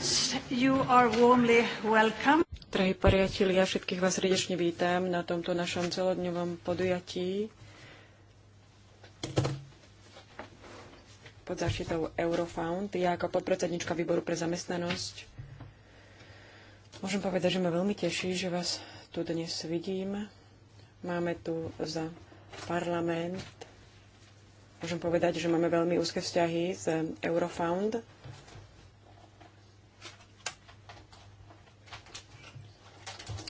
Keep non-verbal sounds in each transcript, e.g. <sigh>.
friends, you are warmly welcome. Drahí priatelia, ja všetkých vás srdečne vítam na tomto našom celodňovom podujatí pod zaštitou Eurofound. Ja ako podpredsednička výboru pre zamestnanosť môžem povedať, že ma veľmi teší, že vás tu dnes vidím. Máme tu za parlament. Môžem povedať, že máme veľmi úzke vzťahy z Eurofound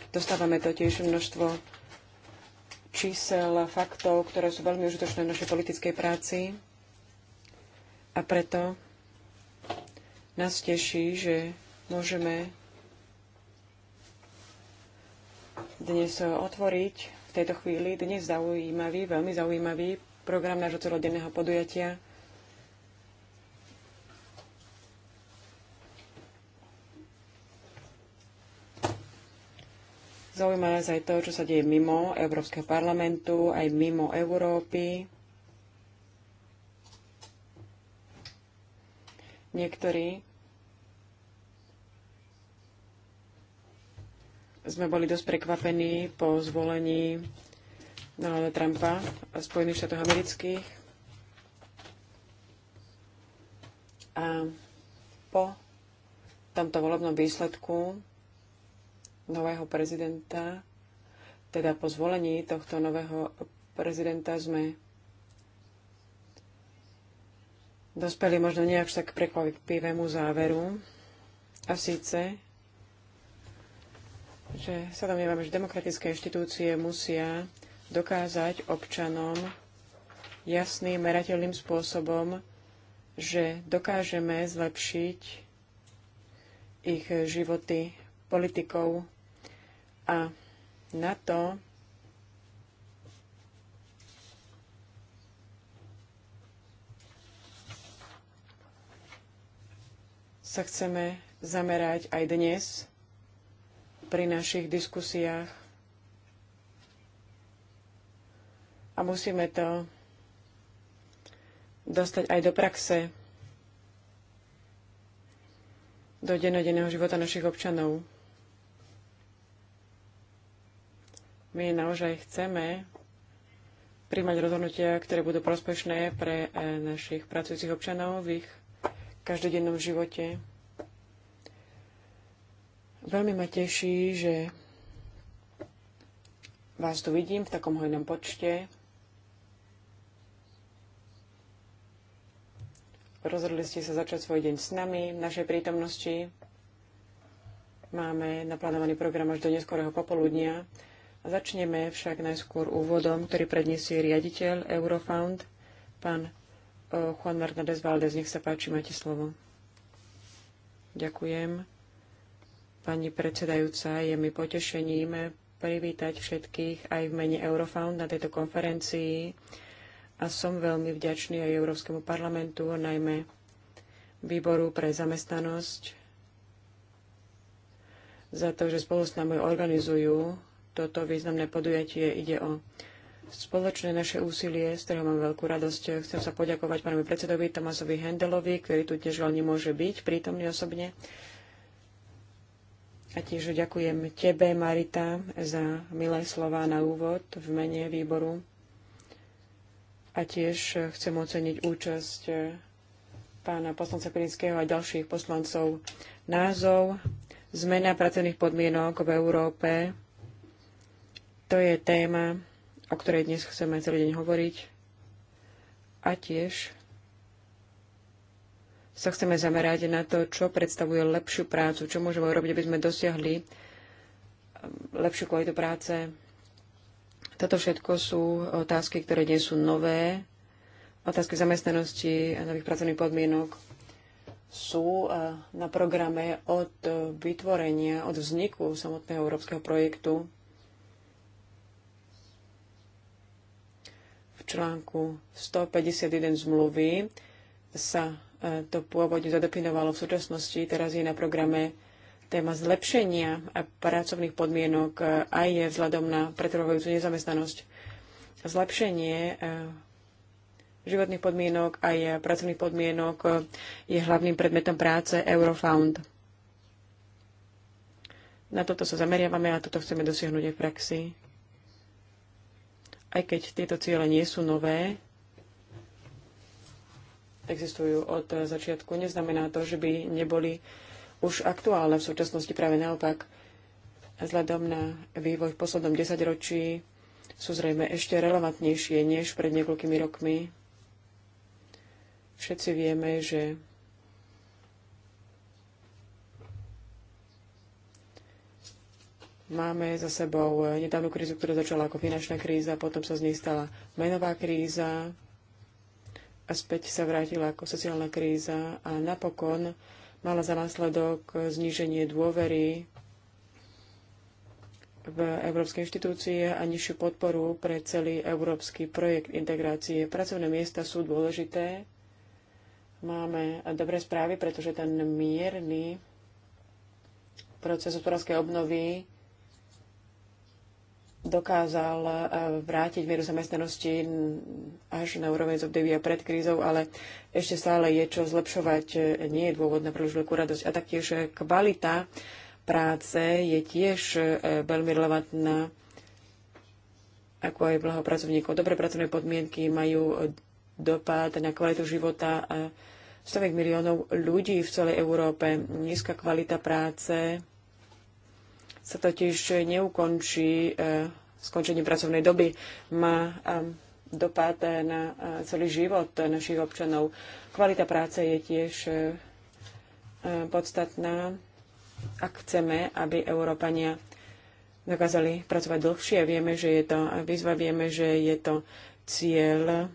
Dostávame totiž množstvo čísel, a faktov, ktoré sú veľmi užitočné v našej politickej práci. A preto nás teší, že môžeme dnes otvoriť v tejto chvíli dnes zaujímavý, veľmi zaujímavý program nášho celodenného podujatia Zaujíma nás aj to, čo sa deje mimo Európskeho parlamentu, aj mimo Európy. Niektorí sme boli dosť prekvapení po zvolení Donalda Trumpa a Spojených štátoch amerických. A po tomto volebnom výsledku nového prezidenta, teda po zvolení tohto nového prezidenta sme dospeli možno nejak tak prekvapivému záveru. A síce, že sa domnievame, že demokratické inštitúcie musia dokázať občanom jasným, merateľným spôsobom, že dokážeme zlepšiť ich životy politikov a na to sa chceme zamerať aj dnes pri našich diskusiách. A musíme to dostať aj do praxe, do denodenného života našich občanov. My naozaj chceme príjmať rozhodnutia, ktoré budú prospešné pre eh, našich pracujúcich občanov v ich každodennom živote. Veľmi ma teší, že vás tu vidím v takom hojnom počte. Rozhodli ste sa začať svoj deň s nami, v našej prítomnosti. Máme naplánovaný program až do neskorého popoludnia. Začneme však najskôr úvodom, ktorý predniesie riaditeľ Eurofound, pán eh, Juan Hernández Valdez. Nech sa páči, máte slovo. Ďakujem. Pani predsedajúca, je mi potešením privítať všetkých aj v mene Eurofound na tejto konferencii a som veľmi vďačný aj Európskemu parlamentu, najmä výboru pre zamestnanosť za to, že spolu s nami organizujú toto významné podujatie. Ide o spoločné naše úsilie, z ktorého mám veľkú radosť. Chcem sa poďakovať pánovi predsedovi Tomasovi Hendelovi, ktorý tu tiež veľmi nemôže byť prítomný osobne. A tiež ďakujem tebe, Marita, za milé slova na úvod v mene výboru. A tiež chcem oceniť účasť pána poslanca Pirinského a ďalších poslancov. Názov Zmena pracovných podmienok v Európe to je téma, o ktorej dnes chceme celý deň hovoriť. A tiež sa chceme zamerať na to, čo predstavuje lepšiu prácu, čo môžeme urobiť, aby sme dosiahli um, lepšiu kvalitu práce. Toto všetko sú otázky, ktoré nie sú nové. Otázky zamestnanosti a nových pracovných podmienok sú uh, na programe od uh, vytvorenia, od vzniku samotného európskeho projektu článku 151 zmluvy sa e, to pôvodne zadefinovalo v súčasnosti, teraz je na programe téma zlepšenia pracovných podmienok e, aj je vzhľadom na pretrvávajúcu nezamestnanosť. Zlepšenie e, životných podmienok aj pracovných podmienok je hlavným predmetom práce Eurofound. Na toto sa zameriavame a toto chceme dosiahnuť aj v praxi. Aj keď tieto ciele nie sú nové, existujú od začiatku, neznamená to, že by neboli už aktuálne v súčasnosti. Práve naopak, vzhľadom na vývoj v poslednom desaťročí sú zrejme ešte relevantnejšie než pred niekoľkými rokmi. Všetci vieme, že Máme za sebou eh, nedávnu krízu, ktorá začala ako finančná kríza, potom sa z nej stala menová kríza a späť sa vrátila ako sociálna kríza a napokon mala za následok zníženie dôvery v európske inštitúcie a nižšiu podporu pre celý európsky projekt integrácie. Pracovné miesta sú dôležité. Máme dobré správy, pretože ten mierny proces hospodárskej obnovy dokázal eh, vrátiť mieru zamestnanosti až na úroveň z obdobia pred krízou, ale ešte stále je čo zlepšovať. Eh, nie je dôvod na príliš veľkú radosť. A taktiež eh, kvalita práce je tiež veľmi relevantná ako aj blaho pracovníkov. Dobré pracovné podmienky majú dopad na kvalitu života stovek miliónov ľudí v celej Európe. Nízka kvalita práce sa totiž neukončí e, skončením pracovnej doby. Má e, dopad na e, celý život našich občanov. Kvalita práce je tiež podstatná, ak chceme, aby Európania dokázali pracovať dlhšie. Vieme, že je to výzva, vieme, že je to cieľ,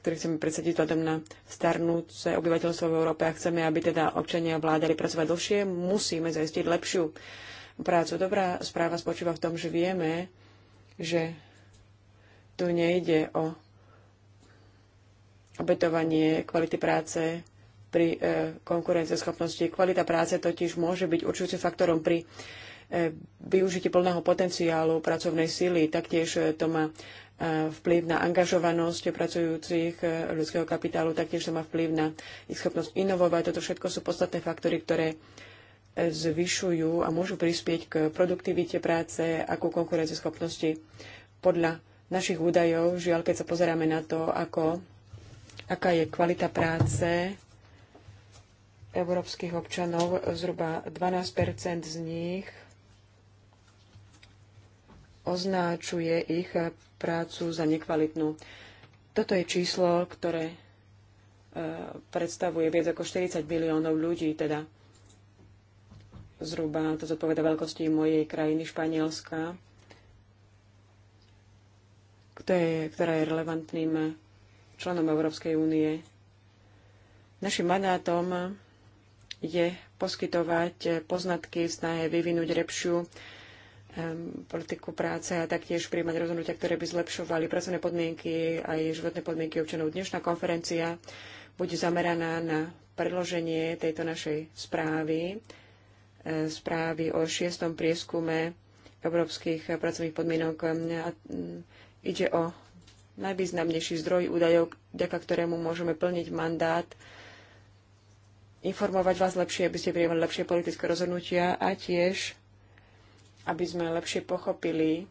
ktorý chceme predsadiť vzhľadom na starnúce obyvateľstvo v Európe a chceme, aby teda občania vládali pracovať dlhšie, musíme zaistiť lepšiu prácu. Dobrá správa spočíva v tom, že vieme, že tu nejde o obetovanie kvality práce pri e, konkurenceschopnosti. Kvalita práce totiž môže byť určujúcim faktorom pri e, využití plného potenciálu pracovnej síly. Taktiež e, to má vplyv na angažovanosť pracujúcich ľudského kapitálu, taktiež to má vplyv na ich schopnosť inovovať. Toto všetko sú podstatné faktory, ktoré zvyšujú a môžu prispieť k produktivite práce a ku konkurenceschopnosti. Podľa našich údajov, žiaľ, keď sa pozeráme na to, ako, aká je kvalita práce európskych občanov, zhruba 12 z nich označuje ich prácu za nekvalitnú. Toto je číslo, ktoré eh, predstavuje viac ako 40 miliónov ľudí, teda Zhruba to zodpoveda veľkosti mojej krajiny Španielska, ktorá je relevantným členom Európskej únie. Našim mandátom je poskytovať poznatky snahe vyvinúť lepšiu politiku práce a taktiež príjmať rozhodnutia, ktoré by zlepšovali pracovné podmienky a aj životné podmienky občanov. Dnešná konferencia bude zameraná na predloženie tejto našej správy správy o šiestom prieskume európskych pracovných podmienok. Mm, ide o najvýznamnejší zdroj údajov, vďaka ktorému môžeme plniť mandát, informovať vás lepšie, aby ste prijímali lepšie politické rozhodnutia a tiež, aby sme lepšie pochopili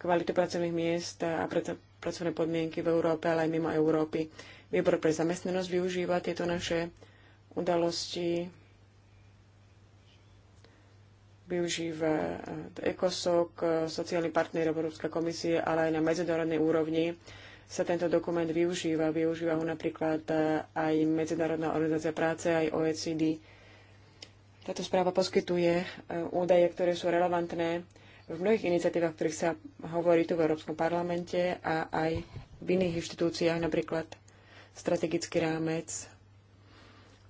kvalitu pracovných miest a pracovné podmienky v Európe, ale aj mimo Európy. Výbor pre zamestnanosť využíva tieto naše udalosti využíva e, ECOSOC, e, sociálny partner Európska komisie, ale aj na medzinárodnej úrovni sa tento dokument využíva. Využíva ho napríklad e, aj Medzinárodná organizácia práce, aj OECD. Táto správa poskytuje údaje, ktoré sú relevantné v mnohých iniciatívach, ktorých sa hovorí tu v Európskom parlamente a aj v iných inštitúciách, napríklad strategický rámec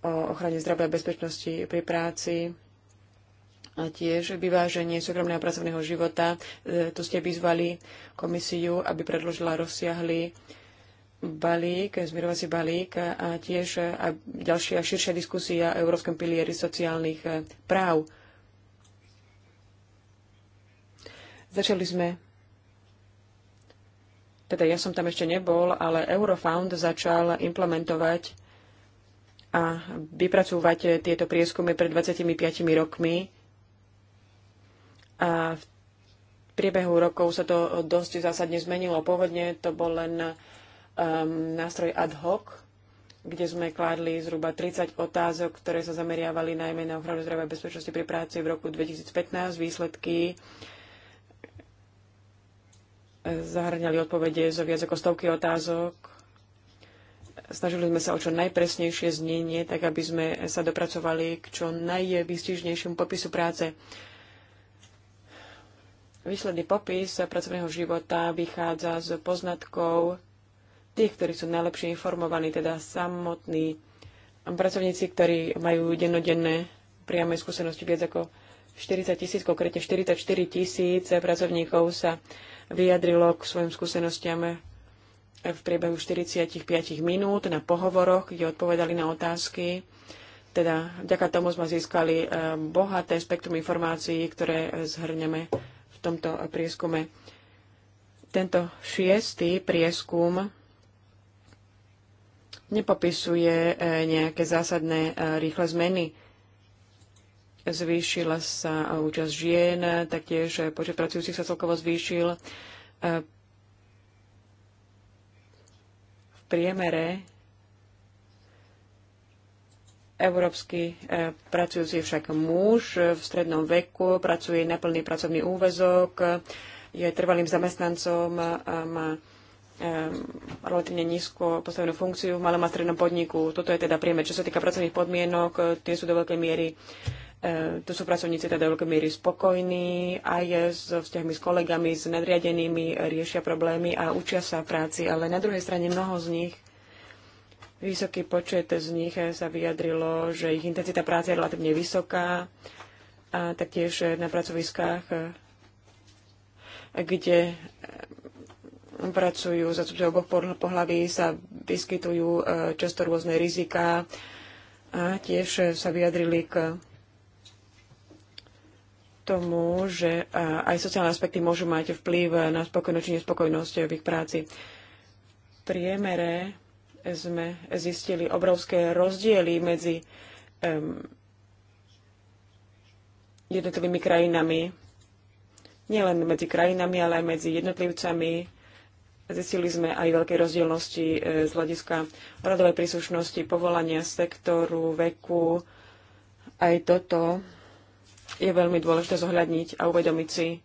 o ochrane zdravia a bezpečnosti pri práci, a tiež vyváženie súkromného pracovného života. E, tu ste vyzvali komisiu, aby predložila rozsiahly balík, zmierovací balík a tiež e, a ďalšia širšia diskusia o európskom pilieri sociálnych e, práv. Začali sme teda ja som tam ešte nebol, ale Eurofound začal implementovať a vypracúvať tieto prieskumy pred 25 rokmi a v priebehu rokov sa to dosť zásadne zmenilo. Pôvodne to bol len um, nástroj ad hoc, kde sme kládli zhruba 30 otázok, ktoré sa zameriavali najmä na ochranu zdravia a bezpečnosti pri práci v roku 2015. Výsledky zahrňali odpovede zo viac ako stovky otázok. Snažili sme sa o čo najpresnejšie znenie, tak aby sme sa dopracovali k čo najvystižnejšiemu popisu práce. Výsledný popis pracovného života vychádza z poznatkov tých, ktorí sú najlepšie informovaní, teda samotní pracovníci, ktorí majú dennodenné priame skúsenosti viac ako 40 tisíc, konkrétne 44 tisíc pracovníkov sa vyjadrilo k svojim skúsenostiam v priebehu 45 minút na pohovoroch, kde odpovedali na otázky. Teda vďaka tomu sme získali eh, bohaté spektrum informácií, ktoré zhrňame tomto prieskume. Tento šiestý prieskum nepopisuje e, nejaké zásadné e, rýchle zmeny. Zvýšila sa účasť žien, taktiež počet pracujúcich sa celkovo zvýšil. E, v priemere Európsky e, pracujúci je však muž e, v strednom veku, pracuje na plný pracovný úvezok, je trvalým zamestnancom, e, má relatívne nízko postavenú funkciu v malom a strednom podniku. Toto je teda prieme. Čo sa týka pracovných podmienok, tie sú do veľkej miery, tu sú pracovníci teda do veľkej miery spokojní, aj so vzťahmi s kolegami, s nadriadenými, riešia problémy a učia sa práci, ale na druhej strane mnoho z nich Vysoký počet z nich sa vyjadrilo, že ich intenzita práce je relatívne vysoká a taktiež na pracoviskách, kde pracujú zastupcovia oboch pohlaví, sa vyskytujú e, často rôzne riziká a tiež sa vyjadrili k tomu, že aj sociálne aspekty môžu mať vplyv na spokojnosť či nespokojnosť v ich práci. V priemere sme zistili obrovské rozdiely medzi um, jednotlivými krajinami. Nielen medzi krajinami, ale aj medzi jednotlivcami. Zistili sme aj veľké rozdielnosti e, z hľadiska rodovej príslušnosti, povolania sektoru, veku. Aj toto je veľmi dôležité zohľadniť a uvedomiť si,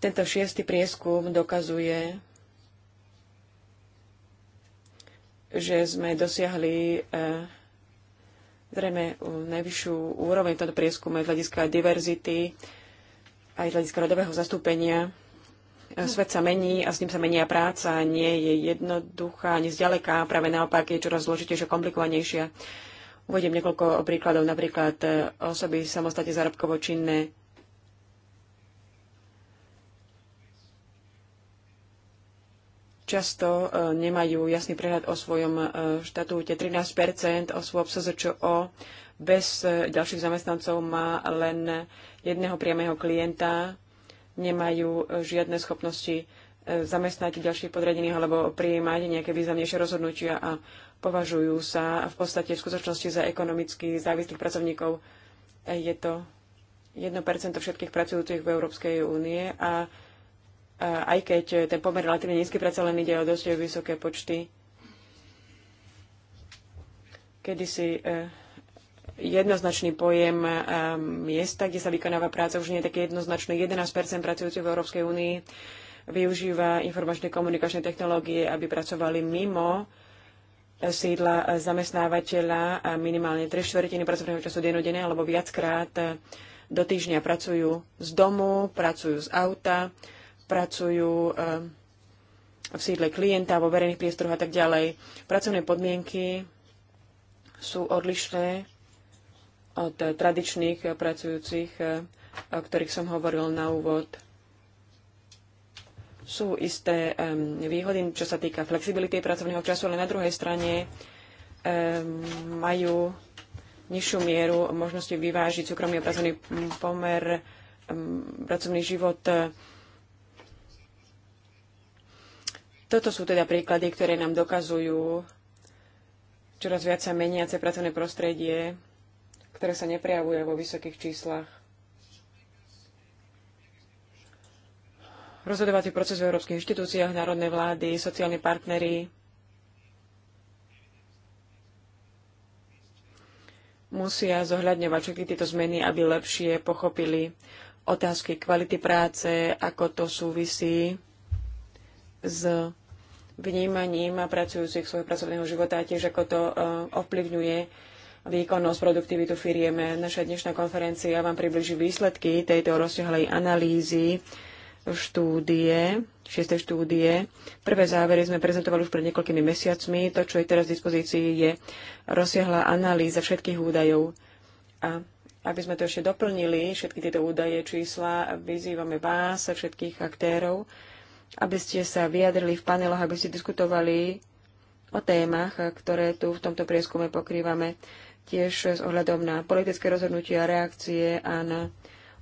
Tento šiestý prieskum dokazuje, že sme dosiahli e, zrejme najvyššiu úroveň v tomto prieskume z hľadiska diverzity aj z hľadiska rodového zastúpenia. E, svet sa mení a s ním sa menia práca, nie je jednoduchá, ani zďaleka, práve naopak je čoraz zložitejšia, komplikovanejšia. Uvediem niekoľko príkladov, napríklad e, osoby samostatne zárobkovo činné často e, nemajú jasný prehľad o svojom e, štatúte. 13 osôb SZČO bez e, ďalších zamestnancov má len jedného priamého klienta, nemajú žiadne schopnosti zamestnať ďalších podriadených alebo prijímať nejaké významnejšie rozhodnutia a považujú sa v podstate v skutočnosti za ekonomicky závislých pracovníkov. Je to 1% všetkých pracujúcich v Európskej únie a aj keď ten pomer relatívne nízky, predsa len ide o dosť vysoké počty. Kedysi e, jednoznačný pojem e, miesta, kde sa vykonáva práca, už nie je také jednoznačné. 11 pracujúcich v Európskej únii využíva informačné komunikačné technológie, aby pracovali mimo e, sídla zamestnávateľa a minimálne 3 štvrtiny pracovného času denodene alebo viackrát do týždňa pracujú z domu, pracujú z auta pracujú eh, v sídle klienta, vo verejných priestoroch a tak ďalej. Pracovné podmienky sú odlišné od tradičných pracujúcich, eh, o ktorých som hovoril na úvod. Sú isté eh, výhody, čo sa týka flexibility pracovného času, ale na druhej strane majú nižšiu mieru možnosti vyvážiť súkromný a pracovný pomer, pracovný život Toto sú teda príklady, ktoré nám dokazujú čoraz viac sa meniace pracovné prostredie, ktoré sa neprejavuje vo vysokých číslach. Rozhodovací proces v európskych inštitúciách, národné vlády, sociálni partnery musia zohľadňovať všetky tieto zmeny, aby lepšie pochopili otázky kvality práce, ako to súvisí s vnímaním a pracujúcich svojho pracovného života a tiež ako to e, ovplyvňuje výkonnosť, produktivitu firieme. Naša dnešná konferencia vám približí výsledky tejto rozsiahlej analýzy štúdie, šiestej štúdie. Prvé závery sme prezentovali už pred niekoľkými mesiacmi. To, čo je teraz v dispozícii, je rozsiahla analýza všetkých údajov. A aby sme to ešte doplnili, všetky tieto údaje, čísla, vyzývame vás, všetkých aktérov, aby ste sa vyjadrili v paneloch, aby ste diskutovali o témach, ktoré tu v tomto prieskume pokrývame, tiež s ohľadom na politické rozhodnutia, reakcie a na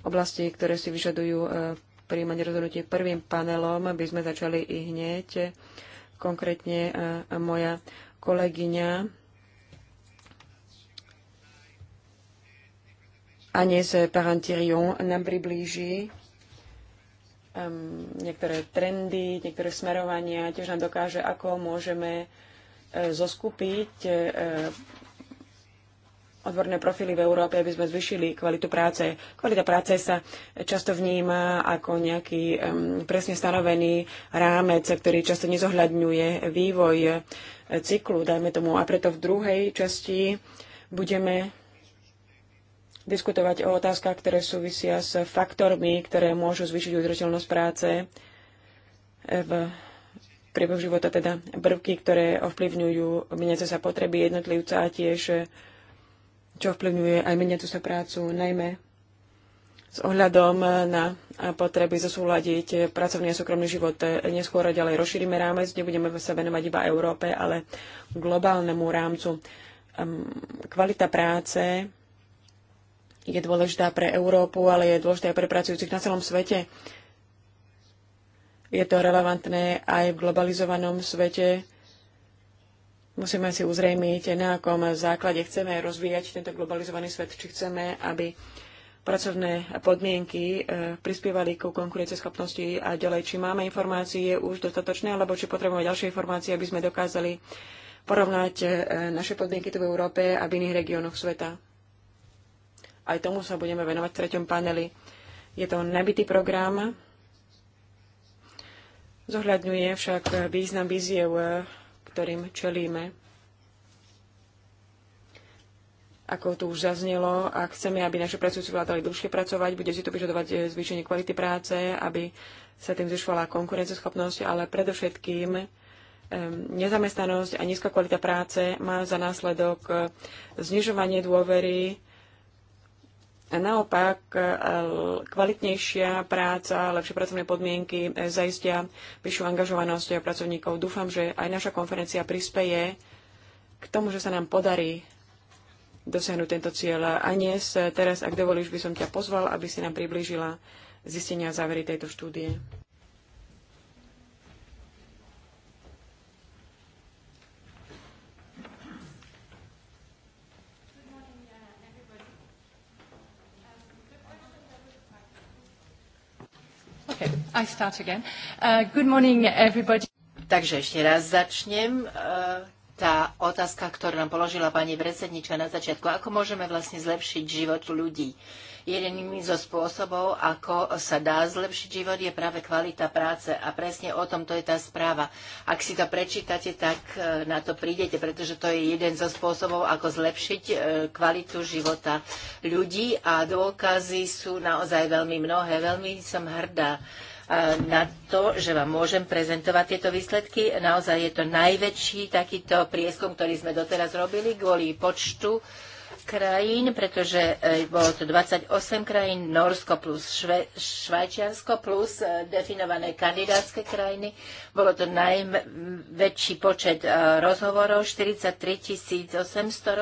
oblasti, ktoré si vyžadujú e, príjmanie rozhodnutí prvým panelom, aby sme začali i hneď. Konkrétne e, moja kolegyňa Agnès Parantirion nám priblíži um, niektoré trendy, niektoré smerovania, tiež nám dokáže, ako môžeme uh, zoskupiť uh, odborné profily v Európe, aby sme zvyšili kvalitu práce. Kvalita práce sa často vníma ako nejaký um, presne stanovený rámec, ktorý často nezohľadňuje vývoj cyklu, dajme tomu. A preto v druhej časti budeme diskutovať o otázkach, ktoré súvisia s faktormi, ktoré môžu zvýšiť udržateľnosť práce eh, v priebehu života, teda prvky, ktoré ovplyvňujú meniace sa potreby jednotlivca a tiež eh, čo ovplyvňuje aj meniacu sa prácu, najmä s ohľadom eh, na potreby zosúľadiť pracovný a súkromný život. Neskôr ďalej rozšírime rámec, nebudeme sa venovať iba Európe, ale globálnemu rámcu. Ehm, kvalita práce je dôležitá pre Európu, ale je dôležitá aj pre pracujúcich na celom svete. Je to relevantné aj v globalizovanom svete. Musíme si uzrejmiť, na akom základe chceme rozvíjať tento globalizovaný svet, či chceme, aby pracovné podmienky e, prispievali ku konkurencieschopnosti a ďalej, či máme informácie už dostatočné, alebo či potrebujeme ďalšie informácie, aby sme dokázali porovnať e, naše podmienky tu v Európe a v iných regiónoch sveta. Aj tomu sa budeme venovať v treťom paneli. Je to nabitý program, zohľadňuje však význam víziev, ktorým čelíme. Ako tu už zaznelo, ak chceme, aby naše pracujúci vládali dlhšie pracovať, bude si to vyžadovať zvýšenie kvality práce, aby sa tým zvyšovala konkurenceschopnosť, ale predovšetkým nezamestnanosť a nízka kvalita práce má za následok eh, znižovanie dôvery Naopak, e, kvalitnejšia práca, lepšie pracovné podmienky e, zaistia vyššiu angažovanosť pracovníkov. Dúfam, že aj naša konferencia prispeje k tomu, že sa nám podarí dosiahnuť tento cieľ. A dnes, e, teraz, ak dovolíš, by som ťa pozval, aby si nám priblížila zistenia a závery tejto štúdie. I start again. Uh, good morning, everybody. Takže ešte raz začnem. Uh, tá otázka, ktorú nám položila pani predsedniča na začiatku, ako môžeme vlastne zlepšiť život ľudí. Jedným zo spôsobov, ako sa dá zlepšiť život, je práve kvalita práce a presne o tom to je tá správa. Ak si to prečítate, tak uh, na to prídete, pretože to je jeden zo spôsobov, ako zlepšiť uh, kvalitu života ľudí a dôkazy sú naozaj veľmi mnohé. Veľmi som hrdá na to, že vám môžem prezentovať tieto výsledky. Naozaj je to najväčší takýto prieskum, ktorý sme doteraz robili kvôli počtu krajín, pretože e, bolo to 28 krajín, Norsko plus Šve, Švajčiarsko plus e, definované kandidátske krajiny. Bolo to najväčší počet e, rozhovorov, 43 800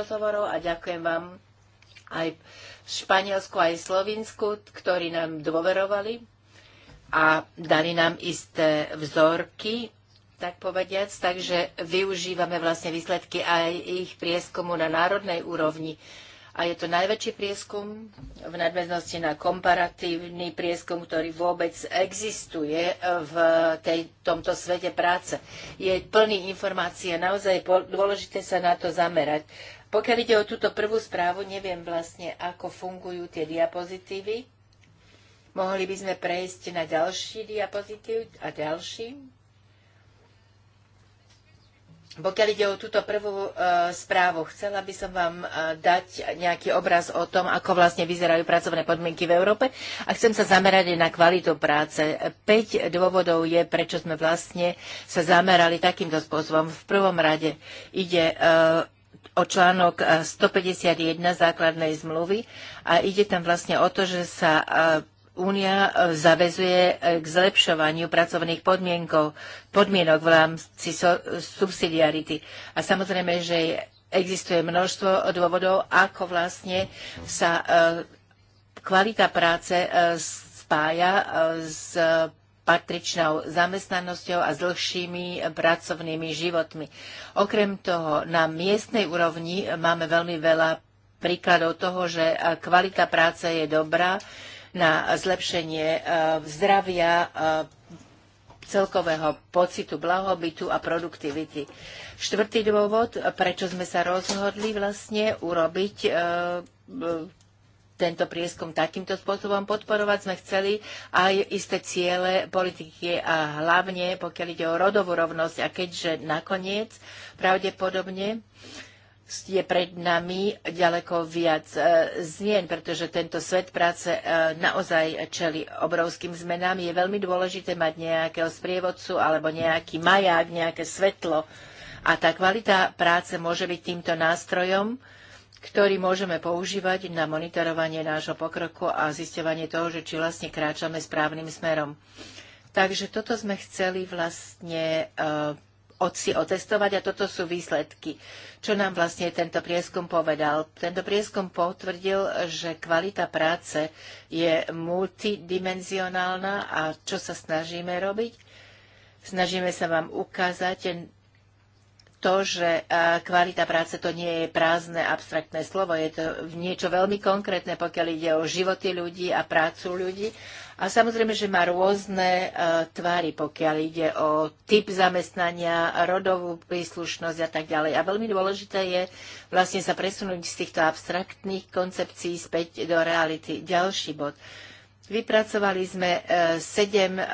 rozhovorov a ďakujem vám aj Španielsku, aj Slovinsku, ktorí nám dôverovali a dali nám isté vzorky, tak povediac, takže využívame vlastne výsledky aj ich prieskumu na národnej úrovni. A je to najväčší prieskum v nadväznosti na komparatívny prieskum, ktorý vôbec existuje v tej, tomto svete práce. Je plný informácií a naozaj dôležité sa na to zamerať. Pokiaľ ide o túto prvú správu, neviem vlastne, ako fungujú tie diapozitívy, Mohli by sme prejsť na ďalší diapozitív a ďalší. Pokiaľ ide o túto prvú e, správu, chcela by som vám e, dať nejaký obraz o tom, ako vlastne vyzerajú pracovné podmienky v Európe a chcem sa zamerať aj na kvalitu práce. 5 dôvodov je, prečo sme vlastne sa zamerali takýmto spôsobom. V prvom rade ide e, o článok 151 základnej zmluvy a ide tam vlastne o to, že sa Únia e, zavezuje e, k zlepšovaniu pracovných podmienkov, podmienok v rámci so, subsidiarity. A samozrejme, že existuje množstvo dôvodov, ako vlastne sa e, kvalita práce spája s patričnou zamestnanosťou a s dlhšími pracovnými životmi. Okrem toho, na miestnej úrovni máme veľmi veľa príkladov toho, že kvalita práce je dobrá, na zlepšenie e, zdravia, e, celkového pocitu blahobytu a produktivity. Štvrtý dôvod, prečo sme sa rozhodli vlastne urobiť e, tento prieskum takýmto spôsobom podporovať. Sme chceli aj isté ciele politiky a hlavne pokiaľ ide o rodovú rovnosť a keďže nakoniec pravdepodobne je pred nami ďaleko viac e, zmien, pretože tento svet práce e, naozaj čeli obrovským zmenám. Je veľmi dôležité mať nejakého sprievodcu alebo nejaký maják, nejaké svetlo. A tá kvalita práce môže byť týmto nástrojom, ktorý môžeme používať na monitorovanie nášho pokroku a zisťovanie toho, že či vlastne kráčame správnym smerom. Takže toto sme chceli vlastne e, si otestovať a toto sú výsledky. Čo nám vlastne tento prieskum povedal? Tento prieskum potvrdil, že kvalita práce je multidimenzionálna a čo sa snažíme robiť? Snažíme sa vám ukázať to, že kvalita práce to nie je prázdne, abstraktné slovo, je to niečo veľmi konkrétne, pokiaľ ide o životy ľudí a prácu ľudí a samozrejme, že má rôzne e, tvary, pokiaľ ide o typ zamestnania, rodovú príslušnosť a tak ďalej. A veľmi dôležité je vlastne sa presunúť z týchto abstraktných koncepcií späť do reality. Ďalší bod. Vypracovali sme e, sedem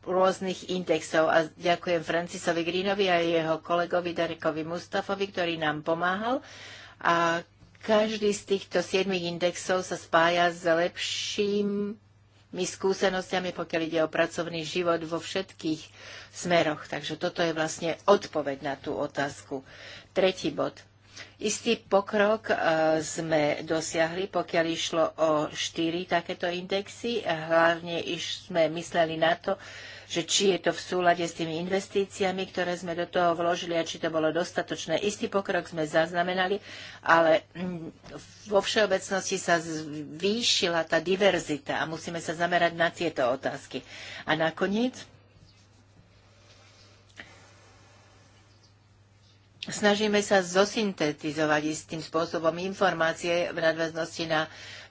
rôznych indexov a ďakujem Francisovi Greenovi a jeho kolegovi Darekovi Mustafovi, ktorý nám pomáhal. A každý z týchto siedmých indexov sa spája s lepším skúsenostiami, pokiaľ ide o pracovný život vo všetkých smeroch. Takže toto je vlastne odpoveď na tú otázku. Tretí bod. Istý pokrok e, sme dosiahli, pokiaľ išlo o štyri takéto indexy. E, hlavne iš sme mysleli na to, že či je to v súlade s tými investíciami, ktoré sme do toho vložili a či to bolo dostatočné. Istý pokrok sme zaznamenali, ale mm, vo všeobecnosti sa zvýšila tá diverzita a musíme sa zamerať na tieto otázky. A nakoniec snažíme sa zosyntetizovať istým spôsobom informácie v nadväznosti na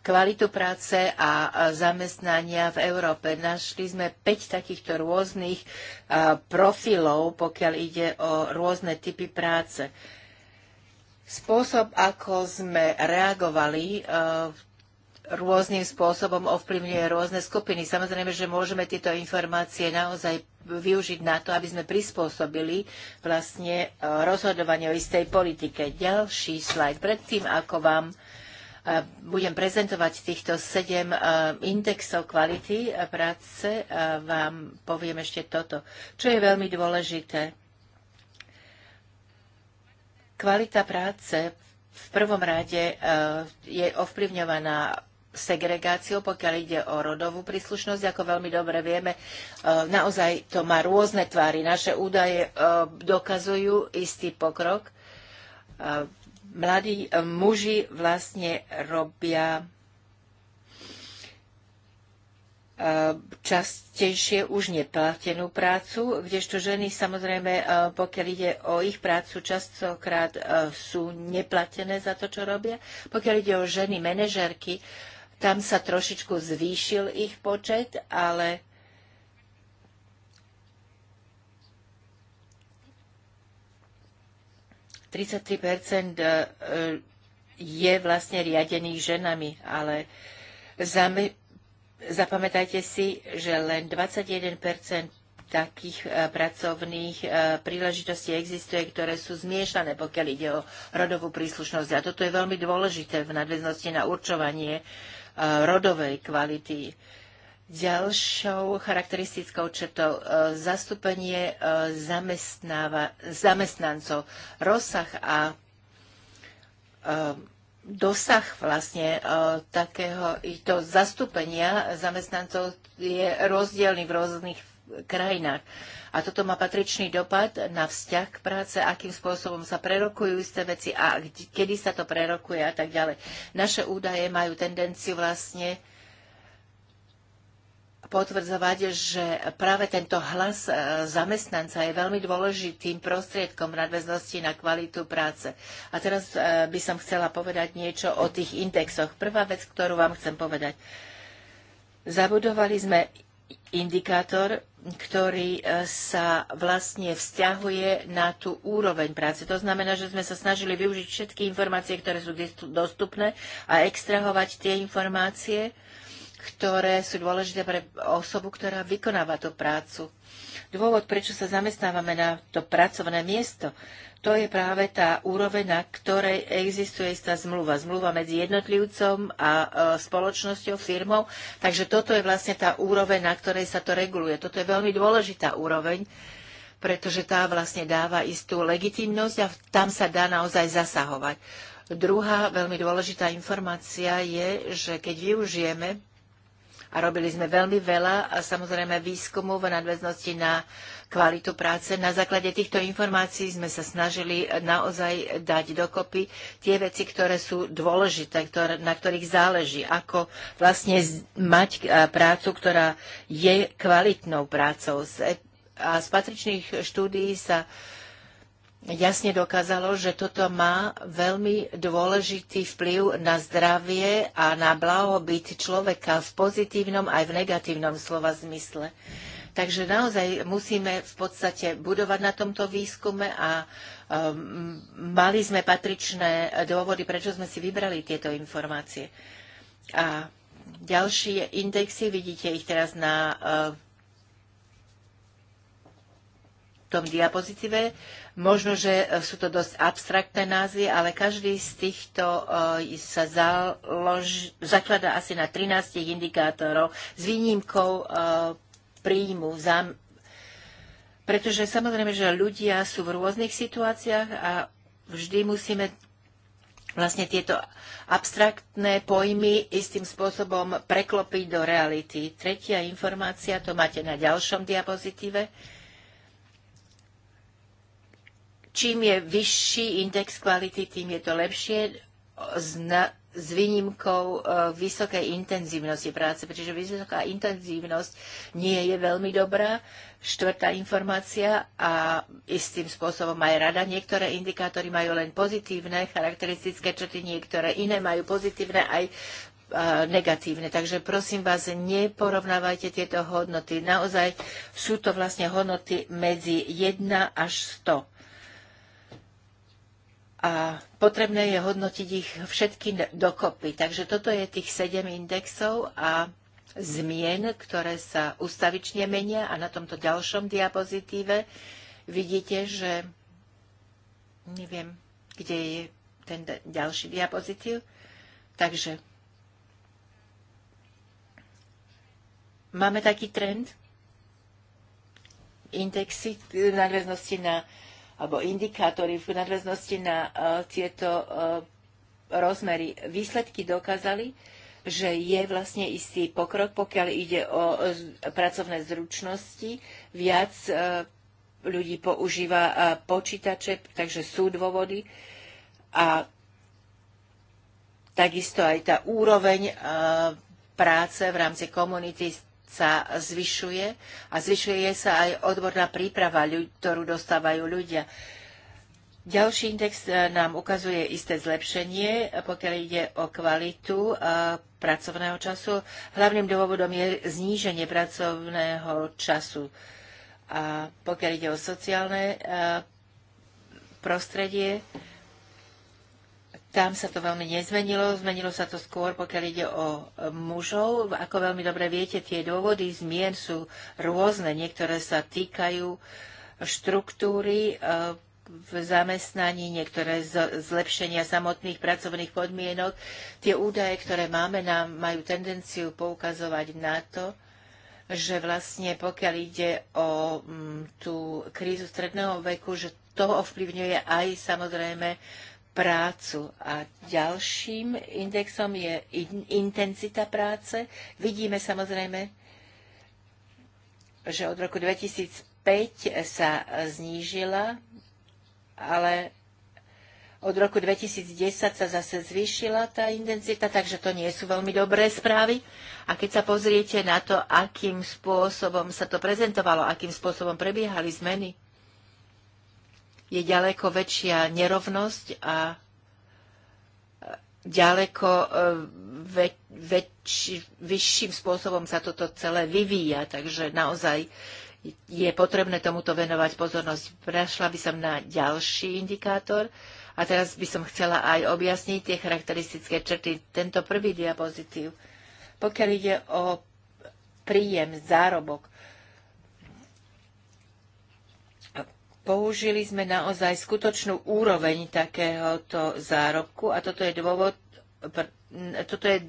kvalitu práce a zamestnania v Európe. Našli sme 5 takýchto rôznych profilov, pokiaľ ide o rôzne typy práce. Spôsob, ako sme reagovali rôznym spôsobom ovplyvňuje rôzne skupiny. Samozrejme, že môžeme tieto informácie naozaj využiť na to, aby sme prispôsobili vlastne rozhodovanie o istej politike. Ďalší slajd. Predtým, ako vám Eh, budem prezentovať týchto sedem eh, indexov kvality eh, práce, vám poviem ešte toto, čo je veľmi dôležité. Kvalita práce v prvom rade je ovplyvňovaná segregáciou, pokiaľ ide o rodovú príslušnosť. Ako veľmi dobre vieme, naozaj to má rôzne tvary. Naše údaje dokazujú istý pokrok mladí eh, muži vlastne robia eh, častejšie už neplatenú prácu, kdežto ženy samozrejme, eh, pokiaľ ide o ich prácu, častokrát sú neplatené za to, čo robia. Pokiaľ ide o ženy manažerky, tam sa trošičku zvýšil ich počet, ale 33 eh, je vlastne riadených ženami, ale zapamätajte si, že len 21 takých eh, pracovných eh, príležitostí existuje, ktoré sú zmiešané, pokiaľ ide o rodovú príslušnosť. A toto je veľmi dôležité v nadväznosti na určovanie rodovej kvality Ďalšou charakteristickou črtou e, zastúpenie e, zamestnancov, rozsah a e, dosah vlastne takého to zastúpenia zamestnancov je rozdielny v rôznych krajinách. A toto má patričný dopad na vzťah k práce, akým spôsobom sa prerokujú isté veci a kedy sa to prerokuje a tak ďalej. Naše údaje majú tendenciu vlastne potvrdzovať, že práve tento hlas e, zamestnanca je veľmi dôležitým prostriedkom nadväznosti na kvalitu práce. A teraz e, by som chcela povedať niečo o tých indexoch. Prvá vec, ktorú vám chcem povedať. Zabudovali sme indikátor, ktorý e, sa vlastne vzťahuje na tú úroveň práce. To znamená, že sme sa snažili využiť všetky informácie, ktoré sú dostupné a extrahovať tie informácie, ktoré sú dôležité pre osobu, ktorá vykonáva tú prácu. Dôvod, prečo sa zamestnávame na to pracovné miesto, to je práve tá úroveň, na ktorej existuje istá zmluva. Zmluva medzi jednotlivcom a e, spoločnosťou, firmou. Takže toto je vlastne tá úroveň, na ktorej sa to reguluje. Toto je veľmi dôležitá úroveň, pretože tá vlastne dáva istú legitimnosť a tam sa dá naozaj zasahovať. Druhá veľmi dôležitá informácia je, že keď využijeme a robili sme veľmi veľa a samozrejme výskumov v nadväznosti na kvalitu práce. Na základe týchto informácií sme sa snažili naozaj dať dokopy tie veci, ktoré sú dôležité, ktoré, na ktorých záleží, ako vlastne mať e, prácu, ktorá je kvalitnou prácou. E- a z patričných štúdií sa uh, jasne dokázalo, že toto má veľmi dôležitý vplyv na zdravie a na blahobyt človeka v pozitívnom aj v negatívnom slova zmysle. Takže naozaj musíme v podstate budovať na tomto výskume a um, mali sme patričné dôvody, prečo sme si vybrali tieto informácie. A ďalšie indexy, vidíte ich teraz na uh, tom diapozitíve, Možno, že e, sú to dosť abstraktné názvy, ale každý z týchto e, sa založ, zaklada asi na 13 indikátorov s výnimkou e, príjmu, zám, pretože samozrejme, že ľudia sú v rôznych situáciách a vždy musíme vlastne tieto abstraktné pojmy istým spôsobom preklopiť do reality. Tretia informácia, to máte na ďalšom diapozitíve Čím je vyšší index kvality, tým je to lepšie s výnimkou e, vysokej intenzívnosti práce, pretože vysoká intenzívnosť nie je veľmi dobrá. Štvrtá informácia a istým spôsobom aj rada. Niektoré indikátory majú len pozitívne charakteristické črty, niektoré iné majú pozitívne aj e, negatívne. Takže prosím vás, neporovnávajte tieto hodnoty. Naozaj sú to vlastne hodnoty medzi 1 až 100 a potrebné je hodnotiť ich všetky dokopy. Takže toto je tých sedem indexov a zmien, ktoré sa ustavične menia a na tomto ďalšom diapozitíve vidíte, že neviem, kde je ten ďalší diapozitív. Takže máme taký trend, indexy v nadväznosti na alebo indikátory v nadväznosti na e, tieto e, rozmery. Výsledky dokázali, že je vlastne istý pokrok, pokiaľ ide o e, pracovné zručnosti. Viac ľudí používa počítače, takže sú dôvody. A takisto aj tá úroveň práce v rámci komunity sa zvyšuje a zvyšuje sa aj odborná príprava, ktorú dostávajú ľudia. Ďalší index e, nám ukazuje isté zlepšenie, pokiaľ ide o kvalitu e, pracovného času. Hlavným dôvodom je zníženie pracovného času. A pokiaľ ide o sociálne e, prostredie, tam sa to veľmi nezmenilo, zmenilo sa to skôr, pokiaľ ide o e, mužov. Ako veľmi dobre viete, tie dôvody zmien sú rôzne. Niektoré sa týkajú štruktúry e, v zamestnaní, niektoré zlepšenia samotných pracovných podmienok. Tie údaje, ktoré máme, nám majú tendenciu poukazovať na to, že vlastne pokiaľ ide o tú krízu stredného veku, že to ovplyvňuje aj samozrejme prácu. A ďalším indexom je in- intenzita práce. Vidíme samozrejme, že od roku 2005 sa znížila, ale od roku 2010 sa zase zvýšila tá intenzita, takže to nie sú veľmi dobré správy. A keď sa pozriete na to, akým spôsobom sa to prezentovalo, akým spôsobom prebiehali zmeny je ďaleko väčšia nerovnosť a ďaleko e, väč, väč, vyšším spôsobom sa toto celé vyvíja. Takže naozaj je potrebné tomuto venovať pozornosť. Prešla by som na ďalší indikátor. A teraz by som chcela aj objasniť tie charakteristické črty. Tento prvý diapozitív, pokiaľ ide o príjem, zárobok, použili sme naozaj skutočnú úroveň takéhoto zárobku a toto je dôvod, toto je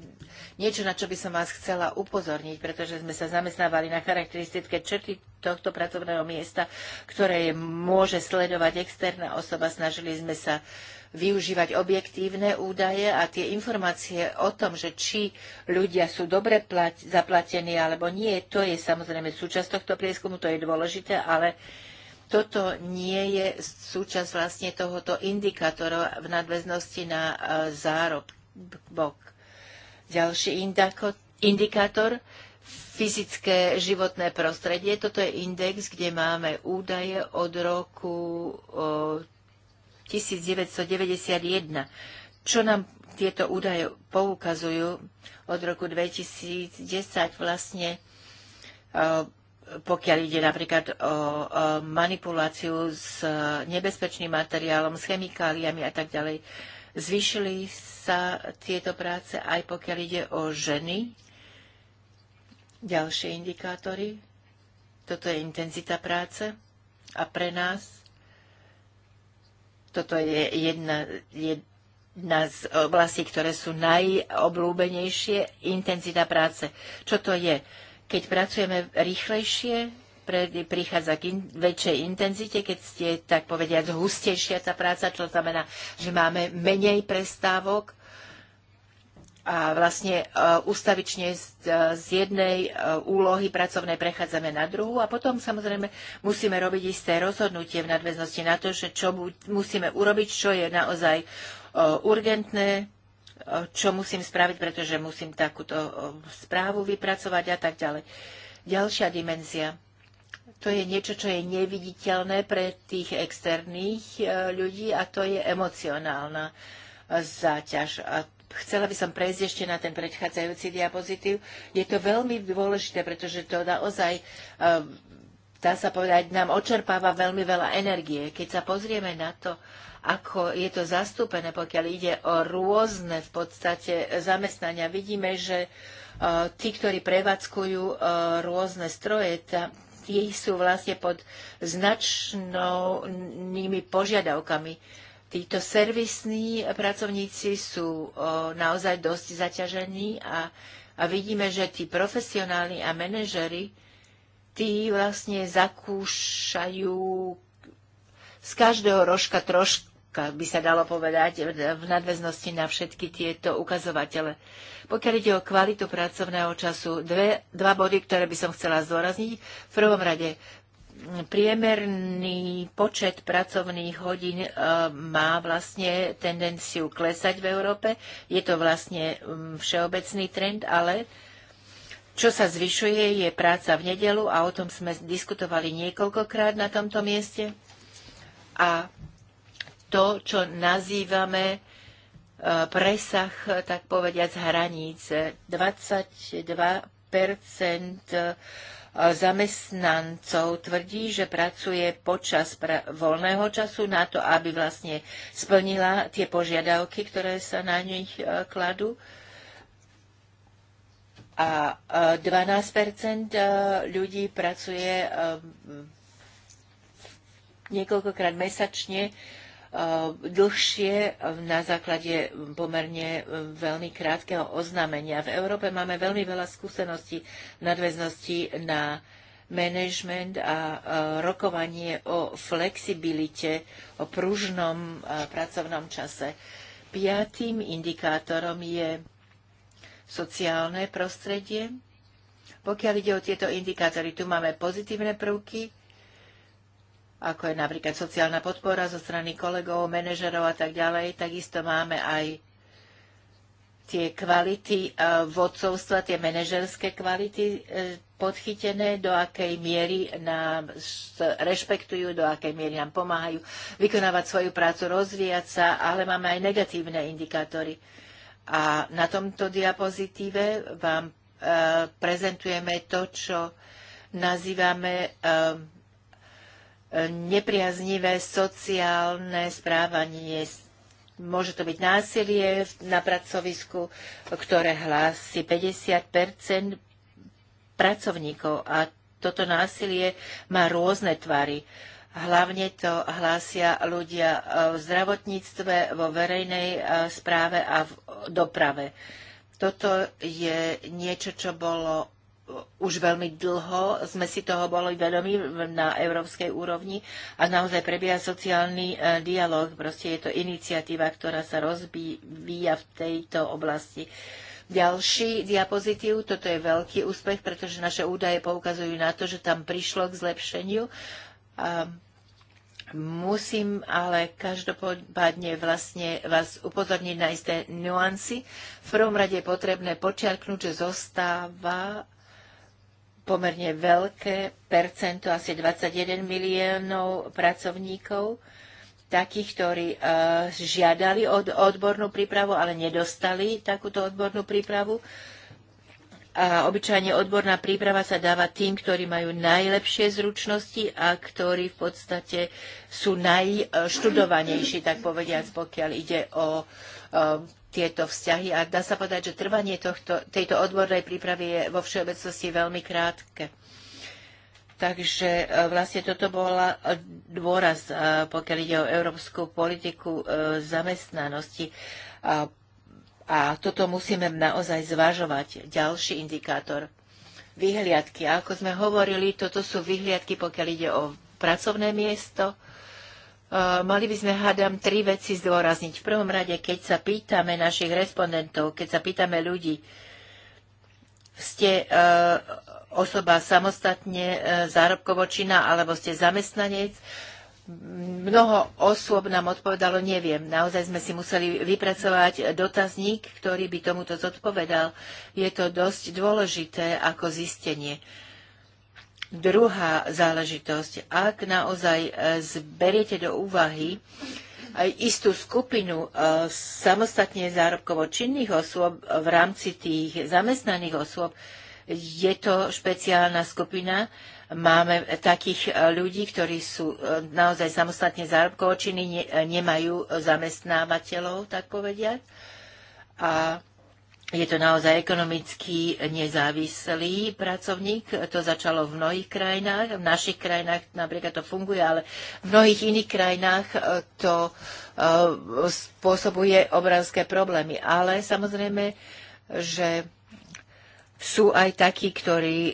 niečo, na čo by som vás chcela upozorniť, pretože sme sa zamestnávali na charakteristické črty tohto pracovného miesta, ktoré môže sledovať externá osoba. Snažili sme sa využívať objektívne údaje a tie informácie o tom, že či ľudia sú dobre zaplatení alebo nie, to je samozrejme súčasť tohto prieskumu, to je dôležité, ale uh, toto nie je súčasť vlastne tohoto indikátora v nadväznosti na e, zárobok. Ďalší indikátor, fyzické životné prostredie. Toto je index, kde máme údaje od roku 1991. Čo nám tieto údaje poukazujú od roku 2010 vlastne e, pokiaľ ide napríklad o manipuláciu s nebezpečným materiálom, s chemikáliami a tak ďalej. Zvýšili sa tieto práce aj pokiaľ ide o ženy. Ďalšie indikátory. Toto je intenzita práce. A pre nás toto je jedna, jedna z oblastí, ktoré sú najobľúbenejšie. Intenzita práce. Čo to je? Keď pracujeme rýchlejšie, prichádza k in, väčšej intenzite, keď ste tak povediať hustejšia tá práca, čo znamená, že máme menej prestávok a vlastne uh, ustavične z, uh, z jednej uh, úlohy pracovnej prechádzame na druhú a potom samozrejme musíme robiť isté rozhodnutie v nadväznosti na to, že čo musíme urobiť, čo je naozaj urgentné, čo musím spraviť, pretože musím takúto e, správu vypracovať a tak ďalej. Ďalšia dimenzia. To je niečo, čo je neviditeľné pre tých externých e, ľudí a to je emocionálna e, záťaž. A chcela by som prejsť ešte na ten predchádzajúci diapozitív. Je to veľmi dôležité, pretože to naozaj, dá sa povedať, nám očerpáva veľmi veľa energie. Keď sa pozrieme na to, ako je to zastúpené, pokiaľ ide o rôzne v podstate zamestnania. Vidíme, že e, tí, ktorí prevádzkujú e, rôzne stroje, tí sú vlastne pod značnými požiadavkami. Títo servisní pracovníci sú e, naozaj dosť zaťažení a, a vidíme, že tí profesionáli a manažery, tí vlastne zakúšajú z každého rožka troš, by sa dalo povedať, v nadväznosti na všetky tieto ukazovatele. Pokiaľ ide o kvalitu pracovného času, dve, dva body, ktoré by som chcela zdôrazniť. V prvom rade, priemerný počet pracovných hodín e, má vlastne tendenciu klesať v Európe. Je to vlastne všeobecný trend, ale čo sa zvyšuje, je práca v nedelu a o tom sme diskutovali niekoľkokrát na tomto mieste. A to, čo nazývame e, presah, tak povediať, z hranice. 22 e, zamestnancov tvrdí, že pracuje počas pra- voľného času na to, aby vlastne splnila tie požiadavky, ktoré sa na nich e, kladú. A 12 ľudí pracuje niekoľkokrát mesačne Eh, dlhšie na základe pomerne eh, veľmi krátkeho oznámenia. V Európe máme veľmi veľa skúseností v nadväznosti na management a eh, rokovanie o flexibilite, o pružnom pracovnom čase. Piatým indikátorom je sociálne prostredie. Pokiaľ ide o tieto indikátory, tu máme pozitívne prvky, ako je napríklad sociálna podpora zo strany kolegov, manažerov a tak ďalej. Takisto máme aj tie kvality e, vodcovstva, tie manažerské kvality e, podchytené, do akej miery nám rešpektujú, do akej miery nám pomáhajú vykonávať svoju prácu, rozvíjať sa, ale máme aj negatívne indikátory. A na tomto diapozitíve vám e, prezentujeme to, čo nazývame E, nepriaznivé sociálne správanie. Môže to byť násilie na pracovisku, ktoré hlási 50 pracovníkov a toto násilie má rôzne tvary. Hlavne to hlásia ľudia v zdravotníctve, vo verejnej e, správe a v doprave. Toto je niečo, čo bolo už veľmi dlho sme si toho boli vedomi na európskej úrovni a naozaj prebieha sociálny e, dialog. Proste je to iniciatíva, ktorá sa rozvíja v tejto oblasti. Ďalší diapozitív, toto je veľký úspech, pretože naše údaje poukazujú na to, že tam prišlo k zlepšeniu. A musím ale každopádne vlastne vás upozorniť na isté nuancy. V prvom rade je potrebné počiarknúť, že zostáva pomerne veľké percento, asi 21 miliónov pracovníkov, takých, ktorí e, žiadali od, odbornú prípravu, ale nedostali takúto odbornú prípravu. A obyčajne odborná príprava sa dáva tým, ktorí majú najlepšie zručnosti a ktorí v podstate sú najštudovanejší, tak povediať, pokiaľ ide o e, tieto vzťahy a dá sa povedať, že trvanie tohto, tejto odbornej prípravy je vo všeobecnosti veľmi krátke. Takže e, vlastne toto bola e, dôraz, e, pokiaľ ide o európsku politiku zamestnanosti. A, a toto musíme naozaj zvažovať. Ďalší indikátor. Vyhliadky. A ako sme hovorili, toto sú vyhliadky, pokiaľ ide o pracovné miesto, Eh, mali by sme, hádam, tri veci zdôrazniť. V prvom rade, keď sa pýtame našich respondentov, keď sa pýtame ľudí, ste eh, osoba samostatne eh, zárobkovo alebo ste zamestnanec, mnoho osôb nám odpovedalo, neviem. Naozaj sme si museli vypracovať dotazník, ktorý by tomuto zodpovedal. Je to dosť dôležité ako zistenie. Druhá záležitosť, ak naozaj e, zberiete do úvahy aj istú skupinu e, samostatne zárobkovo činných osôb v rámci tých zamestnaných osôb, je to špeciálna skupina. Máme takých e, ľudí, ktorí sú naozaj samostatne zárobkovo činní, nemajú zamestnávateľov, tak povediať. A je to naozaj ekonomicky nezávislý pracovník. To začalo v mnohých krajinách. V našich krajinách napríklad to funguje, ale v mnohých iných krajinách e, to e, spôsobuje obrovské problémy. Ale samozrejme, že sú aj takí, ktorí e,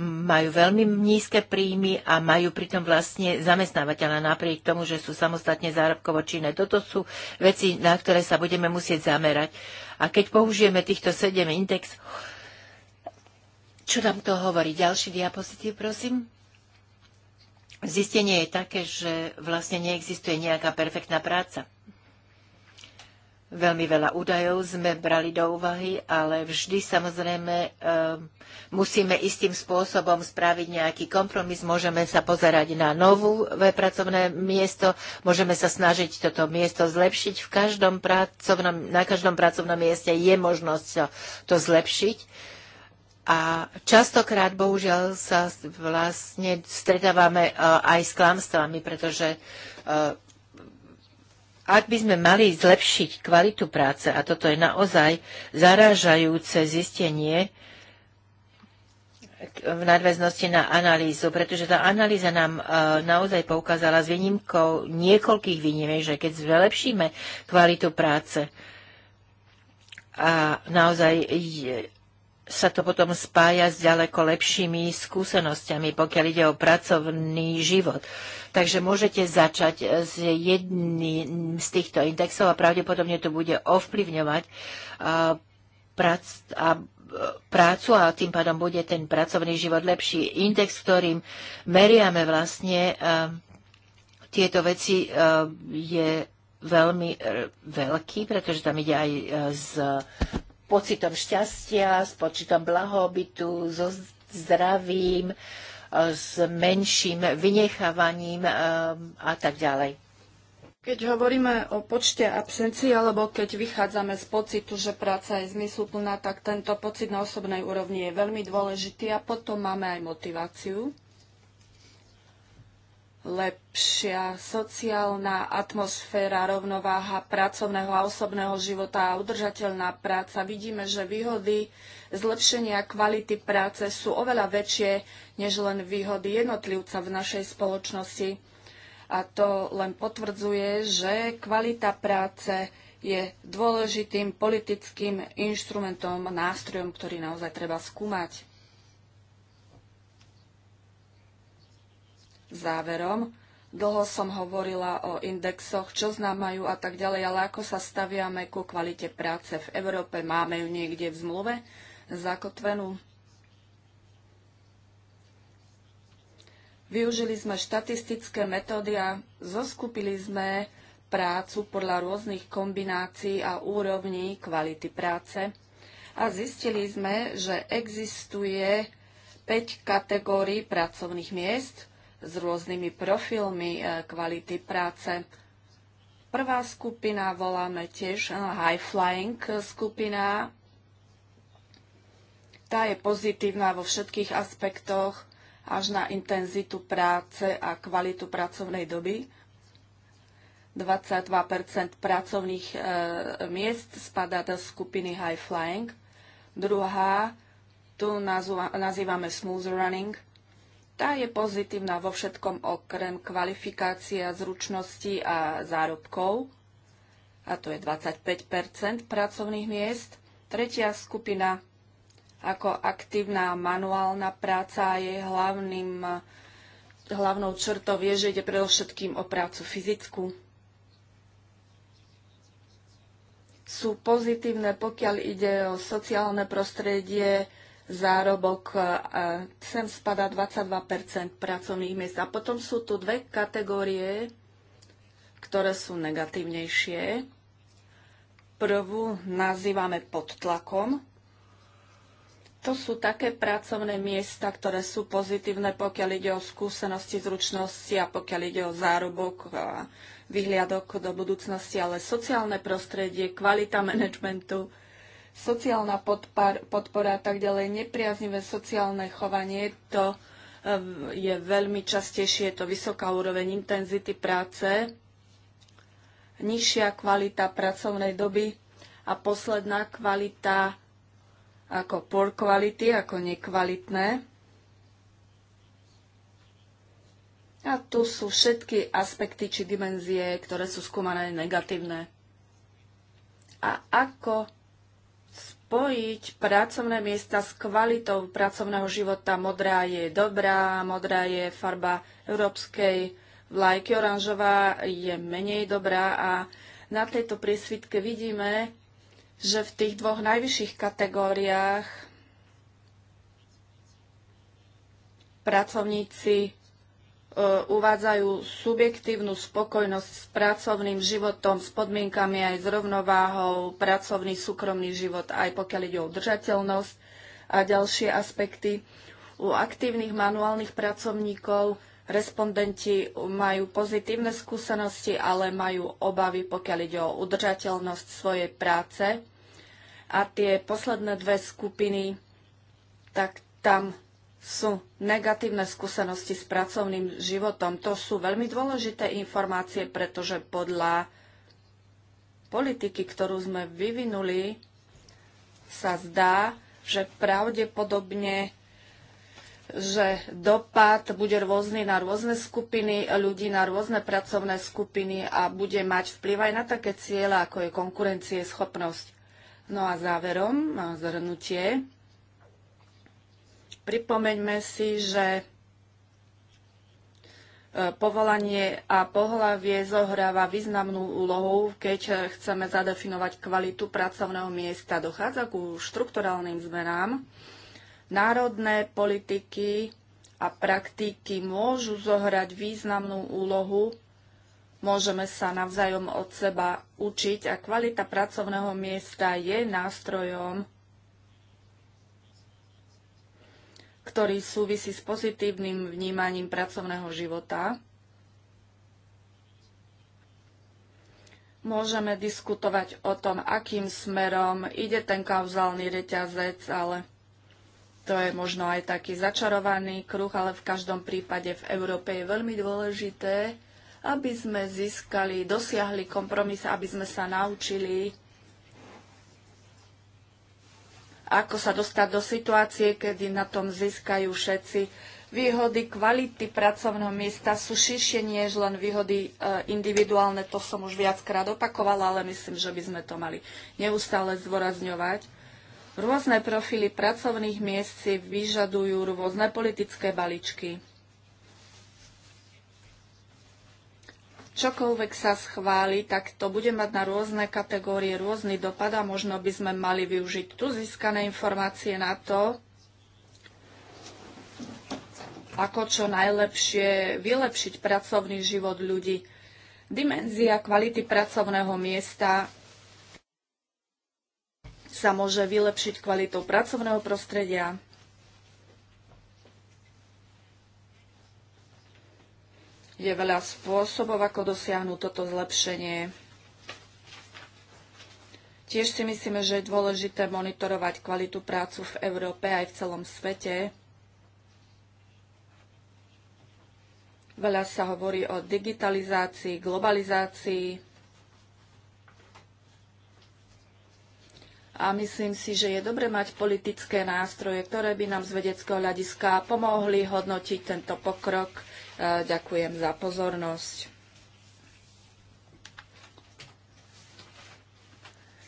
majú veľmi nízke príjmy a majú pritom vlastne zamestnávateľa napriek tomu, že sú samostatne zárobkovo činné. Toto sú veci, na ktoré sa budeme musieť zamerať. A keď použijeme týchto 7 index, čo nám to hovorí? Ďalší diapozitív, prosím. Zistenie je také, že vlastne neexistuje nejaká perfektná práca veľmi veľa údajov sme brali do úvahy, ale vždy samozrejme e, musíme istým spôsobom spraviť nejaký kompromis. Môžeme sa pozerať na novú pracovné miesto, môžeme sa snažiť toto miesto zlepšiť. V každom pracovnom, na každom pracovnom mieste je možnosť to zlepšiť. A častokrát, bohužiaľ, sa vlastne stretávame e, aj s klamstvami, pretože e, ak by sme mali zlepšiť kvalitu práce, a toto je naozaj zarážajúce zistenie v nadväznosti na analýzu, pretože tá analýza nám e, naozaj poukázala s výnimkou niekoľkých výnimiek, že keď zlepšíme kvalitu práce a naozaj sa to potom spája s ďaleko lepšími skúsenosťami, pokiaľ ide o pracovný život. Takže môžete začať e, s jedným z týchto indexov a pravdepodobne to bude ovplyvňovať e, prac a e, prácu a tým pádom bude ten pracovný život lepší. Index, ktorým meriame vlastne tieto veci, je veľmi veľký, pretože tam ide aj s pocitom šťastia, s pocitom blahobytu, so zdravím, s menším vynechávaním eh, a tak ďalej. Keď hovoríme o počte absencií, alebo keď vychádzame z pocitu, že práca je zmysluplná, tak tento pocit na osobnej úrovni je veľmi dôležitý a potom máme aj motiváciu. Lepšia sociálna atmosféra, rovnováha pracovného a osobného života a udržateľná práca. Vidíme, že výhody zlepšenia kvality práce sú oveľa väčšie než len výhody jednotlivca v našej spoločnosti. A to len potvrdzuje, že kvalita práce je dôležitým politickým inštrumentom, nástrojom, ktorý naozaj treba skúmať. Záverom, dlho som hovorila o indexoch, čo známajú a tak ďalej, ale ako sa staviame ku kvalite práce v Európe, máme ju niekde v zmluve, zakotvenú. Využili sme štatistické metódy a zoskupili sme prácu podľa rôznych kombinácií a úrovní kvality práce a zistili sme, že existuje 5 kategórií pracovných miest s rôznymi profilmi e, kvality práce. Prvá skupina voláme tiež e, high flying skupina, tá je pozitívna vo všetkých aspektoch, až na intenzitu práce a kvalitu pracovnej doby. 22 pracovných e, miest spadá do skupiny high flying. Druhá, tu nazývame smooth running. Tá je pozitívna vo všetkom okrem kvalifikácia, zručnosti a zárobkov. A to je 25 pracovných miest. Tretia skupina ako aktívna manuálna práca a jej hlavným, hlavnou črtou je, že ide predovšetkým o prácu fyzickú. Sú pozitívne, pokiaľ ide o sociálne prostredie, zárobok, sem spada 22 pracovných miest. A potom sú tu dve kategórie, ktoré sú negatívnejšie. Prvú nazývame pod tlakom, to sú také pracovné miesta, ktoré sú pozitívne, pokiaľ ide o skúsenosti, zručnosti a pokiaľ ide o zárobok a vyhliadok do budúcnosti, ale sociálne prostredie, kvalita manažmentu, sociálna podpar, podpora a tak ďalej, nepriaznivé sociálne chovanie, to eh, je veľmi častejšie, je to vysoká úroveň intenzity práce, nižšia kvalita pracovnej doby a posledná kvalita ako poor quality, ako nekvalitné. A tu sú všetky aspekty či dimenzie, ktoré sú skúmané negatívne. A ako spojiť pracovné miesta s kvalitou pracovného života. Modrá je dobrá, modrá je farba európskej vlajky, oranžová je menej dobrá a na tejto priesvitke vidíme, že v tých dvoch najvyšších kategóriách pracovníci e, uvádzajú subjektívnu spokojnosť s pracovným životom, s podmienkami aj s rovnováhou, pracovný, súkromný život, aj pokiaľ ide o držateľnosť a ďalšie aspekty. U aktívnych manuálnych pracovníkov respondenti majú pozitívne skúsenosti, ale majú obavy, pokiaľ ide o udržateľnosť svojej práce. A tie posledné dve skupiny, tak tam sú negatívne skúsenosti s pracovným životom. To sú veľmi dôležité informácie, pretože podľa politiky, ktorú sme vyvinuli, sa zdá, že pravdepodobne že dopad bude rôzny na rôzne skupiny ľudí, na rôzne pracovné skupiny a bude mať vplyv aj na také cieľa, ako je konkurencie, schopnosť. No a záverom, na zhrnutie, pripomeňme si, že e, povolanie a pohlavie zohráva významnú úlohu, keď chceme zadefinovať kvalitu pracovného miesta. Dochádza ku štrukturálnym zmenám, Národné politiky a praktiky môžu zohrať významnú úlohu. Môžeme sa navzájom od seba učiť a kvalita pracovného miesta je nástrojom, ktorý súvisí s pozitívnym vnímaním pracovného života. Môžeme diskutovať o tom, akým smerom ide ten kauzálny reťazec, ale to je možno aj taký začarovaný kruh, ale v každom prípade v Európe je veľmi dôležité, aby sme získali, dosiahli kompromis, aby sme sa naučili, ako sa dostať do situácie, kedy na tom získajú všetci. Výhody kvality pracovného miesta sú širšie než len výhody e, individuálne, to som už viackrát opakovala, ale myslím, že by sme to mali neustále zvorazňovať. Rôzne profily pracovných miest si vyžadujú rôzne politické balíčky. čokoľvek sa schváli, tak to bude mať na rôzne kategórie rôzny dopad a možno by sme mali využiť tu získané informácie na to, ako čo najlepšie vylepšiť pracovný život ľudí. Dimenzia kvality pracovného miesta sa môže vylepšiť kvalitou pracovného prostredia. Je veľa spôsobov, ako dosiahnuť toto zlepšenie. Tiež si myslíme, že je dôležité monitorovať kvalitu prácu v Európe aj v celom svete. Veľa sa hovorí o digitalizácii, globalizácii. a myslím si, že je dobre mať politické nástroje, ktoré by nám z vedeckého hľadiska pomohli hodnotiť tento pokrok. E, ďakujem za pozornosť.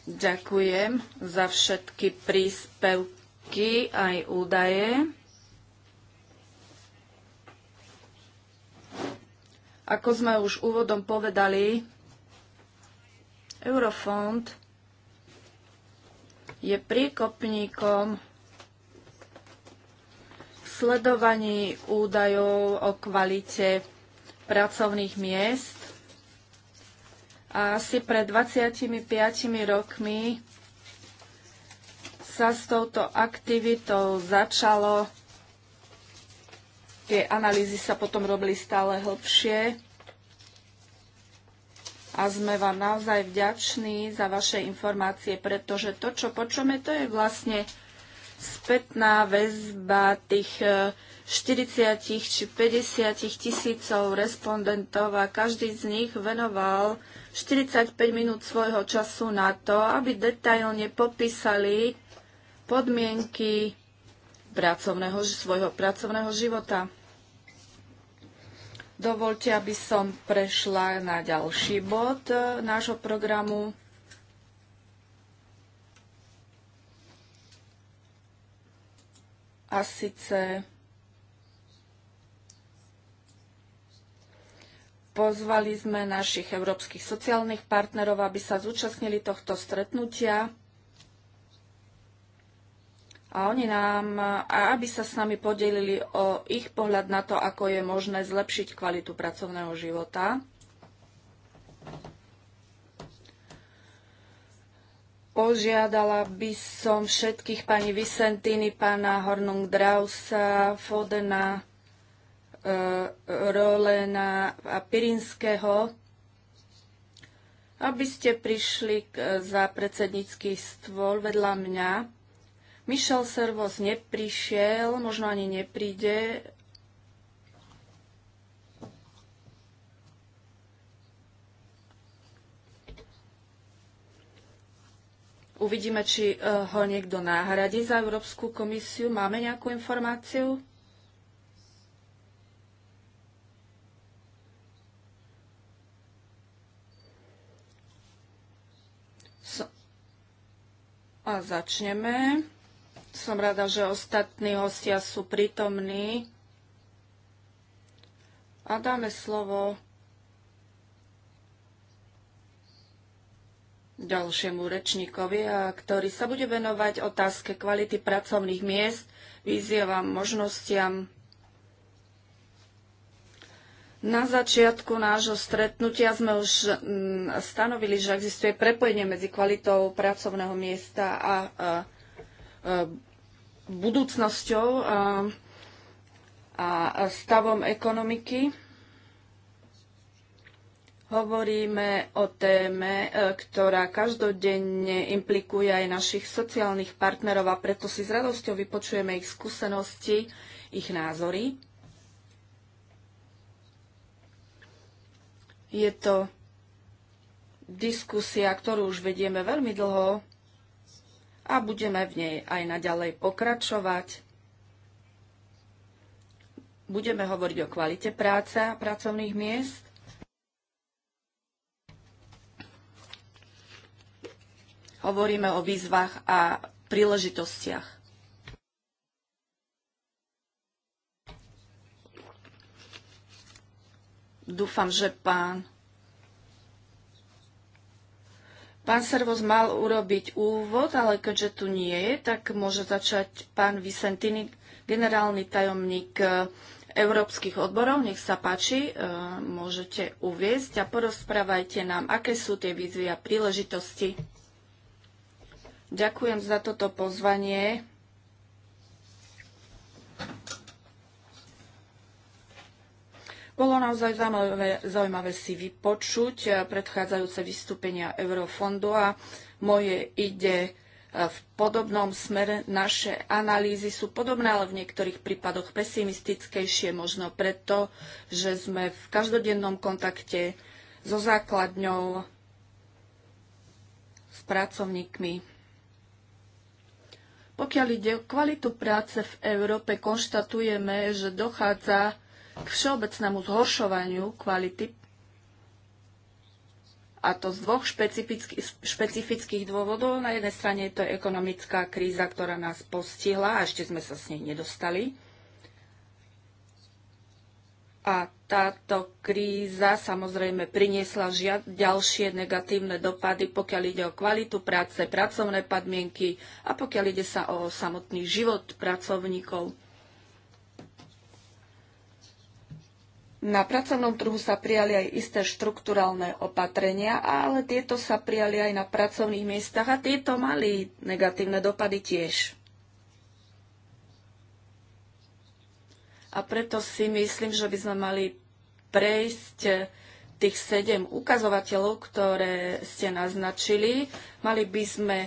Ďakujem za všetky príspevky aj údaje. Ako sme už úvodom povedali, Eurofond je v sledovaní údajov o kvalite pracovných miest. A asi pred 25 rokmi sa s touto aktivitou začalo. Tie analýzy sa potom robili stále hlbšie a sme vám naozaj vďační za vaše informácie, pretože to, čo počujeme, to je vlastne spätná väzba tých 40 e, či 50 tisícov respondentov a každý z nich venoval 45 minút svojho času na to, aby detailne popísali podmienky pracovného, svojho pracovného života. Dovolte, aby som prešla na ďalší bod e, nášho programu. A síce pozvali sme našich európskych sociálnych partnerov, aby sa zúčastnili tohto stretnutia a oni nám, a aby sa s nami podelili o ich pohľad na to, ako je možné zlepšiť kvalitu pracovného života. Požiadala by som všetkých pani Vicentiny, pána Hornung Drausa, Fodena, e, Rolena a Pirinského, aby ste prišli za predsednícky stôl vedľa mňa Michel Servos neprišiel, možno ani nepríde. Uvidíme, či eh, ho niekto náhradí za Európsku komisiu. Máme nejakú informáciu? A začneme. Som rada, že ostatní hostia sú prítomní. A dáme slovo ďalšiemu rečníkovi, ktorý sa bude venovať otázke kvality pracovných miest, vízievam, možnostiam. Na začiatku nášho stretnutia sme už mm, stanovili, že existuje prepojenie medzi kvalitou pracovného miesta a budúcnosťou a stavom ekonomiky. Hovoríme o téme, e, ktorá každodenne implikuje aj našich sociálnych partnerov a preto si s radosťou vypočujeme ich skúsenosti, ich názory. Je to diskusia, ktorú už vedieme veľmi dlho a budeme v nej aj naďalej pokračovať. Budeme hovoriť o kvalite práce a pracovných miest. Hovoríme o výzvach a príležitostiach. Dúfam, že pán Pán Servos mal urobiť úvod, ale keďže tu nie je, tak môže začať pán Vicentini, generálny tajomník e, európskych odborov. Nech sa páči, e, môžete uviezť a porozprávajte nám, aké sú tie výzvy a príležitosti. Ďakujem za toto pozvanie. Bolo naozaj zaujímavé, zaujímavé si vypočuť eh, predchádzajúce vystúpenia Eurofondu a moje ide eh, v podobnom smere. Naše analýzy sú podobné, ale v niektorých prípadoch pesimistickejšie, možno preto, že sme v každodennom kontakte so základňou, s pracovníkmi. Pokiaľ ide o kvalitu práce v Európe, konštatujeme, že dochádza k všeobecnému zhoršovaniu kvality a to z dvoch špecifických, špecifických dôvodov. Na jednej strane je to ekonomická kríza, ktorá nás postihla a ešte sme sa s nej nedostali. A táto kríza samozrejme priniesla žiad, ďalšie negatívne dopady, pokiaľ ide o kvalitu práce, pracovné podmienky a pokiaľ ide sa o samotný život pracovníkov. Na pracovnom trhu sa prijali aj isté štrukturálne opatrenia, ale tieto sa prijali aj na pracovných miestach a tieto mali negatívne dopady tiež. A preto si myslím, že by sme mali prejsť tých sedem ukazovateľov, ktoré ste naznačili, mali by sme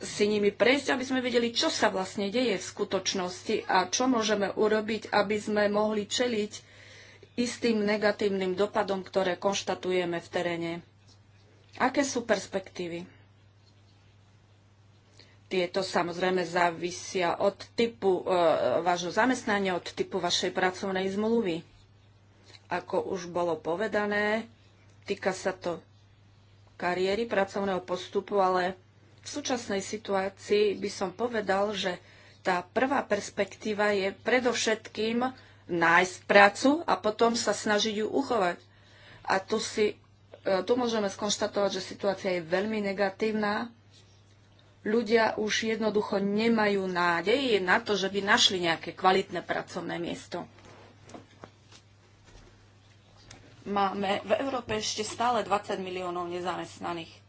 si nimi prejsť, aby sme vedeli, čo sa vlastne deje v skutočnosti a čo môžeme urobiť, aby sme mohli čeliť istým negatívnym dopadom, ktoré konštatujeme v teréne. Aké sú perspektívy? Tieto samozrejme závisia od typu e, vášho zamestnania, od typu vašej pracovnej zmluvy. Ako už bolo povedané, týka sa to kariéry, pracovného postupu, ale v súčasnej situácii by som povedal, že tá prvá perspektíva je predovšetkým nájsť prácu a potom sa snažiť ju uchovať. A tu, si, e, tu môžeme skonštatovať, že situácia je veľmi negatívna. Ľudia už jednoducho nemajú nádej na to, že by našli nejaké kvalitné pracovné miesto. Máme v Európe ešte stále 20 miliónov nezamestnaných.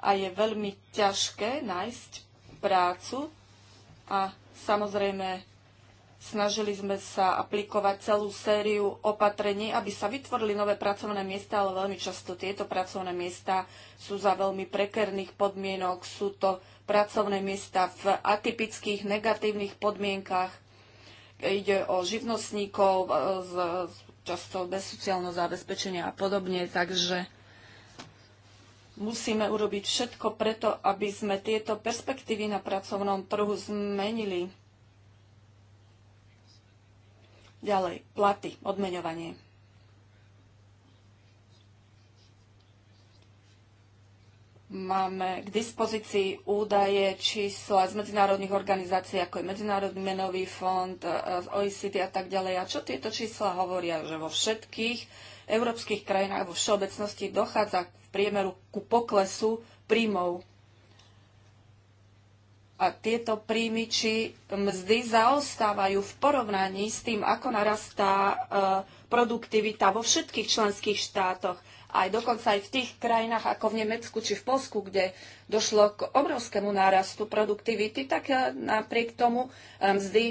a je veľmi ťažké nájsť prácu a samozrejme snažili sme sa aplikovať celú sériu opatrení, aby sa vytvorili nové pracovné miesta, ale veľmi často tieto pracovné miesta sú za veľmi prekerných podmienok, sú to pracovné miesta v atypických negatívnych podmienkach. Ide o živnostníkov, e, často bez sociálneho zabezpečenia a podobne, takže musíme urobiť všetko preto, aby sme tieto perspektívy na pracovnom trhu zmenili. Ďalej, platy, odmeňovanie. Máme k dispozícii údaje, čísla z medzinárodných organizácií, ako je Medzinárodný menový fond, e, OECD a tak ďalej. A čo tieto čísla hovoria? Že vo všetkých európskych krajinách vo všeobecnosti dochádza k priemeru ku poklesu príjmov. A tieto príjmy či mzdy zaostávajú v porovnaní s tým, ako narastá e, produktivita vo všetkých členských štátoch aj dokonca aj v tých krajinách ako v Nemecku či v Polsku, kde došlo k obrovskému nárastu produktivity, tak e, napriek tomu e, mzdy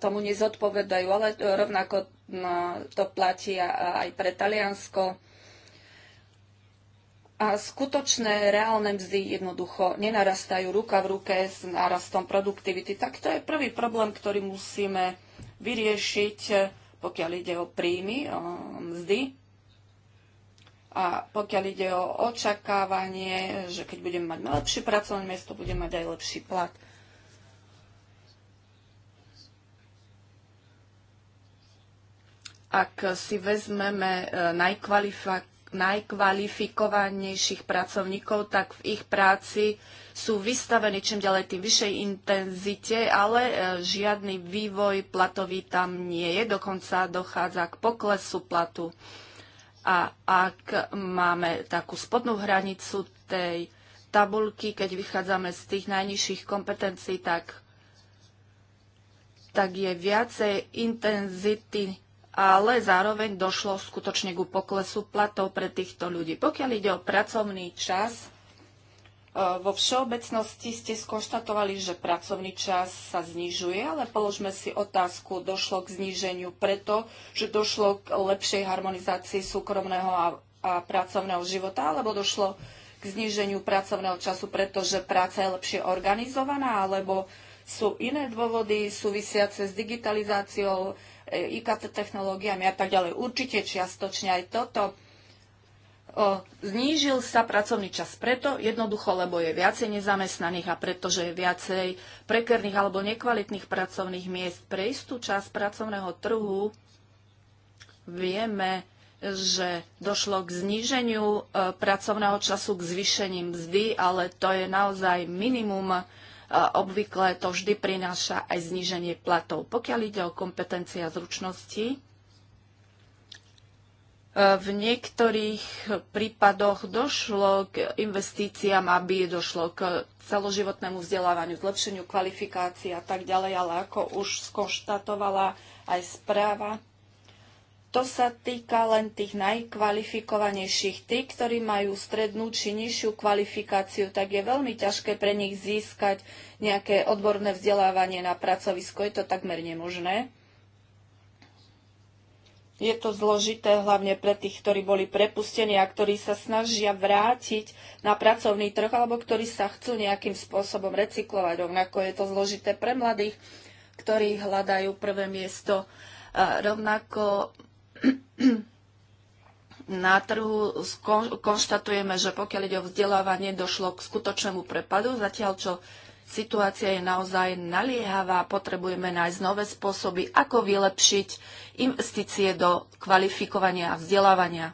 tomu nezodpovedajú, ale rovnako to platí aj pre Taliansko. A skutočné reálne mzdy jednoducho nenarastajú ruka v ruke s nárastom produktivity. Tak to je prvý problém, ktorý musíme vyriešiť, eh, pokiaľ ide o príjmy, o mzdy. A pokiaľ ide o očakávanie, že keď budeme mať lepšie pracovné miesto, budeme mať aj lepší plat. Ak si vezmeme eh, najkvalifikovanejšie najkvalifikovanejších pracovníkov, tak v ich práci sú vystavení čím ďalej tým vyššej intenzite, ale e, žiadny vývoj platový tam nie je, dokonca dochádza k poklesu platu. A ak máme takú spodnú hranicu tej tabulky, keď vychádzame z tých najnižších kompetencií, tak, tak je viacej intenzity ale zároveň došlo skutočne ku poklesu platov pre týchto ľudí. Pokiaľ ide o pracovný čas, e, vo všeobecnosti ste skonštatovali, že pracovný čas sa znižuje, ale položme si otázku, došlo k zníženiu preto, že došlo k lepšej harmonizácii súkromného a, a pracovného života, alebo došlo k zníženiu pracovného času, pretože práca je lepšie organizovaná, alebo sú iné dôvody súvisiace s digitalizáciou, Eh, IKT technológiami a tak ďalej. Určite čiastočne aj toto. O, znížil sa pracovný čas preto, jednoducho, lebo je viacej nezamestnaných a pretože je viacej prekerných alebo nekvalitných pracovných miest. Pre istú časť pracovného trhu vieme, že došlo k zníženiu eh, pracovného času, k zvýšením mzdy, ale to je naozaj minimum Obvykle to vždy prináša aj zníženie platov. Pokiaľ ide o kompetencie a zručnosti, e, v niektorých prípadoch došlo k investíciám, aby došlo k celoživotnému vzdelávaniu, zlepšeniu kvalifikácií a tak ďalej, ale ako už skonštatovala aj správa, to sa týka len tých najkvalifikovanejších. Tí, ktorí majú strednú či nižšiu kvalifikáciu, tak je veľmi ťažké pre nich získať nejaké odborné vzdelávanie na pracovisko. Je to takmer nemožné. Je to zložité hlavne pre tých, ktorí boli prepustení a ktorí sa snažia vrátiť na pracovný trh alebo ktorí sa chcú nejakým spôsobom recyklovať. Rovnako je to zložité pre mladých, ktorí hľadajú prvé miesto. rovnako na trhu konštatujeme, že pokiaľ ide o vzdelávanie, došlo k skutočnému prepadu, zatiaľ čo situácia je naozaj naliehavá, potrebujeme nájsť nové spôsoby, ako vylepšiť investície do kvalifikovania a vzdelávania.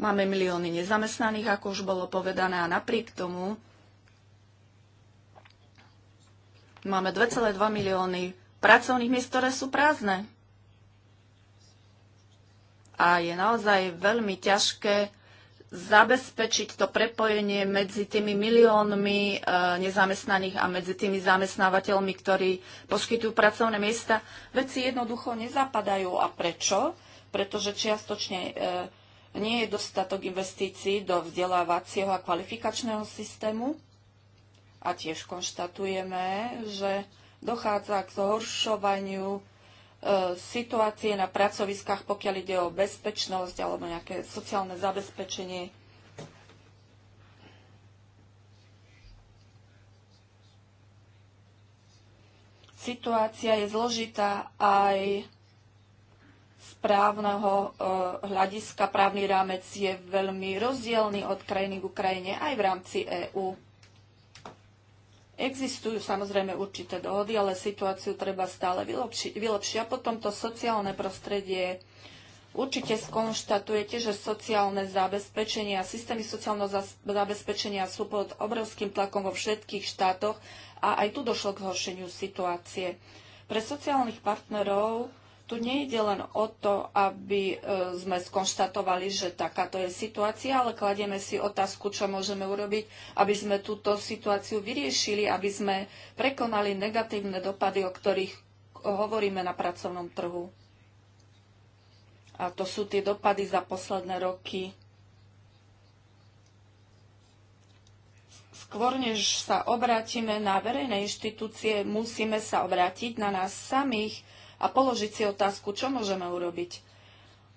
Máme milióny nezamestnaných, ako už bolo povedané, a napriek tomu máme 2,2 milióny pracovných miest, ktoré sú prázdne. A je naozaj veľmi ťažké zabezpečiť to prepojenie medzi tými miliónmi e, nezamestnaných a medzi tými zamestnávateľmi, ktorí poskytujú pracovné miesta. Veci jednoducho nezapadajú. A prečo? Pretože čiastočne e, nie je dostatok investícií do vzdelávacieho a kvalifikačného systému. A tiež konštatujeme, že dochádza k zhoršovaniu e, situácie na pracoviskách, pokiaľ ide o bezpečnosť alebo nejaké sociálne zabezpečenie. Situácia je zložitá aj z právneho e, hľadiska. Právny rámec je veľmi rozdielny od krajiny k Ukrajine aj v rámci EÚ. Existujú samozrejme určité dohody, ale situáciu treba stále vylepšiť. A potom to sociálne prostredie. Určite skonštatujete, že sociálne zabezpečenie a systémy sociálneho zabezpečenia sú pod obrovským tlakom vo všetkých štátoch a aj tu došlo k zhoršeniu situácie. Pre sociálnych partnerov tu nejde len o to, aby e, sme skonštatovali, že takáto je situácia, ale kladieme si otázku, čo môžeme urobiť, aby sme túto situáciu vyriešili, aby sme prekonali negatívne dopady, o ktorých hovoríme na pracovnom trhu. A to sú tie dopady za posledné roky. Skôr než sa obrátime na verejné inštitúcie, musíme sa obrátiť na nás samých, a položiť si otázku, čo môžeme urobiť.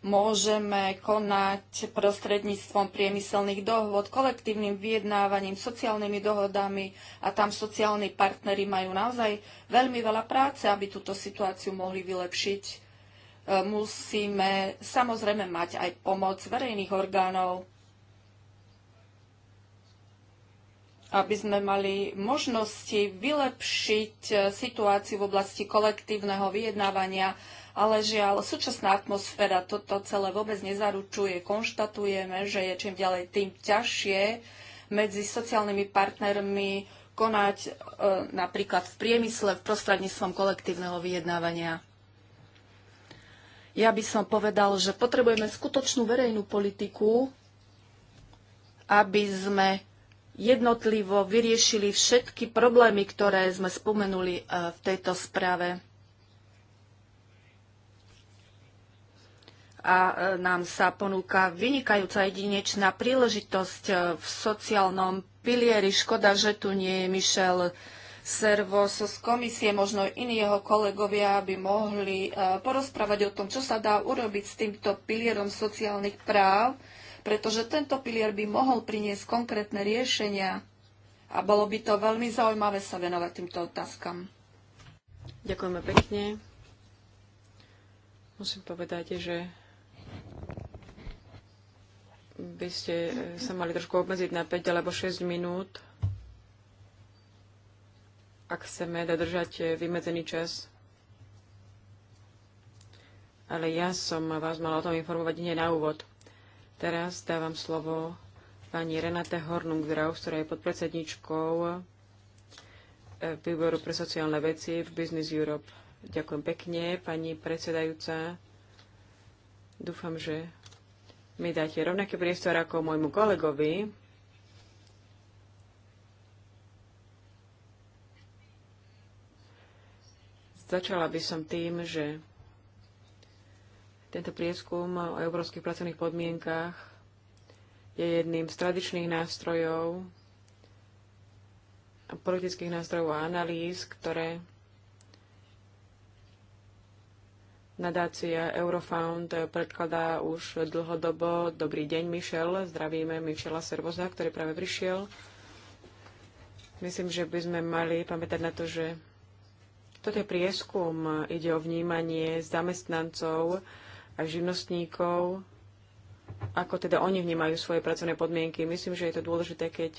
Môžeme konať prostredníctvom priemyselných dohôd, kolektívnym vyjednávaním, sociálnymi dohodami a tam sociálni partnery majú naozaj veľmi veľa práce, aby túto situáciu mohli vylepšiť. E, musíme samozrejme mať aj pomoc verejných orgánov, aby sme mali možnosti vylepšiť e, situáciu v oblasti kolektívneho vyjednávania, ale žiaľ, súčasná atmosféra toto celé vôbec nezaručuje. Konštatujeme, že je čím ďalej tým ťažšie medzi sociálnymi partnermi konať e, napríklad v priemysle v prostredníctvom kolektívneho vyjednávania. Ja by som povedal, že potrebujeme skutočnú verejnú politiku, aby sme jednotlivo vyriešili všetky problémy, ktoré sme spomenuli e, v tejto správe. a e, nám sa ponúka vynikajúca jedinečná príležitosť e, v sociálnom pilieri. Škoda, že tu nie je Michel Servos z komisie, možno iní jeho kolegovia by mohli porozprávať o tom, čo sa dá urobiť s týmto pilierom sociálnych práv pretože tento pilier by mohol priniesť konkrétne riešenia a bolo by to veľmi zaujímavé sa venovať týmto otázkam. Ďakujeme pekne. Musím povedať, že by ste eh, sa mali trošku obmedziť na 5 alebo 6 minút, ak chceme dodržať eh, vymedzený čas. Ale ja som vás mala o tom informovať nie na úvod. Teraz dávam slovo pani Renate Hornung-Draus, ktorá je podpredsedničkou eh, výboru pre sociálne veci v Business Europe. Ďakujem pekne, pani predsedajúca. Dúfam, že mi dáte rovnaký priestor ako môjmu kolegovi. Začala by som tým, že tento prieskum o európskych pracovných podmienkach je jedným z tradičných nástrojov, a politických nástrojov a analýz, ktoré nadácia Eurofound predkladá už dlhodobo. Dobrý deň, Michel. Zdravíme Michela Servoza, ktorý práve prišiel. Myslím, že by sme mali pamätať na to, že toto je prieskum, ide o vnímanie zamestnancov a živnostníkov, ako teda oni vnímajú svoje pracovné podmienky. Myslím, že je to dôležité, keď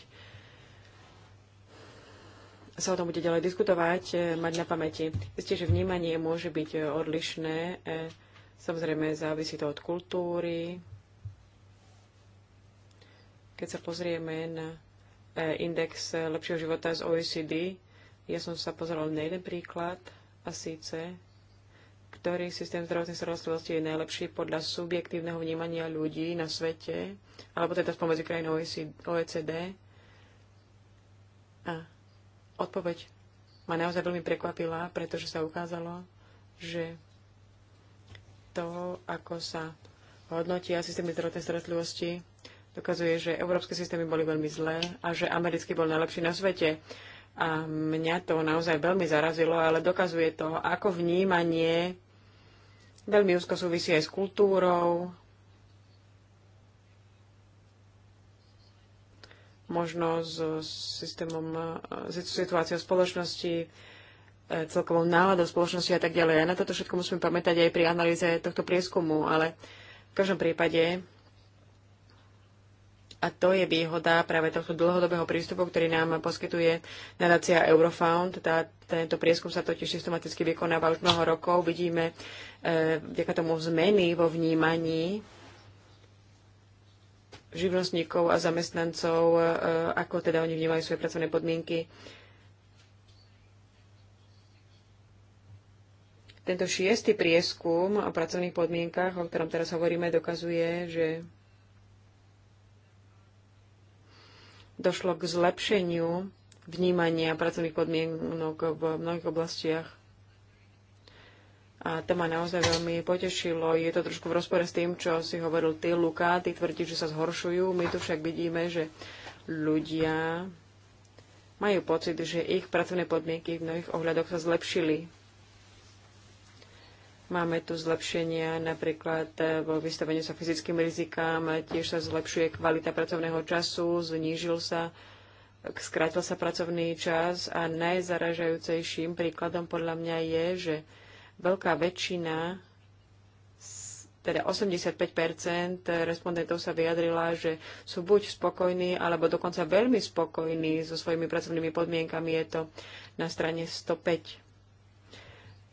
sa o tom bude ďalej diskutovať, e, mať na pamäti. Isté, že vnímanie môže byť e, odlišné. E, samozrejme, závisí to od kultúry. Keď sa pozrieme na index lepšieho života z OECD, ja som sa pozrela na jeden príklad a síce ktorý systém zdravotnej starostlivosti je najlepší podľa subjektívneho vnímania ľudí na svete, alebo teda spomedzi krajín OECD. E a odpoveď ma naozaj veľmi prekvapila, pretože sa ukázalo, že to, ako sa hodnotia systémy zdravotnej starostlivosti, dokazuje, že európske systémy boli veľmi zlé a že americký bol najlepší na svete. A mňa to naozaj veľmi zarazilo, ale dokazuje to, ako vnímanie Veľmi úzko súvisí aj s kultúrou. možno s systémom, s situáciou spoločnosti, e, celkovou náladou spoločnosti a tak ďalej. A na toto všetko musíme pamätať aj pri analýze tohto prieskumu, ale v každom prípade a to je výhoda práve tohto dlhodobého prístupu, ktorý nám poskytuje nadácia Eurofound. Tá, tento prieskum sa totiž systematicky vykonáva už mnoho rokov. Vidíme e, vďaka tomu zmeny vo vnímaní živnostníkov a zamestnancov, e, ako teda oni vnímajú svoje pracovné podmienky. Tento šiestý prieskum o pracovných podmienkach, o ktorom teraz hovoríme, dokazuje, že došlo k zlepšeniu vnímania pracovných podmienok v mnohých oblastiach. A to ma naozaj veľmi potešilo. Je to trošku v rozpore s tým, čo si hovoril ty, Luka. Ty tvrdíš, že sa zhoršujú. My tu však vidíme, že ľudia majú pocit, že ich pracovné podmienky v mnohých ohľadoch sa zlepšili. Máme tu zlepšenia napríklad e, vo vystavení sa fyzickým rizikám, e, tiež sa zlepšuje kvalita pracovného času, znížil sa, e, skrátil sa pracovný čas a najzaražajúcejším príkladom podľa mňa je, že veľká väčšina, teda 85 respondentov sa vyjadrila, že sú buď spokojní, alebo dokonca veľmi spokojní so svojimi pracovnými podmienkami. Je to na strane 105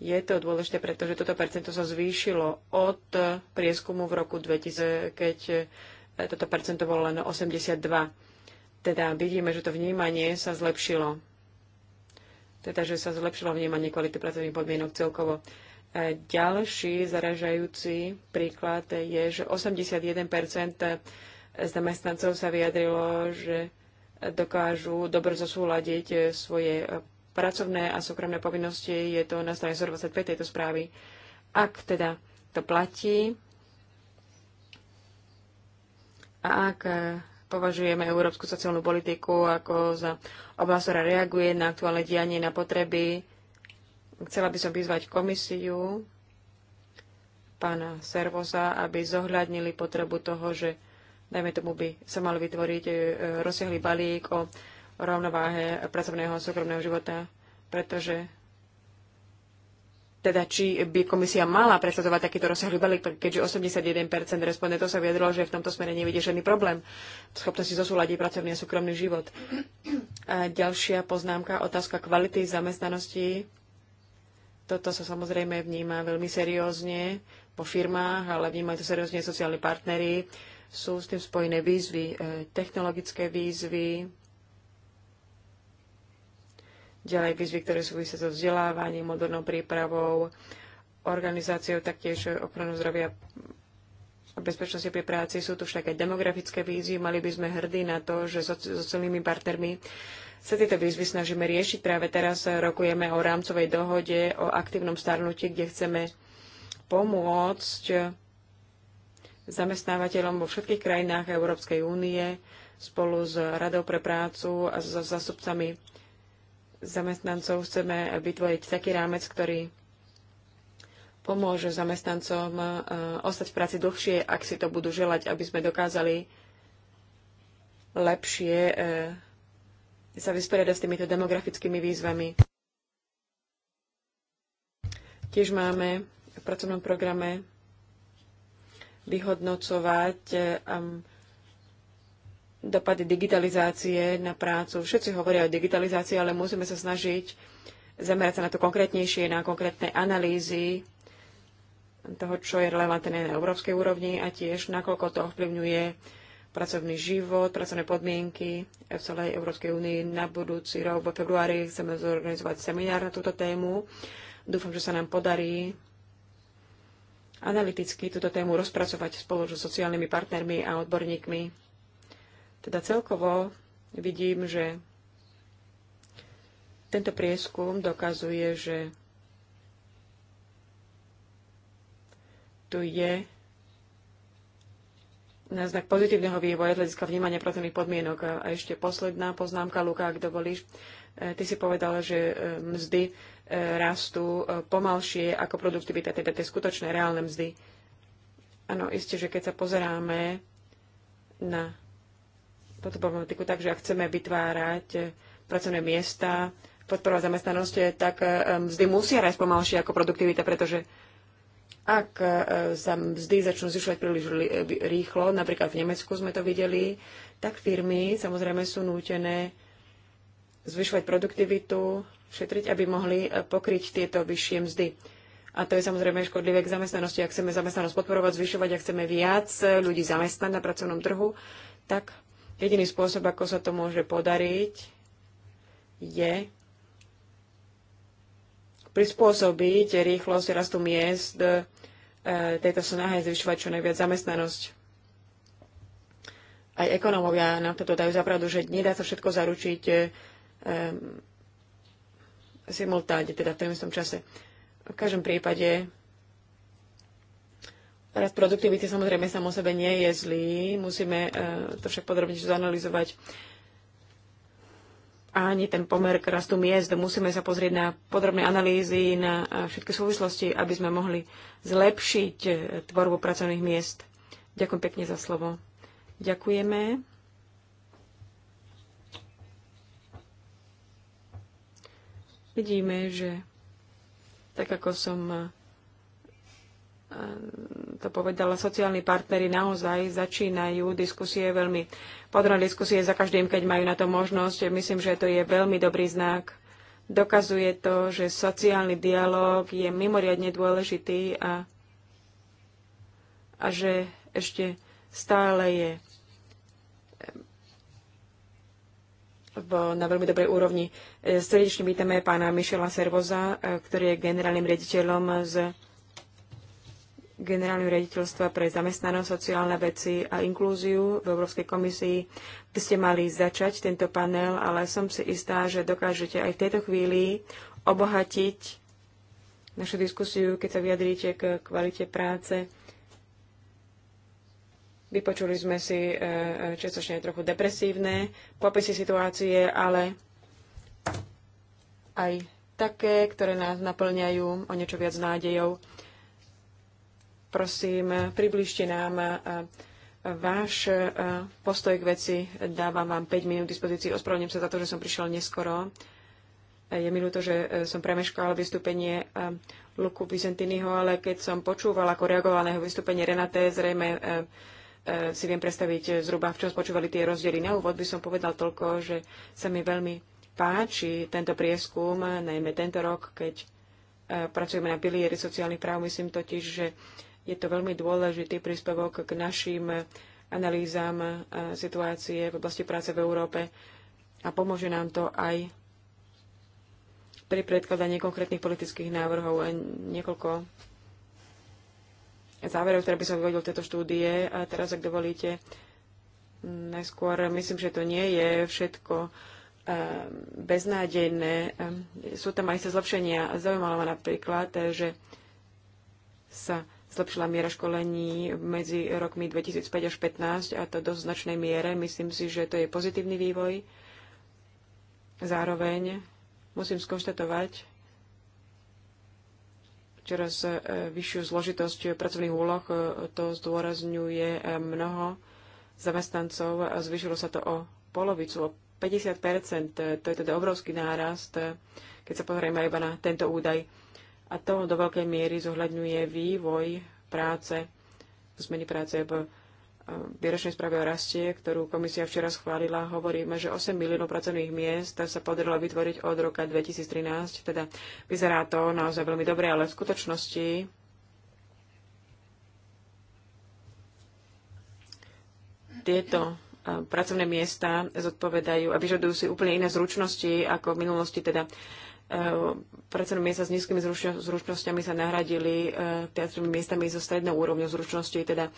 je to dôležité, pretože toto percento sa zvýšilo od prieskumu v roku 2000, keď e, toto percento bolo len 82. Teda vidíme, že to vnímanie sa zlepšilo. Teda, že sa zlepšilo vnímanie kvality pracovných podmienok celkovo. E, ďalší zaražajúci príklad je, že 81 zamestnancov sa vyjadrilo, že dokážu dobre zosúľadiť svoje pracovné a súkromné povinnosti, je to na strane 125 tejto správy. Ak teda to platí a ak eh, považujeme európsku sociálnu politiku ako za oblasť, ktorá reaguje na aktuálne dianie, na potreby, chcela by som vyzvať komisiu pána Servosa, aby zohľadnili potrebu toho, že dajme tomu by sa mal vytvoriť eh, rozsiahly balík o rovnováhe pracovného a súkromného života, pretože teda či by komisia mala presadzovať takýto rozsahlý balík, keďže 81% respondentov sa vyjadrilo, že v tomto smere nevidí žiadny problém v schopnosti zosúľadiť pracovný a súkromný život. A ďalšia poznámka, otázka kvality zamestnanosti. Toto sa samozrejme vníma veľmi seriózne po firmách, ale vnímajú to seriózne sociálni partnery. Sú s tým spojené výzvy, e, technologické výzvy, ďalej výzvy, ktoré súvisia so vzdelávaním, modernou prípravou, organizáciou taktiež ochranu zdravia a bezpečnosti pri práci. Sú tu však aj demografické výzvy. Mali by sme hrdí na to, že so, so celými partnermi sa tieto výzvy snažíme riešiť. Práve teraz rokujeme o rámcovej dohode, o aktívnom starnutí, kde chceme pomôcť zamestnávateľom vo všetkých krajinách Európskej únie spolu s Radou pre prácu a so zástupcami zamestnancov chceme vytvoriť taký rámec, ktorý pomôže zamestnancom e, ostať v práci dlhšie, ak si to budú želať, aby sme dokázali lepšie e, sa vysporiadať s týmito demografickými výzvami. Tiež máme v pracovnom programe vyhodnocovať e, dopady digitalizácie na prácu. Všetci hovoria o digitalizácii, ale musíme sa snažiť zamerať sa na to konkrétnejšie, na konkrétne analýzy toho, čo je relevantné na európskej úrovni a tiež nakoľko to ovplyvňuje pracovný život, pracovné podmienky v celej Európskej únii. Na budúci rok vo februári chceme zorganizovať seminár na túto tému. Dúfam, že sa nám podarí analyticky túto tému rozpracovať spolu so sociálnymi partnermi a odborníkmi teda celkovo vidím, že tento prieskum dokazuje, že tu je náznak pozitívneho vývoja hľadiska vnímania pracovných podmienok. A ešte posledná poznámka, Luka, ak dovolíš. E, ty si povedala, že e, mzdy e, rastú pomalšie ako produktivita, teda tie skutočné reálne mzdy. Áno, isté, že keď sa pozeráme na toto problematiku tak, že ak chceme vytvárať eh, pracovné miesta, podporovať zamestnanosť, eh, tak eh, mzdy musia rásť pomalšie ako produktivita, pretože ak sa mzdy začnú zvyšovať príliš rýchlo, napríklad v Nemecku sme to videli, tak firmy samozrejme sú nútené zvyšovať produktivitu, šetriť, aby mohli pokryť tieto vyššie mzdy. A to je samozrejme škodlivé k zamestnanosti. Ak chceme zamestnanosť podporovať, zvyšovať, ak chceme viac ľudí zamestnať na pracovnom trhu, tak Jediný spôsob, ako sa to môže podariť, je prispôsobiť rýchlosť rastu miest e, tejto snahe zvyšovať čo najviac zamestnanosť. Aj ekonómovia nám toto dajú zapravdu, že nedá sa všetko zaručiť um, simultáne, teda v tom istom čase. V každom prípade Rast produktivity samozrejme sa o sebe nie je zlý, musíme e, to však podrobnejšie zanalizovať. Ani ten pomer k rastu miest. Musíme sa pozrieť na podrobné analýzy, na e, všetky súvislosti, aby sme mohli zlepšiť e, tvorbu pracovných miest. Ďakujem pekne za slovo. Ďakujeme. Vidíme, že tak ako som to povedala, sociálni partnery naozaj začínajú diskusie veľmi podrobné diskusie za každým, keď majú na to možnosť. Myslím, že to je veľmi dobrý znak. Dokazuje to, že sociálny dialog je mimoriadne dôležitý a, a že ešte stále je eh, v, na veľmi dobrej úrovni. Eh, srdečne vítame pána Mišela Servoza, eh, ktorý je generálnym riaditeľom z generálneho riaditeľstva pre zamestnanosť, sociálne veci a inklúziu v Európskej komisii by ste mali začať tento panel, ale som si istá, že dokážete aj v tejto chvíli obohatiť našu diskusiu, keď sa vyjadríte k kvalite práce. Vypočuli sme si e, e, čestočne trochu depresívne popisy situácie, ale aj také, ktoré nás naplňajú o niečo viac nádejov. Prosím, približte nám e, váš e, postoj k veci. Dávam vám 5 minút dispozícii. Ospravedlňujem sa za to, že som prišiel neskoro. E, je mi ľúto, že som premeškal vystúpenie Luku Vicentiniho, ale keď som počúval, ako reagovala na jeho vystúpenie Renate, zrejme si viem predstaviť zhruba, v čom spočívali tie rozdiely. Na úvod by som povedal toľko, že sa mi veľmi páči tento prieskum, najmä tento rok, keď pracujeme na pilieri sociálnych práv. Myslím totiž, že je to veľmi dôležitý príspevok k našim analýzám e, situácie v oblasti práce v Európe a pomôže nám to aj pri predkladaní konkrétnych politických návrhov. E, niekoľko záverov, ktoré by som vyvodil v tejto štúdie. A teraz, ak dovolíte, najskôr myslím, že to nie je všetko e, beznádejné. Sú tam aj sa zlepšenia. Zaujímalo ma napríklad, že sa zlepšila miera školení medzi rokmi 2005 až 2015 a to do značnej miere. Myslím si, že to je pozitívny vývoj. Zároveň musím skonštatovať čoraz e, vyššiu zložitosť pracovných úloh. To zdôrazňuje e, mnoho zamestnancov a zvyšilo sa to o polovicu, o 50 To je teda obrovský nárast, keď sa pozrieme iba na tento údaj a to do veľkej miery zohľadňuje vývoj práce, zmeny práce v eh, výročnej správe o rastie, ktorú komisia včera schválila, hovoríme, že 8 miliónov pracovných miest sa podarilo vytvoriť od roka 2013. Teda vyzerá to naozaj veľmi dobre, ale v skutočnosti tieto eh, pracovné miesta zodpovedajú a vyžadujú si úplne iné zručnosti ako v minulosti. Teda E, predsa miesta s nízkymi zručnosťami sa nahradili e, piatými miestami so strednou úrovňou zručnosti, teda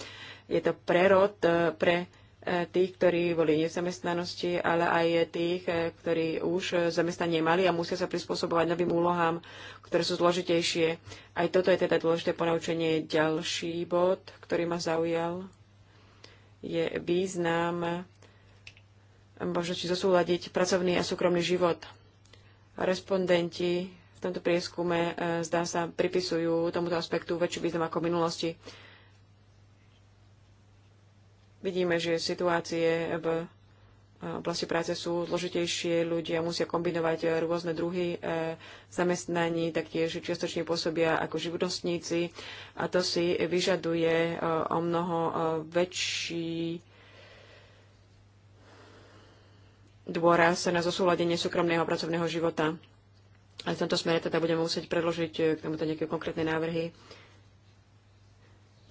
je to prerod e, pre tých, ktorí boli v nezamestnanosti, ale aj tých, ktorí už zamestnanie mali a musia sa prispôsobovať novým úlohám, ktoré sú zložitejšie. Aj toto je teda dôležité ponaučenie. Ďalší bod, ktorý ma zaujal, je význam možno či zosúľadiť pracovný a súkromný život respondenti v tomto prieskume, e, zdá sa, pripisujú tomuto aspektu väčší význam ako v minulosti. Vidíme, že situácie v e, oblasti práce sú zložitejšie, ľudia musia kombinovať e, rôzne druhy zamestnaní, taktiež čiastočne pôsobia ako živnostníci a to si vyžaduje o mnoho väčší dôraz na zosúladenie súkromného a pracovného života. A v tomto smere teda budeme musieť predložiť eh, k tomuto nejaké konkrétne návrhy.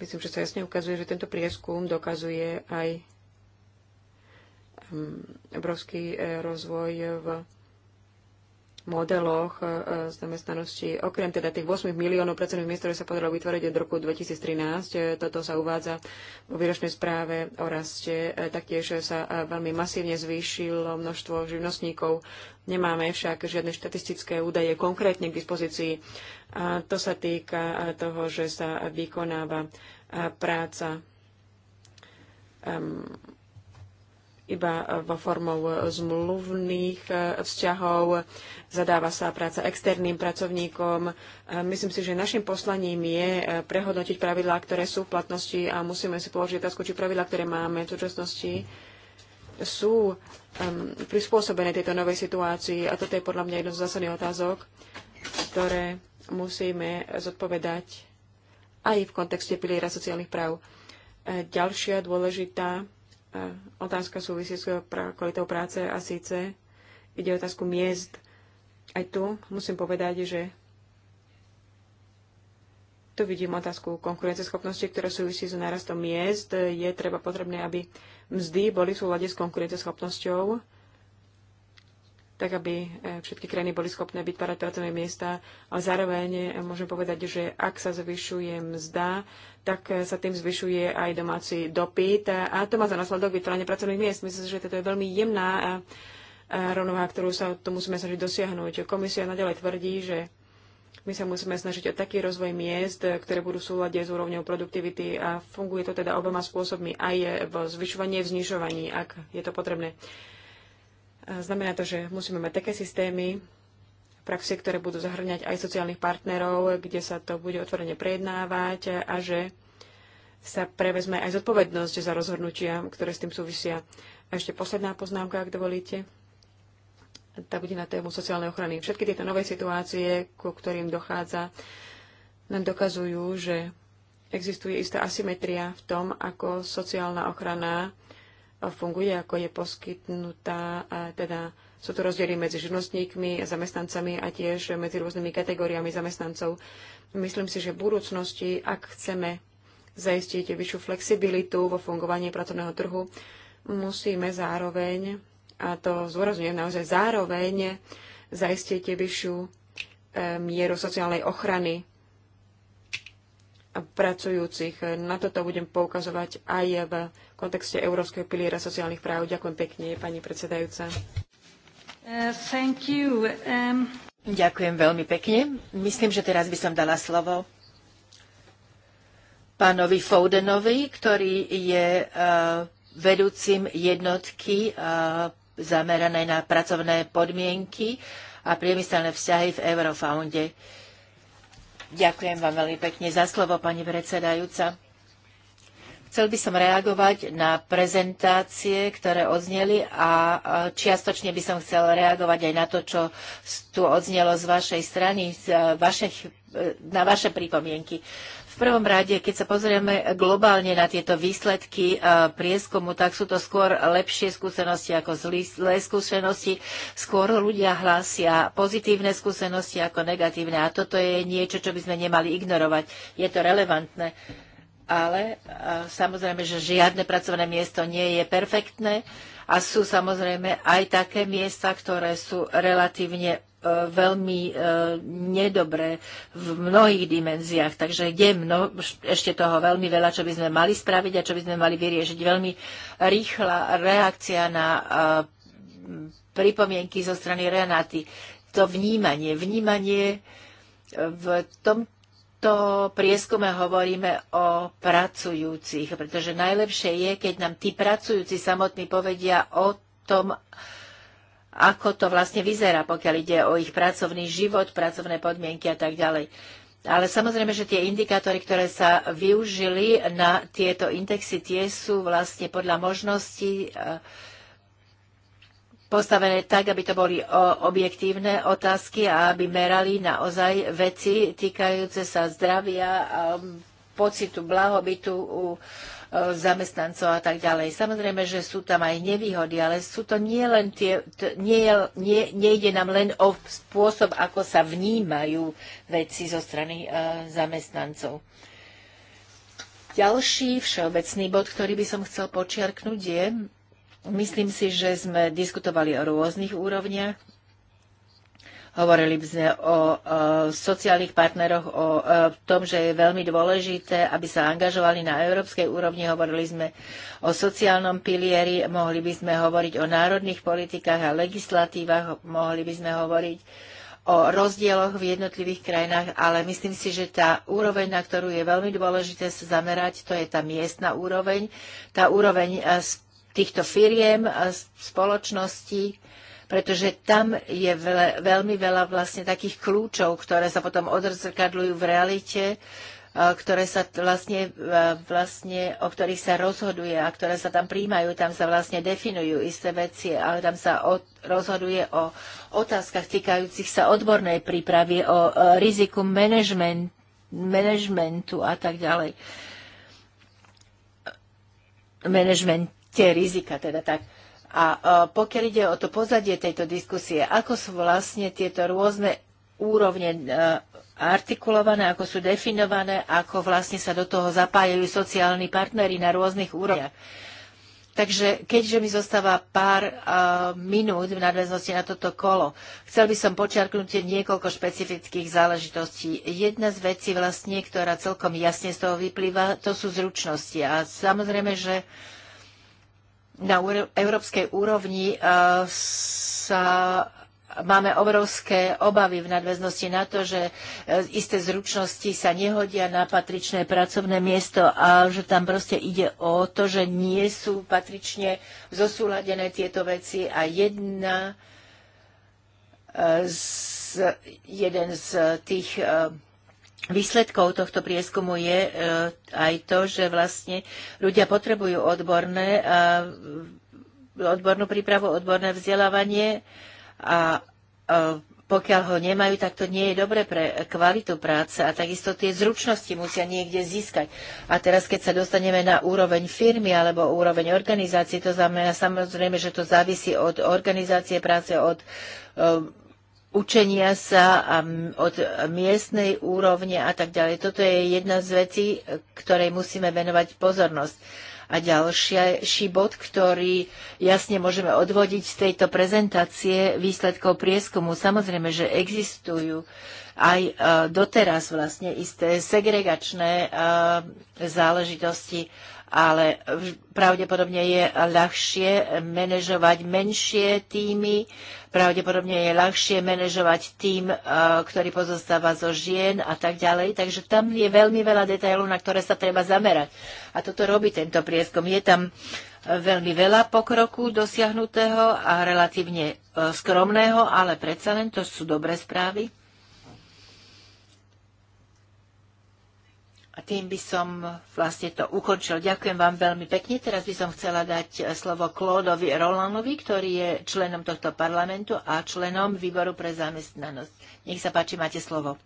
Myslím, že sa jasne ukazuje, že tento prieskum dokazuje aj mm, obrovský eh, rozvoj v modeloch e, e, zamestnanosti. Okrem teda tých 8 miliónov pracovných miest, ktoré sa podarilo vytvoriť od roku 2013, e, toto sa uvádza vo výročnej správe o raste. Taktiež sa veľmi masívne zvýšilo množstvo živnostníkov. Nemáme však žiadne štatistické údaje konkrétne k dispozícii. A to sa týka toho, že sa vykonáva práca um, iba e, vo formou e, zmluvných e, vzťahov, zadáva sa práca externým pracovníkom. Myslím si, že našim poslaním je prehodnotiť pravidlá, ktoré sú v platnosti a musíme si položiť otázku, či pravidlá, ktoré máme v súčasnosti, sú prispôsobené tejto novej situácii. A toto je podľa mňa jedno z zásadných otázok, ktoré musíme zodpovedať aj v kontexte piliera sociálnych práv. Ďalšia dôležitá otázka súvisí s kvalitou práce a síce ide o otázku miest. Aj tu musím povedať, že tu vidím otázku konkurenceschopnosti, ktorá súvisí s nárastom miest. Je treba potrebné, aby mzdy boli v súlade s konkurenceschopnosťou tak aby e, všetky krajiny boli schopné vytvárať pracovné miesta, ale zároveň e, môžem povedať, že ak sa zvyšuje mzda, tak e, sa tým zvyšuje aj domáci dopyt a to má za následok vytváranie pracovných miest. Myslím, si, že toto je veľmi jemná rovnováha, ktorú sa tu musíme snažiť dosiahnuť. Komisia nadalej tvrdí, že my sa musíme snažiť o taký rozvoj miest, ktoré budú v súlade s úrovňou produktivity a funguje to teda oboma spôsobmi, aj v zvyšovaní, v znižovaní, ak je to potrebné. Znamená to, že musíme mať také systémy praxie, ktoré budú zahrňať aj sociálnych partnerov, kde sa to bude otvorene prejednávať a že sa prevezme aj zodpovednosť za rozhodnutia, ktoré s tým súvisia. A ešte posledná poznámka, ak dovolíte. Tá bude na tému sociálnej ochrany. Všetky tieto nové situácie, ku ktorým dochádza, nám dokazujú, že existuje istá asymetria v tom, ako sociálna ochrana funguje, ako je poskytnutá, teda sú to rozdiely medzi živnostníkmi, a zamestnancami a tiež medzi rôznymi kategóriami zamestnancov. Myslím si, že v budúcnosti, ak chceme zaistiť vyššiu flexibilitu vo fungovaní pracovného trhu, musíme zároveň, a to zdôrazňujem naozaj zároveň, zaistiť vyššiu e, mieru sociálnej ochrany pracujúcich. Na toto budem poukazovať aj v kontexte Európskeho piliera sociálnych práv. Ďakujem pekne, pani predsedajúca. Uh, thank you. Um... Ďakujem veľmi pekne. Myslím, že teraz by som dala slovo pánovi Foudenovi, ktorý je uh, vedúcim jednotky uh, zameranej na pracovné podmienky a priemyselné vzťahy v Eurofounde. Ďakujem vám veľmi pekne za slovo, pani predsedajúca. Chcel by som reagovať na prezentácie, ktoré odzneli a čiastočne by som chcel reagovať aj na to, čo tu odznelo z vašej strany, z e, vašich, e, na vaše pripomienky. V prvom rade, keď sa pozrieme globálne na tieto výsledky e, prieskumu, tak sú to skôr lepšie skúsenosti ako zlé skúsenosti. Skôr ľudia hlásia pozitívne skúsenosti ako negatívne a toto je niečo, čo by sme nemali ignorovať. Je to relevantné. Ale e, samozrejme, že žiadne pracovné miesto nie je perfektné a sú samozrejme aj také miesta, ktoré sú relatívne veľmi e, nedobre v mnohých dimenziách. Takže je mno, ešte toho veľmi veľa, čo by sme mali spraviť a čo by sme mali vyriešiť. Veľmi rýchla reakcia na e, pripomienky zo strany Renaty. To vnímanie, vnímanie e, v tom, tomto prieskume hovoríme o pracujúcich, pretože najlepšie je, keď nám tí pracujúci samotní povedia o tom, ako to vlastne vyzerá, pokiaľ ide o ich pracovný život, pracovné podmienky a tak ďalej. Ale samozrejme, že tie indikátory, ktoré sa využili na tieto indexy, tie sú vlastne podľa možností e, postavené tak, aby to boli objektívne otázky a aby merali naozaj veci týkajúce sa zdravia, um, pocitu blahobytu u E, zamestnancov a tak ďalej. Samozrejme, že sú tam aj nevýhody, ale sú to nie len tie, t- nie, nie, nejde nám len o spôsob, ako sa vnímajú veci zo strany uh, zamestnancov. Ďalší všeobecný bod, ktorý by som chcel počiarknúť je, myslím si, že sme diskutovali o rôznych úrovniach Hovorili by sme o sociálnych partneroch, o tom, že je veľmi dôležité, aby sa angažovali na európskej úrovni. Hovorili sme o sociálnom pilieri, mohli by sme hovoriť o národných politikách a legislatívach, mohli by sme hovoriť o rozdieloch v jednotlivých krajinách, ale myslím si, že tá úroveň, na ktorú je veľmi dôležité sa zamerať, to je tá miestna úroveň, tá úroveň eh, týchto firiem, eh, spoločností, pretože tam je veľa, veľmi veľa vlastne takých kľúčov, ktoré sa potom odzrkadľujú v realite, e, ktoré sa vlastne, e, vlastne, o ktorých sa rozhoduje a ktoré sa tam príjmajú, tam sa vlastne definujú isté veci, ale tam sa od, rozhoduje o otázkach týkajúcich sa odbornej prípravy, o, o e, riziku manažment, manažmentu a tak ďalej. Manažmente rizika teda tak. A e, pokiaľ ide o to pozadie tejto diskusie, ako sú vlastne tieto rôzne úrovne e, artikulované, ako sú definované, ako vlastne sa do toho zapájajú sociálni partnery na rôznych úrovniach. Takže keďže mi zostáva pár uh, minút v nadväznosti na toto kolo, chcel by som počiarknúť niekoľko špecifických záležitostí. Jedna z vecí vlastne, ktorá celkom jasne z toho vyplýva, to sú zručnosti. A samozrejme, že uh, na európskej úrovni e, sa máme obrovské obavy v nadväznosti na to, že e, isté zručnosti sa nehodia na patričné pracovné miesto a že tam proste ide o to, že nie sú patrične zosúladené tieto veci a jedna e, z, jeden z tých Výsledkou tohto prieskumu je e, aj to, že vlastne ľudia potrebujú odborné, odbornú prípravu, odborné vzdelávanie a pokiaľ ho nemajú, tak to nie je dobre pre kvalitu práce a takisto tie zručnosti musia niekde získať. A teraz, keď sa dostaneme na úroveň firmy alebo úroveň organizácie, to znamená samozrejme, že to závisí od organizácie práce, od e, učenia sa um, od miestnej úrovne a tak ďalej. Toto je jedna z vecí, ktorej musíme venovať pozornosť. A ďalší bod, ktorý jasne môžeme odvodiť z tejto prezentácie výsledkov prieskumu. Samozrejme, že existujú aj e, doteraz vlastne isté segregačné e, záležitosti, ale pravdepodobne je ľahšie manažovať menšie týmy, pravdepodobne je ľahšie manažovať tým, eh, ktorý pozostáva zo žien a tak ďalej. Takže tam je veľmi veľa detailov, na ktoré sa treba zamerať. A toto robí tento prieskom. Je tam eh, veľmi veľa pokroku dosiahnutého a relatívne eh, skromného, ale predsa len to sú dobré správy. A tým by som vlastne to ukončil. Ďakujem vám veľmi pekne. Teraz by som chcela dať e, slovo Klódovi Rolanovi, ktorý je členom tohto parlamentu a členom výboru pre zamestnanosť. Nech sa páči, máte slovo.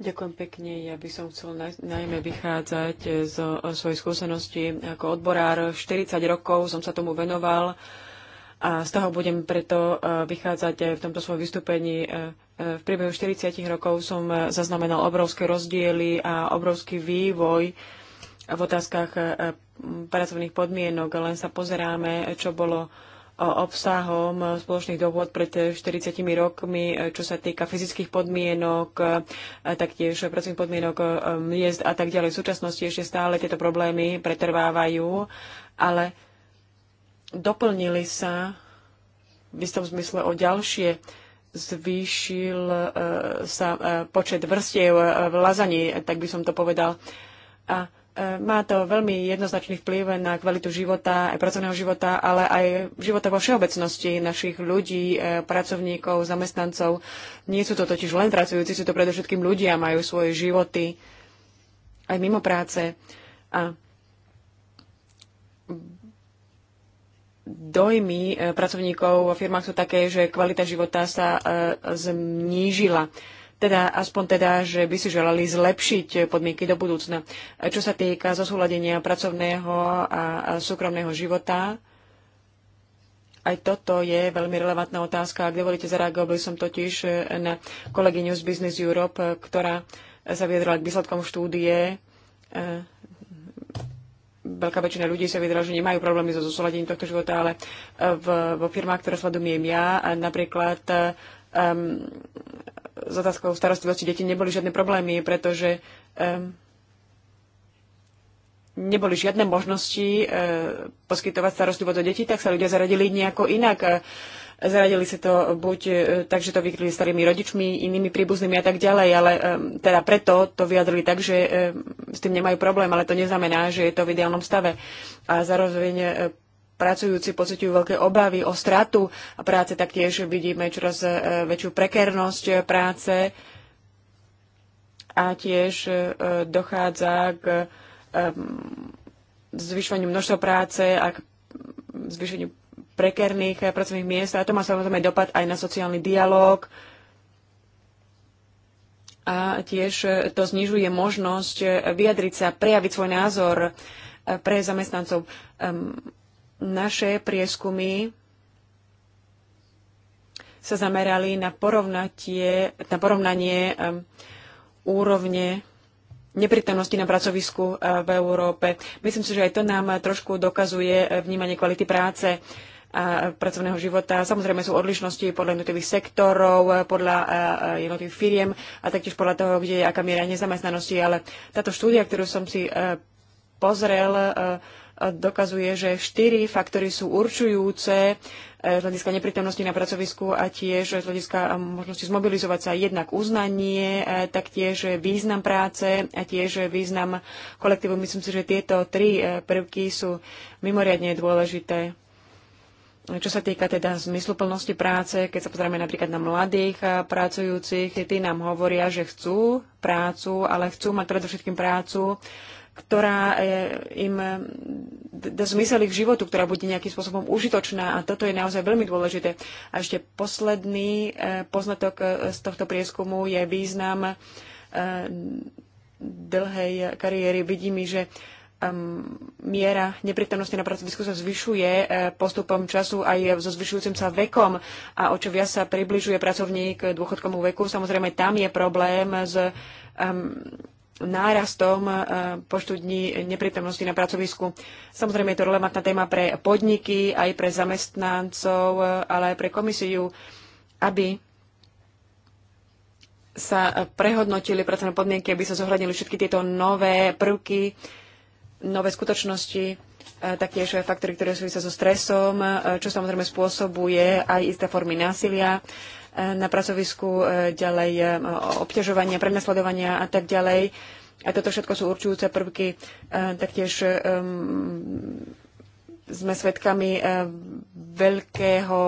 Ďakujem pekne. Ja by som chcel najmä vychádzať zo e, svojej skúsenosti ako odborár. 40 rokov som sa tomu venoval a z toho budem preto e, vychádzať aj e, v tomto svojom vystúpení. E, v priebehu 40 rokov som zaznamenal obrovské rozdiely a obrovský vývoj v otázkach pracovných podmienok. Len sa pozeráme, čo bolo obsahom spoločných dohôd pred 40 rokmi, čo sa týka fyzických podmienok, taktiež pracovných podmienok miest a tak ďalej. V súčasnosti ešte stále tieto problémy pretrvávajú, ale doplnili sa v istom zmysle o ďalšie. Zvýšil e, sa e, počet vrstiev e, v lazaní, tak by som to povedal. A má to veľmi jednoznačný vplyv na kvalitu života, aj pracovného života, ale aj života vo všeobecnosti našich ľudí, pracovníkov, zamestnancov. Nie sú to totiž len pracujúci, sú to predovšetkým ľudia, majú svoje životy aj mimo práce. A dojmy e, pracovníkov vo firmách sú také, že kvalita života sa e, znížila. Teda aspoň teda, že by si želali zlepšiť podmienky do budúcna. E, čo sa týka zosúladenia pracovného a súkromného života, aj toto je veľmi relevantná otázka. Ak dovolíte, zareagoval som totiž na kolegyňu z Business Europe, ktorá sa vyjadrala k výsledkom štúdie veľká väčšina ľudí sa vyjadrila, že nemajú problémy so zosúladením tohto života, ale e, v, vo firmách, ktoré sledujem ja, napríklad um, s otázkou starostlivosti detí neboli žiadne problémy, pretože um, neboli žiadne možnosti uh, poskytovať starostlivosť o detí, tak sa ľudia zaradili nejako inak. Zaradili si to buď e, tak, že to vykryli starými rodičmi, inými príbuznými a tak ďalej, ale e, teda preto to vyjadrili tak, že e, s tým nemajú problém, ale to neznamená, že je to v ideálnom stave. A zároveň pracujúci pocitujú veľké obavy o stratu a práce, taktiež vidíme čoraz väčšiu prekernosť práce a tiež dochádza k zvyšovaniu množstva práce a k zvýšeniu prekerných eh, pracovných miest a to má samozrejme dopad aj na sociálny dialog a tiež eh, to znižuje možnosť eh, vyjadriť sa, prejaviť svoj názor pre zamestnancov. Ehm, naše prieskumy sa zamerali na, porovnatie, na porovnanie ehm, úrovne neprítomnosti na pracovisku v Európe. Myslím si, že aj to nám trošku dokazuje vnímanie kvality práce a pracovného života. Samozrejme sú odlišnosti podľa jednotlivých sektorov, podľa jednotlivých firiem a taktiež podľa toho, kde je aká miera nezamestnanosti. Ale táto štúdia, ktorú som si e, pozrel, e, e, dokazuje, že štyri faktory sú určujúce z hľadiska neprítomnosti na pracovisku a tiež z hľadiska možnosti zmobilizovať sa jednak uznanie, taktiež význam práce a tiež význam kolektívu. Myslím si, že tieto tri prvky sú mimoriadne dôležité. Čo sa týka teda zmysluplnosti práce, keď sa pozrieme napríklad na mladých eh, pracujúcich, tí nám hovoria, že chcú prácu, ale chcú mať predovšetkým prácu, ktorá eh, im dá zmysel ich životu, ktorá bude nejakým spôsobom užitočná a toto je naozaj veľmi dôležité. A ešte posledný eh, poznatok z tohto prieskumu je význam dlhej kariéry. Vidíme, že miera neprítomnosti na pracovisku sa zvyšuje eh, postupom času aj so zvyšujúcim sa vekom a o čo viac sa približuje pracovník dôchodkomu veku. Samozrejme, tam je problém s um, nárastom uh, počtu dní neprítomnosti na pracovisku. Samozrejme, je to relevantná téma pre podniky, aj pre zamestnancov, eh, ale aj pre komisiu, aby sa prehodnotili pracovné podmienky, aby sa zohľadnili všetky tieto nové prvky, nové skutočnosti, e, taktiež faktory, ktoré súvisia so stresom, e, čo samozrejme spôsobuje aj isté formy násilia e, na pracovisku, ďalej obťažovania, prenasledovania a tak ďalej. A toto všetko sú určujúce prvky. Taktiež sme svedkami veľkého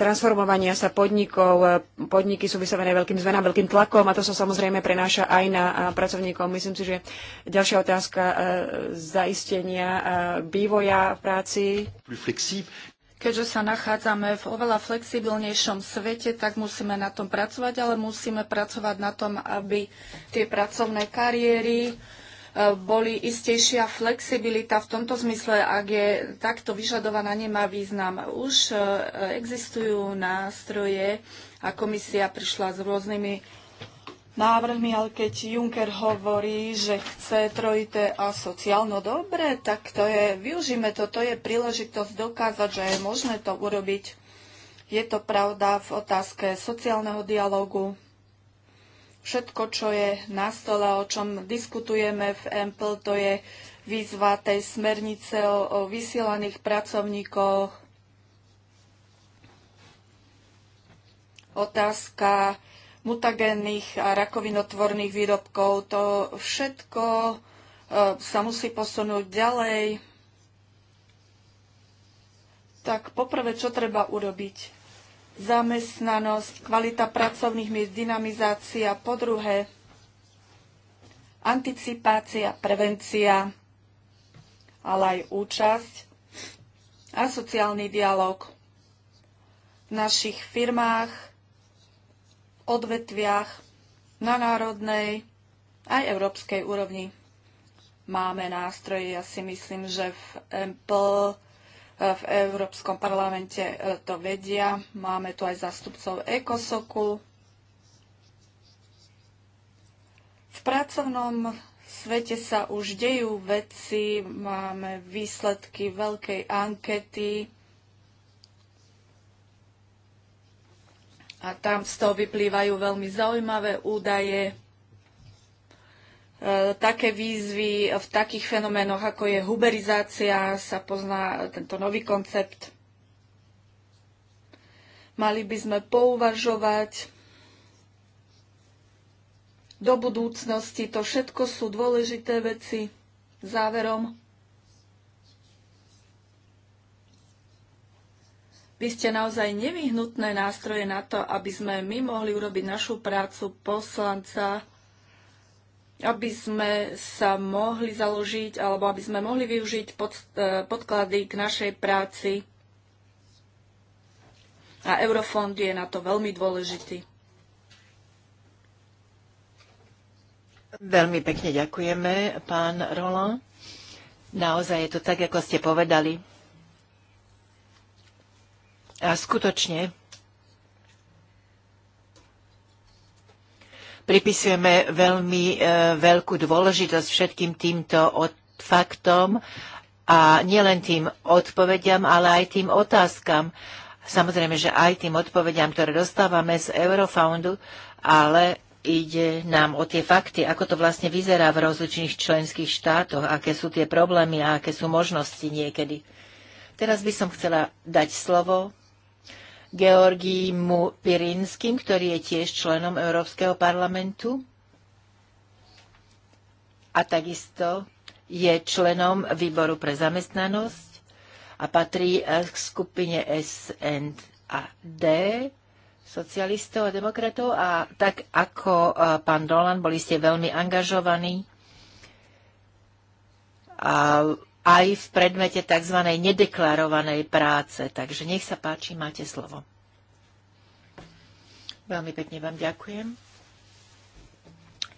transformovania sa podnikov. E, podniky sú vystavené veľkým zmenám, veľkým tlakom a to sa samozrejme prenáša aj na e, pracovníkov. Myslím si, že ďalšia otázka e, zaistenia vývoja v práci. Keďže sa nachádzame v oveľa flexibilnejšom svete, tak musíme na tom pracovať, ale musíme pracovať na tom, aby tie pracovné kariéry boli istejšia flexibilita v tomto zmysle, ak je takto vyžadovaná, nemá význam. Už e, existujú nástroje a komisia prišla s rôznymi návrhmi, ale keď Juncker hovorí, že chce trojité a sociálno dobre, tak to je, využíme to, to je príležitosť dokázať, že je možné to urobiť. Je to pravda v otázke sociálneho dialogu, Všetko, čo je na stole, o čom diskutujeme v EMPL, to je výzva tej smernice o, o vysielaných pracovníkoch, otázka mutagénnych a rakovinotvorných výrobkov. To všetko e, sa musí posunúť ďalej. Tak poprvé, čo treba urobiť? zamestnanosť, kvalita pracovných miest, dynamizácia, po druhé anticipácia, prevencia, ale aj účasť a sociálny dialog v našich firmách, odvetviach na národnej aj európskej úrovni. Máme nástroje, ja si myslím, že v Apple v Európskom parlamente e, to vedia. Máme tu aj zástupcov ECOSOKu. V pracovnom svete sa už dejú veci, máme výsledky veľkej ankety, a tam z toho vyplývajú veľmi zaujímavé údaje také výzvy v takých fenoménoch, ako je huberizácia, sa pozná tento nový koncept. Mali by sme pouvažovať do budúcnosti. To všetko sú dôležité veci. Záverom. Vy ste naozaj nevyhnutné nástroje na to, aby sme my mohli urobiť našu prácu poslanca aby sme sa mohli založiť alebo aby sme mohli využiť pod, e, podklady k našej práci. A Eurofond je na to veľmi dôležitý. Veľmi pekne ďakujeme, pán Roland. Naozaj je to tak, ako ste povedali. A skutočne pripisujeme veľmi e, veľkú dôležitosť všetkým týmto faktom a nielen tým odpovediam, ale aj tým otázkam. Samozrejme, že aj tým odpovediam, ktoré dostávame z Eurofoundu, ale ide nám o tie fakty, ako to vlastne vyzerá v rozličných členských štátoch, aké sú tie problémy a aké sú možnosti niekedy. Teraz by som chcela dať slovo Georgímu Pirinským, ktorý je tiež členom Európskeho parlamentu a takisto je členom výboru pre zamestnanosť a patrí eh, k skupine SND socialistov a demokratov a tak ako eh, pán Dolan, boli ste veľmi angažovaní a aj v predmete tzv. nedeklarovanej práce. Takže nech sa páči, máte slovo. Veľmi pekne vám ďakujem.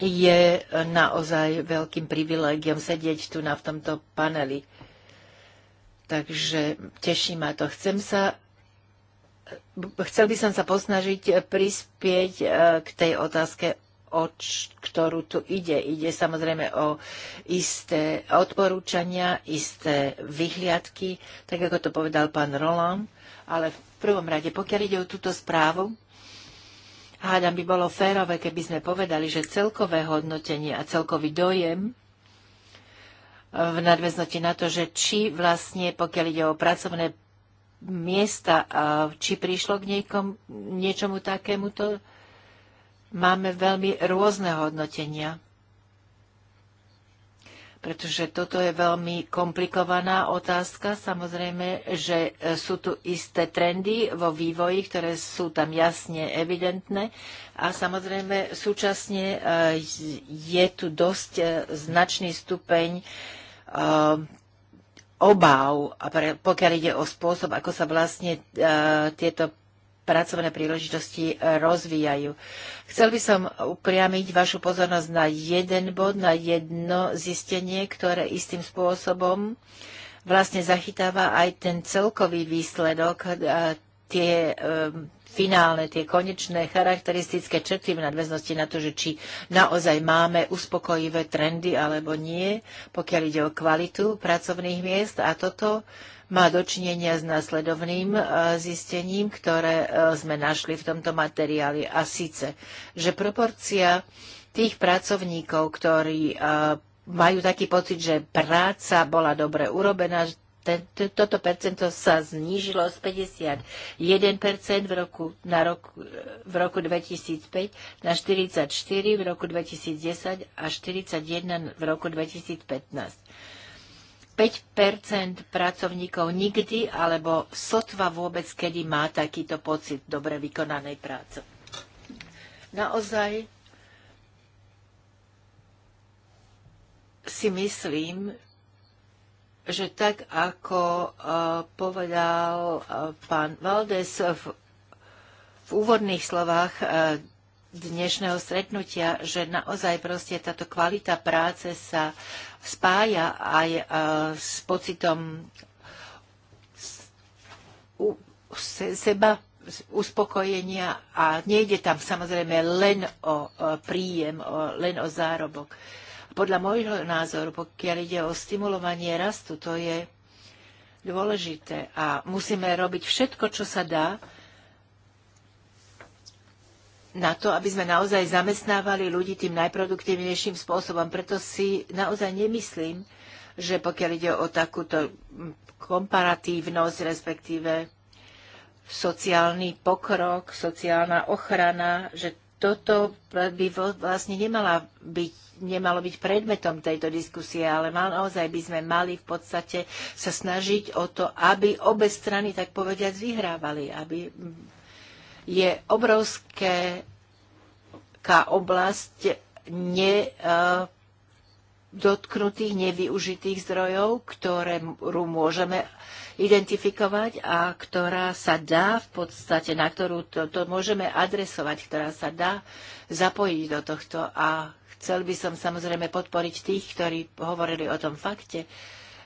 Je naozaj veľkým privilégiom sedieť tu na v tomto paneli. Takže teší ma to. Chcem sa chcel by som sa posnažiť prispieť eh, k tej otázke o ktorú tu ide. Ide samozrejme o isté odporúčania, isté vyhliadky, tak ako to povedal pán Roland, ale v prvom rade, pokiaľ ide o túto správu, hádam by bolo férové, keby sme povedali, že celkové hodnotenie a celkový dojem eh, v nadväznosti na to, že či vlastne, pokiaľ ide o pracovné miesta, eh, či prišlo k niekom, niečomu takémuto, máme veľmi rôzne hodnotenia, pretože toto je veľmi komplikovaná otázka. Samozrejme, že e, sú tu isté trendy vo vývoji, ktoré sú tam jasne evidentné a samozrejme súčasne e, je tu dosť e, značný stupeň obáv, pokiaľ ide o spôsob, ako sa vlastne tieto pracovné príležitosti rozvíjajú. Chcel by som upriamiť vašu pozornosť na jeden bod, na jedno zistenie, ktoré istým spôsobom vlastne zachytáva aj ten celkový výsledok, tie finálne, tie konečné charakteristické črty v nadväznosti na to, že či naozaj máme uspokojivé trendy alebo nie, pokiaľ ide o kvalitu pracovných miest. A toto má dočinenia s následovným e, zistením, ktoré e, sme našli v tomto materiáli. A síce, že proporcia tých pracovníkov, ktorí e, majú taký pocit, že práca bola dobre urobená, toto percento sa znížilo z 51% v roku, na roku, v roku 2005 na 44 v roku 2010 a 41 v roku 2015. 5 pracovníkov nikdy alebo sotva vôbec, kedy má takýto pocit dobre vykonanej práce. Naozaj si myslím, že tak ako e, povedal e, pán Valdés v, v úvodných slovách e, dnešného stretnutia, že naozaj proste táto kvalita práce sa spája aj e, s pocitom seba uspokojenia a nejde tam samozrejme len o e, príjem, len o zárobok. Podľa môjho názoru, pokiaľ ide o stimulovanie rastu, to je dôležité a musíme robiť všetko, čo sa dá, na to, aby sme naozaj zamestnávali ľudí tým najproduktívnejším spôsobom. Preto si naozaj nemyslím, že pokiaľ ide o takúto komparatívnosť, respektíve sociálny pokrok, sociálna ochrana, že toto by vlastne nemala byť, nemalo byť predmetom tejto diskusie, ale mal, naozaj by sme mali v podstate sa snažiť o to, aby obe strany, tak povediať, vyhrávali, aby je obrovská oblasť nedotknutých, e, nevyužitých zdrojov, ktorú môžeme identifikovať a ktorá sa dá v podstate, na ktorú to, to môžeme adresovať, ktorá sa dá zapojiť do tohto. A chcel by som samozrejme podporiť tých, ktorí hovorili o tom fakte,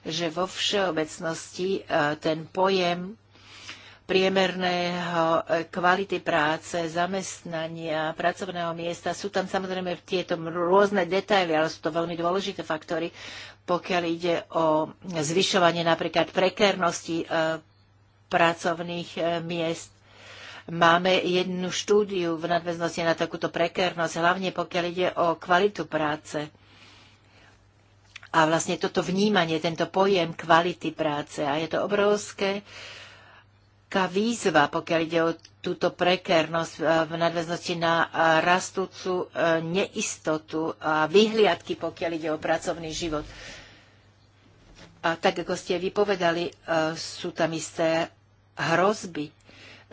že vo všeobecnosti e, ten pojem priemerného eh, kvality práce, zamestnania, pracovného miesta. Sú tam samozrejme tieto rôzne detaily, ale sú to veľmi dôležité faktory, pokiaľ ide o zvyšovanie napríklad prekérnosti eh, pracovných eh, miest. Máme jednu štúdiu v nadväznosti na takúto prekérnosť, hlavne pokiaľ ide o kvalitu práce. A vlastne toto vnímanie, tento pojem kvality práce. A je to obrovské uh, veľká výzva, pokiaľ ide o túto prekérnosť e, v nadväznosti na e, rastúcu e, neistotu a vyhliadky, pokiaľ ide o pracovný život. A tak, ako ste vypovedali, sú tam isté hrozby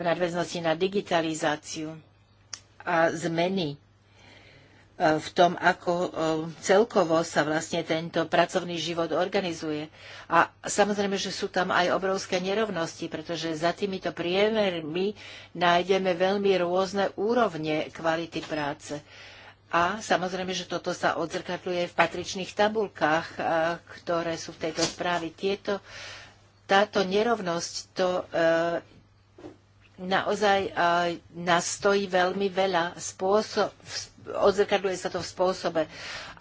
v nadväznosti na digitalizáciu a zmeny v tom, ako e, celkovo sa vlastne tento pracovný život organizuje. A samozrejme, že sú tam aj obrovské nerovnosti, pretože za týmito priemermi nájdeme veľmi rôzne úrovne kvality práce. A samozrejme, že toto sa odzrkadľuje v patričných tabulkách, e, ktoré sú v tejto správe. Tieto, táto nerovnosť to e, naozaj nastojí veľmi veľa spôsob, odzrkadluje sa to v spôsobe,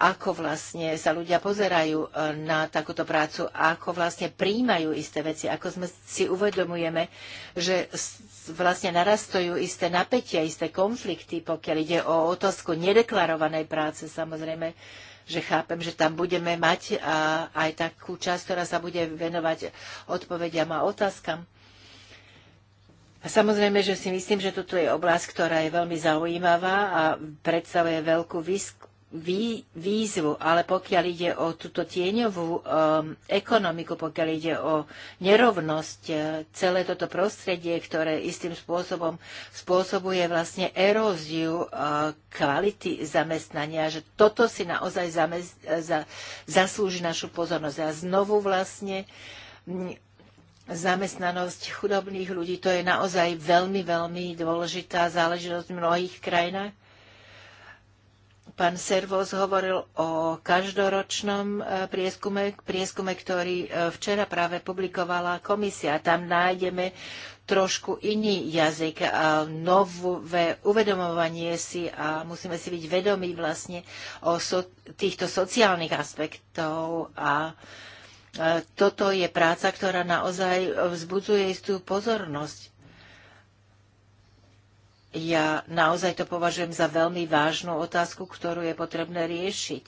ako vlastne sa ľudia pozerajú e, na takúto prácu, ako vlastne príjmajú isté veci, ako sme si uvedomujeme, že vlastne narastujú isté napätia, isté konflikty, pokiaľ ide o otázku nedeklarovanej práce. Samozrejme, že chápem, že tam budeme mať aj takú časť, ktorá sa bude venovať odpovediam a otázkam. A Samozrejme, že si myslím, že toto je oblasť, ktorá je veľmi zaujímavá a predstavuje veľkú výsk- vý, výzvu, ale pokiaľ ide o túto tieňovú um, ekonomiku, pokiaľ ide o nerovnosť, uh, celé toto prostredie, ktoré istým spôsobom spôsobuje vlastne eróziu uh, kvality zamestnania, že toto si naozaj zamest- za- zaslúži našu pozornosť. A znovu vlastne zamestnanosť chudobných ľudí, to je naozaj veľmi, veľmi dôležitá záležitosť v mnohých krajinách. Pán Servos hovoril o každoročnom e, prieskume, prieskume, ktorý e, včera práve publikovala komisia. Tam nájdeme trošku iný jazyk a nové uvedomovanie si a musíme si byť vedomí vlastne o so, týchto sociálnych aspektov a uh, E, toto je práca, ktorá naozaj vzbudzuje istú pozornosť. Ja naozaj to považujem za veľmi vážnu otázku, ktorú je potrebné riešiť.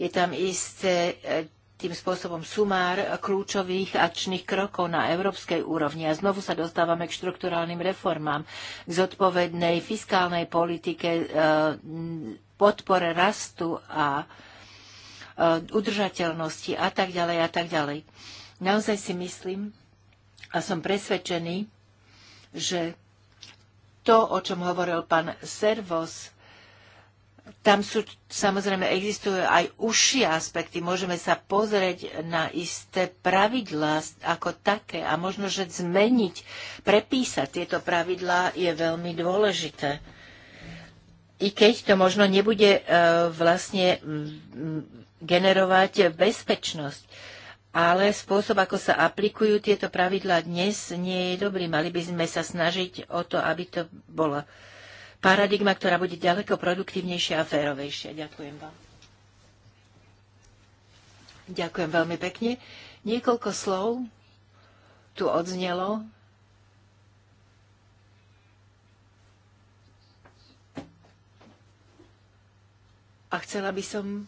Je tam isté e, tým spôsobom sumár kľúčových akčných krokov na európskej úrovni. A znovu sa dostávame k štrukturálnym reformám, k zodpovednej fiskálnej politike, e, podpore rastu a Eh, udržateľnosti a tak ďalej a tak ďalej. Naozaj si myslím a som presvedčený, že to, o čom hovoril pán Servos, tam sú, samozrejme, existujú aj užšie aspekty. Môžeme sa pozrieť na isté pravidlá ako také a možno, že zmeniť, prepísať tieto pravidlá je veľmi dôležité. I keď to možno nebude uh, vlastne mm, mm, generovať bezpečnosť. Ale spôsob, ako sa aplikujú tieto pravidlá dnes, nie je dobrý. Mali by sme sa snažiť o to, aby to bola paradigma, ktorá bude ďaleko produktívnejšia a férovejšia. Ďakujem vám. Ďakujem veľmi pekne. Niekoľko slov tu odznelo. A chcela by som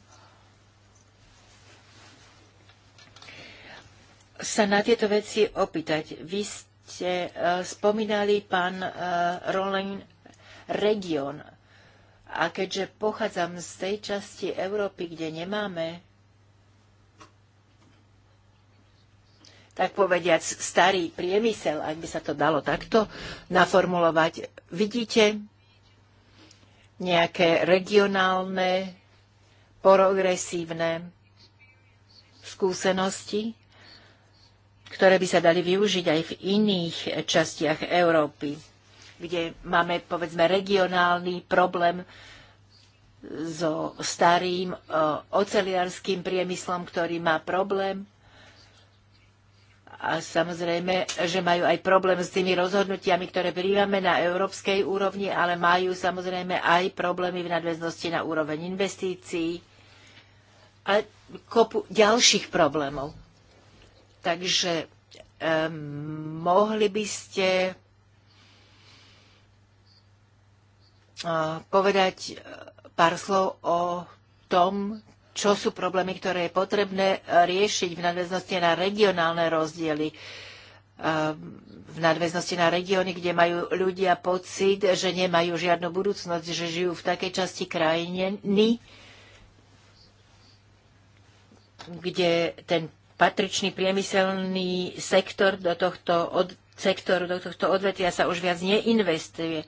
sa na tieto veci opýtať. Vy ste uh, spomínali pán uh, Rolling region. A keďže pochádzam z tej časti Európy, kde nemáme, tak povediac, starý priemysel, ak by sa to dalo takto naformulovať, vidíte nejaké regionálne, progresívne skúsenosti ktoré by sa dali využiť aj v iných častiach Európy, kde máme, povedzme, regionálny problém so starým e, oceliarským priemyslom, ktorý má problém a samozrejme, že majú aj problém s tými rozhodnutiami, ktoré príjmame na európskej úrovni, ale majú samozrejme aj problémy v nadväznosti na úroveň investícií a kopu ďalších problémov. Takže um, mohli by ste uh, povedať e, pár slov o tom, čo sú problémy, ktoré je potrebné riešiť v nadväznosti na regionálne rozdiely, e, v nadväznosti na regióny, kde majú ľudia pocit, že nemajú žiadnu budúcnosť, že žijú v takej časti krajiny, kde ten patričný priemyselný sektor do tohto od, sektor do tohto odvetia sa už viac neinvestuje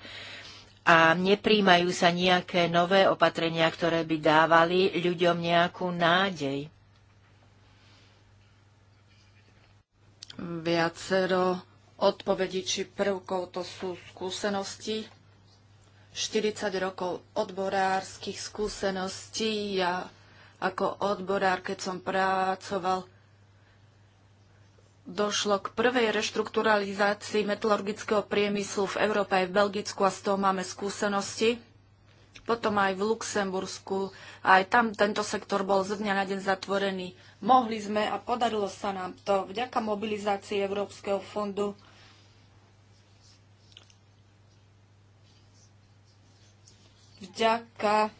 a nepríjmajú sa nejaké nové opatrenia, ktoré by dávali ľuďom nejakú nádej. Viacero odpovedí či prvkov to sú skúsenosti. 40 rokov odborárskych skúseností. Ja ako odborár, keď som pracoval došlo k prvej reštrukturalizácii metalurgického priemyslu v Európe aj v Belgicku a z toho máme skúsenosti. Potom aj v Luxembursku. Aj tam tento sektor bol z dňa na deň zatvorený. Mohli sme a podarilo sa nám to vďaka mobilizácii Európskeho fondu. Vďaka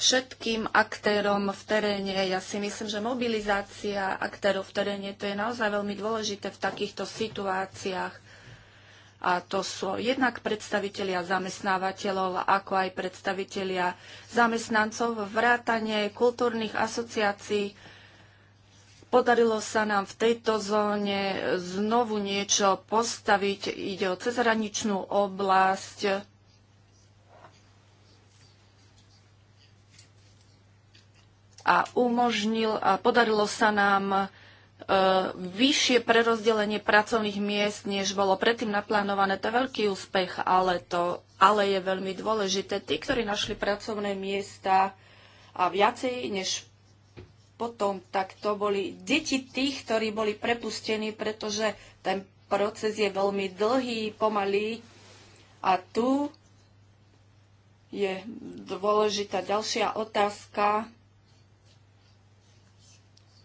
všetkým aktérom v teréne. Ja si myslím, že mobilizácia aktérov v teréne to je naozaj veľmi dôležité v takýchto situáciách. A to sú jednak predstavitelia zamestnávateľov, ako aj predstavitelia zamestnancov, vrátanie kultúrnych asociácií. Podarilo sa nám v tejto zóne znovu niečo postaviť. Ide o cezhraničnú oblasť, a umožnil a podarilo sa nám e, vyššie prerozdelenie pracovných miest, než bolo predtým naplánované. To je veľký úspech, ale to ale je veľmi dôležité. Tí, ktorí našli pracovné miesta a viacej než potom, tak to boli deti tých, ktorí boli prepustení, pretože ten proces je veľmi dlhý, pomalý a tu je dôležitá ďalšia otázka,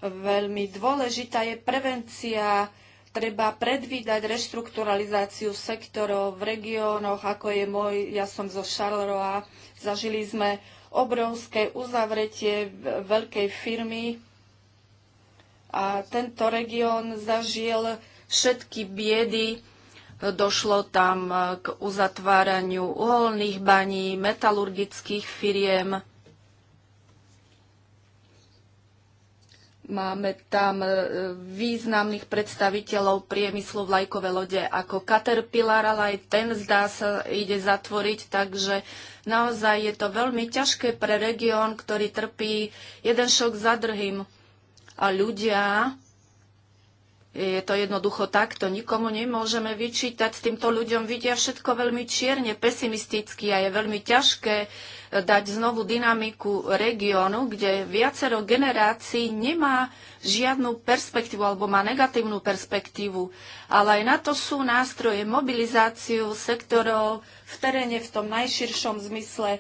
veľmi dôležitá je prevencia. Treba predvídať reštrukturalizáciu sektorov v regiónoch, ako je môj, ja som zo Charleroi, zažili sme obrovské uzavretie veľkej firmy a tento región zažil všetky biedy. Došlo tam eh, k uzatváraniu uholných baní, metalurgických firiem Máme tam e, významných predstaviteľov priemyslu lajkové lode ako Caterpillar, ale aj ten zdá sa ide zatvoriť, takže naozaj je to veľmi ťažké pre región, ktorý trpí jeden šok za druhým. A ľudia je to jednoducho takto. Nikomu nemôžeme vyčítať. Týmto ľuďom vidia všetko veľmi čierne, pesimisticky a je veľmi ťažké eh, dať znovu dynamiku regiónu, kde viacero generácií nemá žiadnu perspektívu alebo má negatívnu perspektívu. Ale aj na to sú nástroje, mobilizáciu sektorov v teréne v tom najširšom zmysle.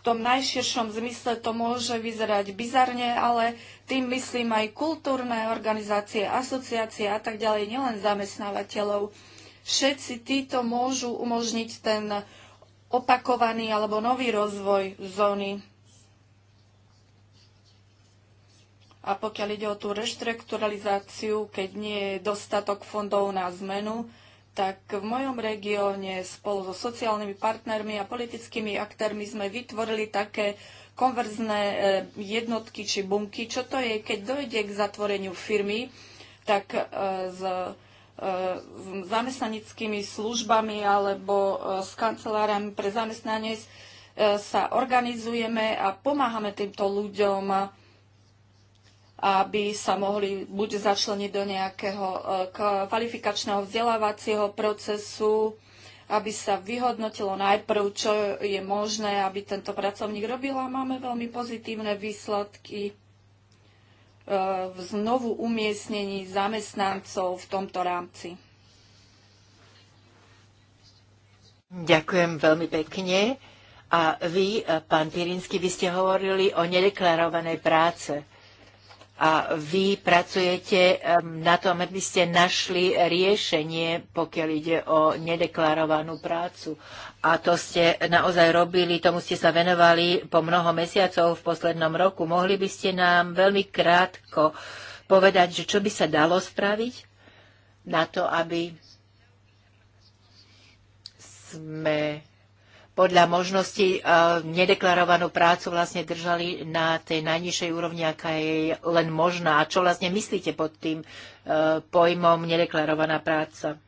V tom najširšom zmysle to môže vyzerať bizarne, ale tým myslím aj kultúrne organizácie, asociácie a tak ďalej, nielen zamestnávateľov. Všetci títo môžu umožniť ten opakovaný alebo nový rozvoj zóny. A pokiaľ ide o tú reštrukturalizáciu, keď nie je dostatok fondov na zmenu, tak v mojom regióne spolu so sociálnymi partnermi a politickými aktérmi sme vytvorili také konverzné e, jednotky či bunky. Čo to je? Keď dojde k zatvoreniu firmy, tak e, s e, zamestnanickými službami alebo s kancelárami pre zamestnanie sa organizujeme a pomáhame týmto ľuďom, aby sa mohli buď začleniť do nejakého kvalifikačného vzdelávacieho procesu, aby sa vyhodnotilo najprv, čo je možné, aby tento pracovník robil a máme veľmi pozitívne výsledky e, v znovu umiestnení zamestnancov v tomto rámci. Ďakujem veľmi pekne. A vy, e, pán Pirinsky, vy ste hovorili o nedeklarovanej práce a vy pracujete na tom, aby ste našli riešenie, pokiaľ ide o nedeklarovanú prácu. A to ste naozaj robili, tomu ste sa venovali po mnoho mesiacov v poslednom roku. Mohli by ste nám veľmi krátko povedať, že čo by sa dalo spraviť na to, aby sme podľa možnosti e, nedeklarovanú prácu vlastne držali na tej najnižšej úrovni, aká je len možná. A čo vlastne myslíte pod tým e, pojmom nedeklarovaná práca?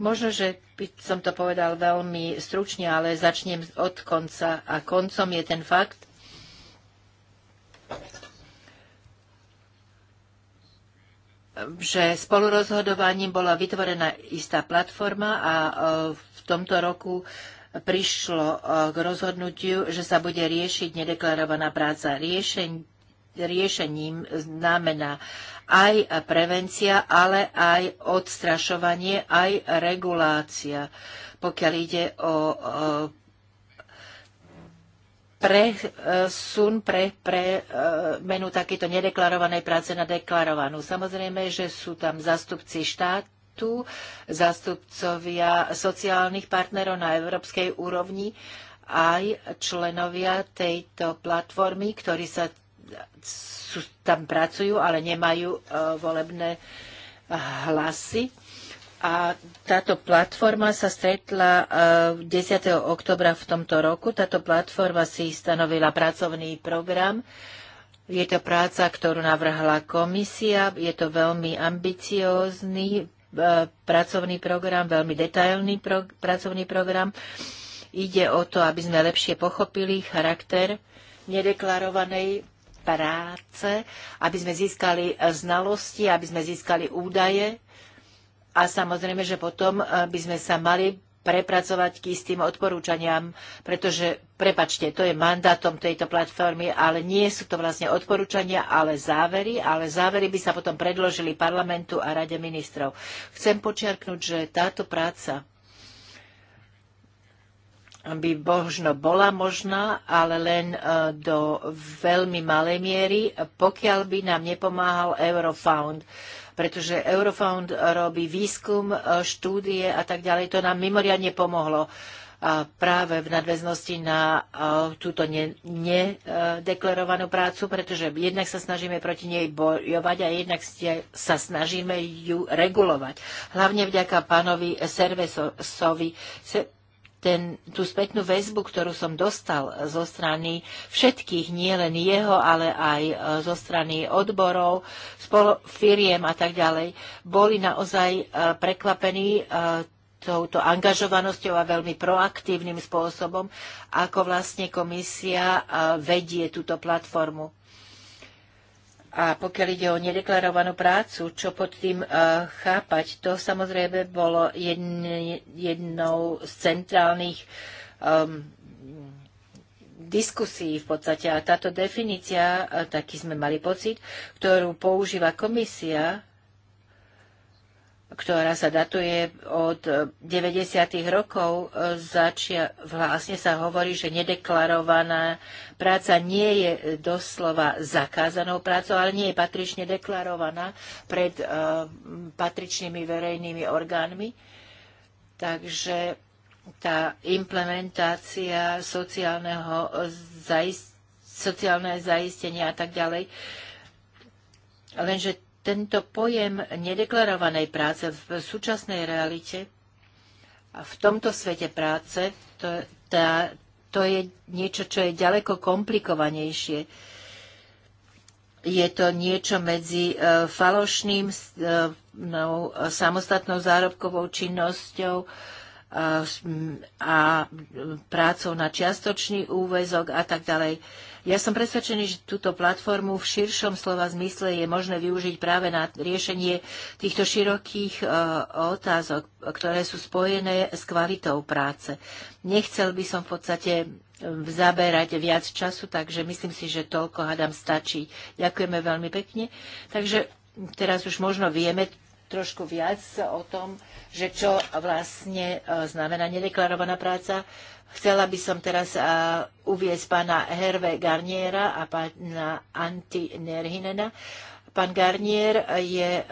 Možno, že by som to povedal veľmi stručne, ale začnem od konca. A koncom je ten fakt, že spolurozhodovaním bola vytvorená istá platforma a e, v tomto roku prišlo e, k rozhodnutiu, že sa bude riešiť nedeklarovaná práca. Riešen, riešením znamená aj prevencia, ale aj odstrašovanie, aj regulácia. Pokiaľ ide o, o e, presun, pre, pre e, menu takéto nedeklarovanej práce na deklarovanú. Samozrejme, že sú tam zastupci štát, tu zástupcovia sociálnych partnerov na európskej úrovni aj členovia tejto platformy, ktorí sa sú, tam pracujú, ale nemajú e, volebné e, hlasy. A táto platforma sa stretla e, 10. oktobra v tomto roku. Táto platforma si stanovila pracovný program. Je to práca, ktorú navrhla komisia. Je to veľmi ambiciózny E, pracovný program, veľmi detailný pro, pracovný program. Ide o to, aby sme lepšie pochopili charakter nedeklarovanej práce, aby sme získali e, znalosti, aby sme získali údaje a samozrejme, že potom e, by sme sa mali prepracovať k istým odporúčaniam, pretože, prepačte, to je mandátom tejto platformy, ale nie sú to vlastne odporúčania, ale závery, ale závery by sa potom predložili parlamentu a rade ministrov. Chcem počiarknúť, že táto práca by možno bola možná, ale len e, do veľmi malej miery, pokiaľ by nám nepomáhal Eurofound pretože Eurofound robí výskum, e, štúdie a tak ďalej. To nám mimoriadne pomohlo práve v nadväznosti na e, túto nedeklarovanú prácu, pretože jednak sa snažíme proti nej bojovať a jednak sa snažíme ju regulovať. Hlavne vďaka pánovi Servesovi ten, tú spätnú väzbu, ktorú som dostal zo strany všetkých, nie len jeho, ale aj e, zo strany odborov, spolo, firiem a tak ďalej, boli naozaj e, prekvapení e, touto angažovanosťou a veľmi proaktívnym spôsobom, ako vlastne komisia vedie túto platformu. A pokiaľ ide o nedeklarovanú prácu, čo pod tým uh, chápať, to samozrejme bolo jedne, jednou z centrálnych um, diskusí v podstate. A táto definícia, e, taký sme mali pocit, ktorú používa komisia, ktorá sa datuje od 90. E, rokov, e, začia, vlastne sa hovorí, že nedeklarovaná práca nie je e, doslova zakázanou prácou, ale nie je patrične deklarovaná pred uh, patričnými verejnými orgánmi. Takže tá implementácia sociálneho zaist- sociálne zaistenia a tak ďalej. Lenže tento pojem nedeklarovanej práce v súčasnej realite a v tomto svete práce, to, tá, to je niečo, čo je ďaleko komplikovanejšie. Je to niečo medzi e, falošným no, samostatnou zárobkovou činnosťou, a prácou na čiastočný úvezok a tak ďalej. Ja som presvedčený, že túto platformu v širšom slova zmysle je možné využiť práve na riešenie týchto širokých e, otázok, ktoré sú spojené s kvalitou práce. Nechcel by som v podstate zaberať viac času, takže myslím si, že toľko hádam stačí. Ďakujeme veľmi pekne. Takže teraz už možno vieme trošku viac o tom, že čo vlastne e, znamená nedeklarovaná práca. Chcela by som teraz e, uviezť pána Herve Garniera a pána Anti Nerhinena. Pán Garnier je e,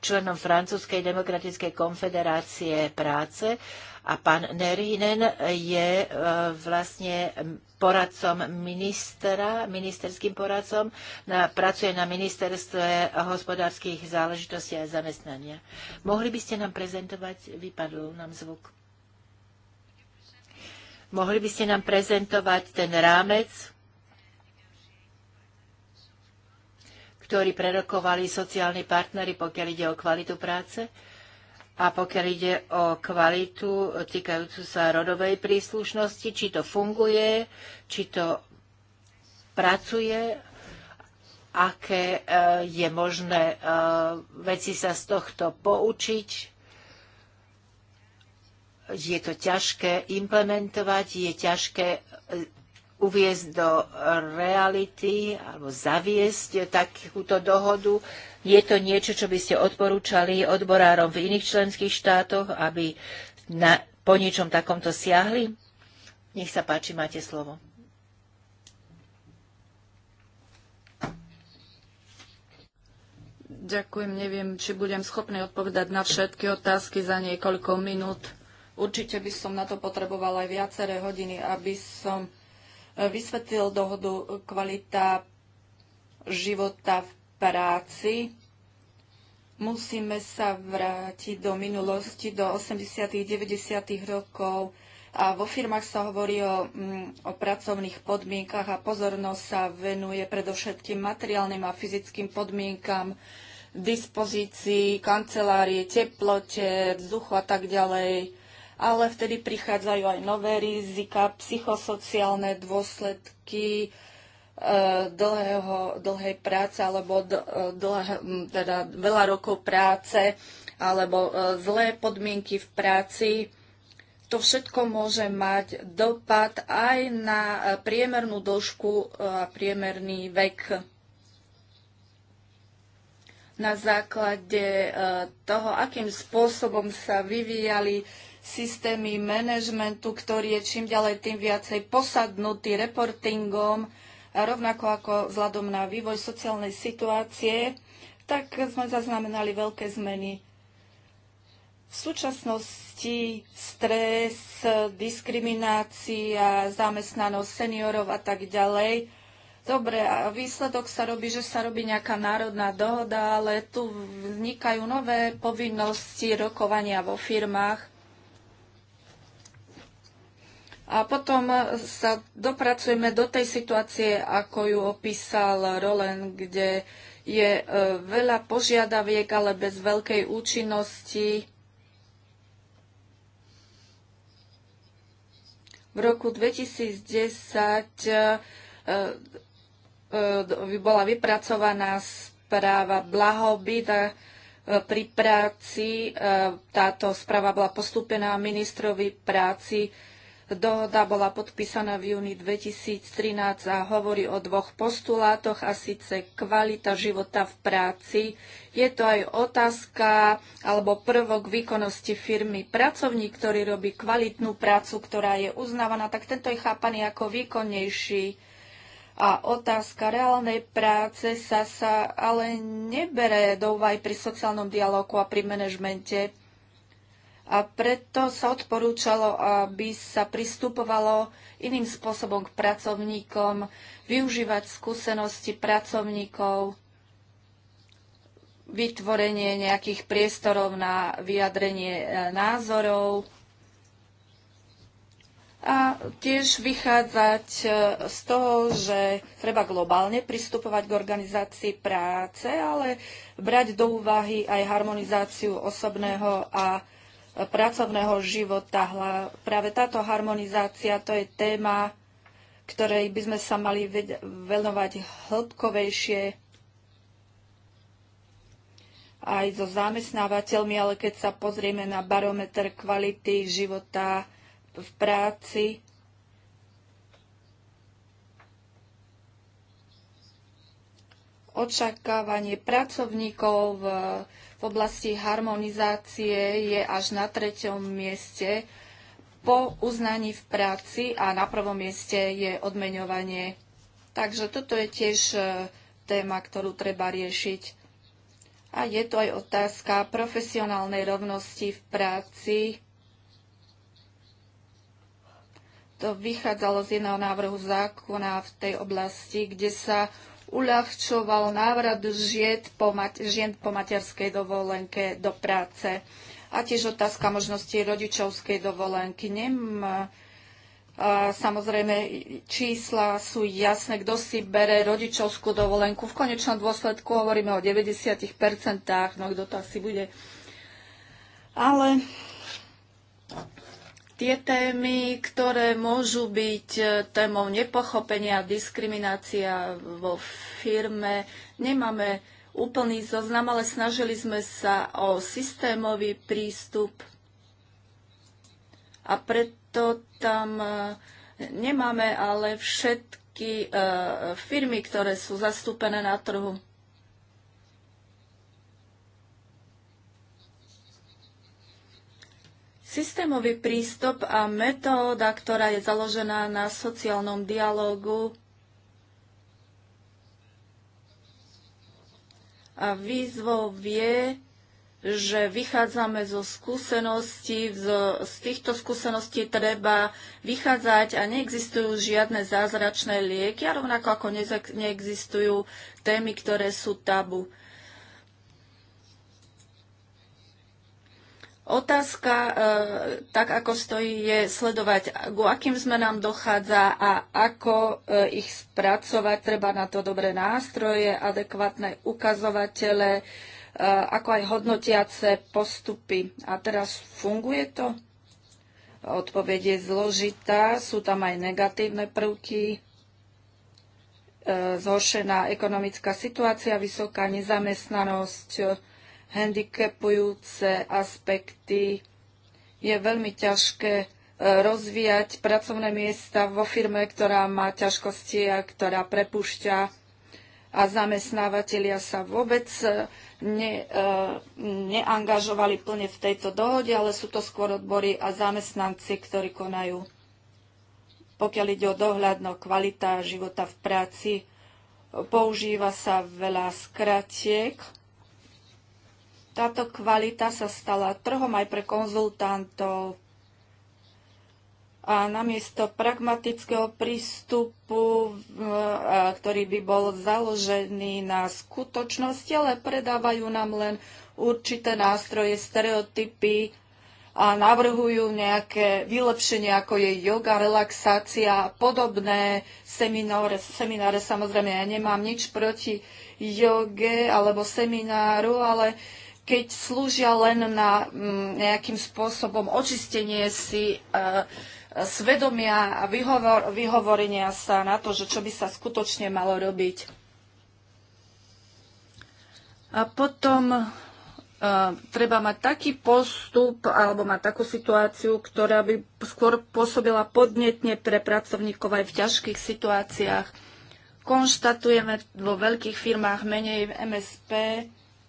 členom Francúzskej demokratickej konfederácie práce a pán Nerinen je e, vlastne poradcom ministra, ministerským poradcom, na, pracuje na ministerstve hospodárskych záležitostí a zamestnania. Mohli by ste nám prezentovať, vypadol nám zvuk. Mohli by ste nám prezentovať ten rámec, ktorý prerokovali sociálni partnery, pokiaľ ide o kvalitu práce? A pokiaľ ide o kvalitu týkajúcu sa rodovej príslušnosti, či to funguje, či to pracuje, aké e, je možné e, veci sa z tohto poučiť, je to ťažké implementovať, je ťažké e, uviezť do reality alebo zaviesť takúto dohodu je to niečo, čo by ste odporúčali odborárom v iných členských štátoch, aby na, po niečom takomto siahli? Nech sa páči, máte slovo. Ďakujem, neviem, či budem schopný odpovedať na všetky otázky za niekoľko minút. Určite by som na to potrebovala aj viaceré hodiny, aby som e, vysvetlil dohodu kvalita života v práci. Musíme sa vrátiť do minulosti, do 80. 90. rokov a vo firmách sa hovorí o, mm, o pracovných podmienkach a pozornosť sa venuje predovšetkým materiálnym a fyzickým podmienkam, dispozícii, kancelárie, teplote, vzduchu a tak ďalej. Ale vtedy prichádzajú aj nové rizika, psychosociálne dôsledky, Eh, dlhého, dlhej práce alebo eh, dlhé, hm, teda veľa rokov práce alebo eh, zlé podmienky v práci. To všetko môže mať dopad aj na priemernú dĺžku a priemerný vek. Na základe toho, akým spôsobom sa vyvíjali systémy manažmentu, ktorý je čím ďalej tým viacej posadnutý reportingom, rovnako ako vzhľadom na vývoj sociálnej situácie, tak sme zaznamenali veľké zmeny. V súčasnosti stres, diskriminácia, zamestnanosť seniorov a tak ďalej. Dobre, a výsledok sa robí, že sa robí nejaká národná dohoda, ale tu vznikajú nové povinnosti rokovania vo firmách a potom e, sa dopracujeme do tej situácie, ako ju opísal Roland, kde je e, veľa požiadaviek, ale bez veľkej účinnosti. V roku 2010 e, bola vypracovaná správa blahobyt a pri práci táto správa bola postúpená ministrovi práci Dohoda bola podpísaná v júni 2013 a hovorí o dvoch postulátoch a síce kvalita života v práci. Je to aj otázka alebo prvok výkonnosti firmy. Pracovník, ktorý robí kvalitnú prácu, ktorá je uznávaná, tak tento je chápaný ako výkonnejší. A otázka reálnej práce sa, sa ale nebere do úvaj pri sociálnom dialogu a pri manažmente a preto sa odporúčalo, aby sa pristupovalo iným spôsobom k pracovníkom, využívať skúsenosti pracovníkov, vytvorenie nejakých priestorov na vyjadrenie e, názorov a tiež vychádzať e, z toho, že treba globálne pristupovať k organizácii práce, ale brať do úvahy aj harmonizáciu osobného a pracovného života. Práve táto harmonizácia to je téma, ktorej by sme sa mali venovať hĺbkovejšie aj so zamestnávateľmi, ale keď sa pozrieme na barometer kvality života v práci, očakávanie pracovníkov v v oblasti harmonizácie je až na treťom mieste po uznaní v práci a na prvom mieste je odmeňovanie. Takže toto je tiež e, téma, ktorú treba riešiť. A je to aj otázka profesionálnej rovnosti v práci. To vychádzalo z jedného návrhu zákona v tej oblasti, kde sa uľahčoval návrat žien po, mať, žien po materskej dovolenke do práce. A tiež otázka možnosti rodičovskej dovolenky. Nem, a samozrejme, čísla sú jasné, kto si bere rodičovskú dovolenku. V konečnom dôsledku hovoríme o 90%, no kto to asi bude. Ale tie témy, ktoré môžu byť e, témou nepochopenia, diskriminácia vo firme. Nemáme úplný zoznam, ale snažili sme sa o systémový prístup a preto tam e, nemáme ale všetky e, firmy, ktoré sú zastúpené na trhu. Systémový prístup a metóda, ktorá je založená na sociálnom dialogu a výzvou vie, že vychádzame zo skúseností, z, z týchto skúseností treba vychádzať a neexistujú žiadne zázračné lieky a rovnako ako neexistujú témy, ktoré sú tabu. Otázka, e, tak ako stojí, je sledovať, ku akým zmenám dochádza a ako e, ich spracovať. Treba na to dobré nástroje, adekvátne ukazovatele, e, ako aj hodnotiace postupy. A teraz funguje to? Odpoveď je zložitá, sú tam aj negatívne prvky, zhoršená ekonomická situácia, vysoká nezamestnanosť, handicapujúce aspekty. Je veľmi ťažké e, rozvíjať pracovné miesta vo firme, ktorá má ťažkosti a ktorá prepušťa a zamestnávateľia sa vôbec e, ne, e, neangažovali plne v tejto dohode, ale sú to skôr odbory a zamestnanci, ktorí konajú. Pokiaľ ide o dohľadno, kvalita života v práci, používa sa veľa skratiek táto kvalita sa stala trhom aj pre konzultantov. A namiesto pragmatického prístupu, eh, ktorý by bol založený na skutočnosti, ale predávajú nám len určité nástroje, stereotypy, a navrhujú nejaké vylepšenie, ako je yoga, relaxácia a podobné semináre. Semináre samozrejme ja nemám nič proti joge alebo semináru, ale keď slúžia len na mm, nejakým spôsobom očistenie si e, e, svedomia a vyhovor, vyhovorenia sa na to, že čo by sa skutočne malo robiť. A potom uh, treba mať taký postup alebo mať takú situáciu, ktorá by skôr pôsobila podnetne pre pracovníkov aj v ťažkých situáciách. Konštatujeme vo veľkých firmách menej MSP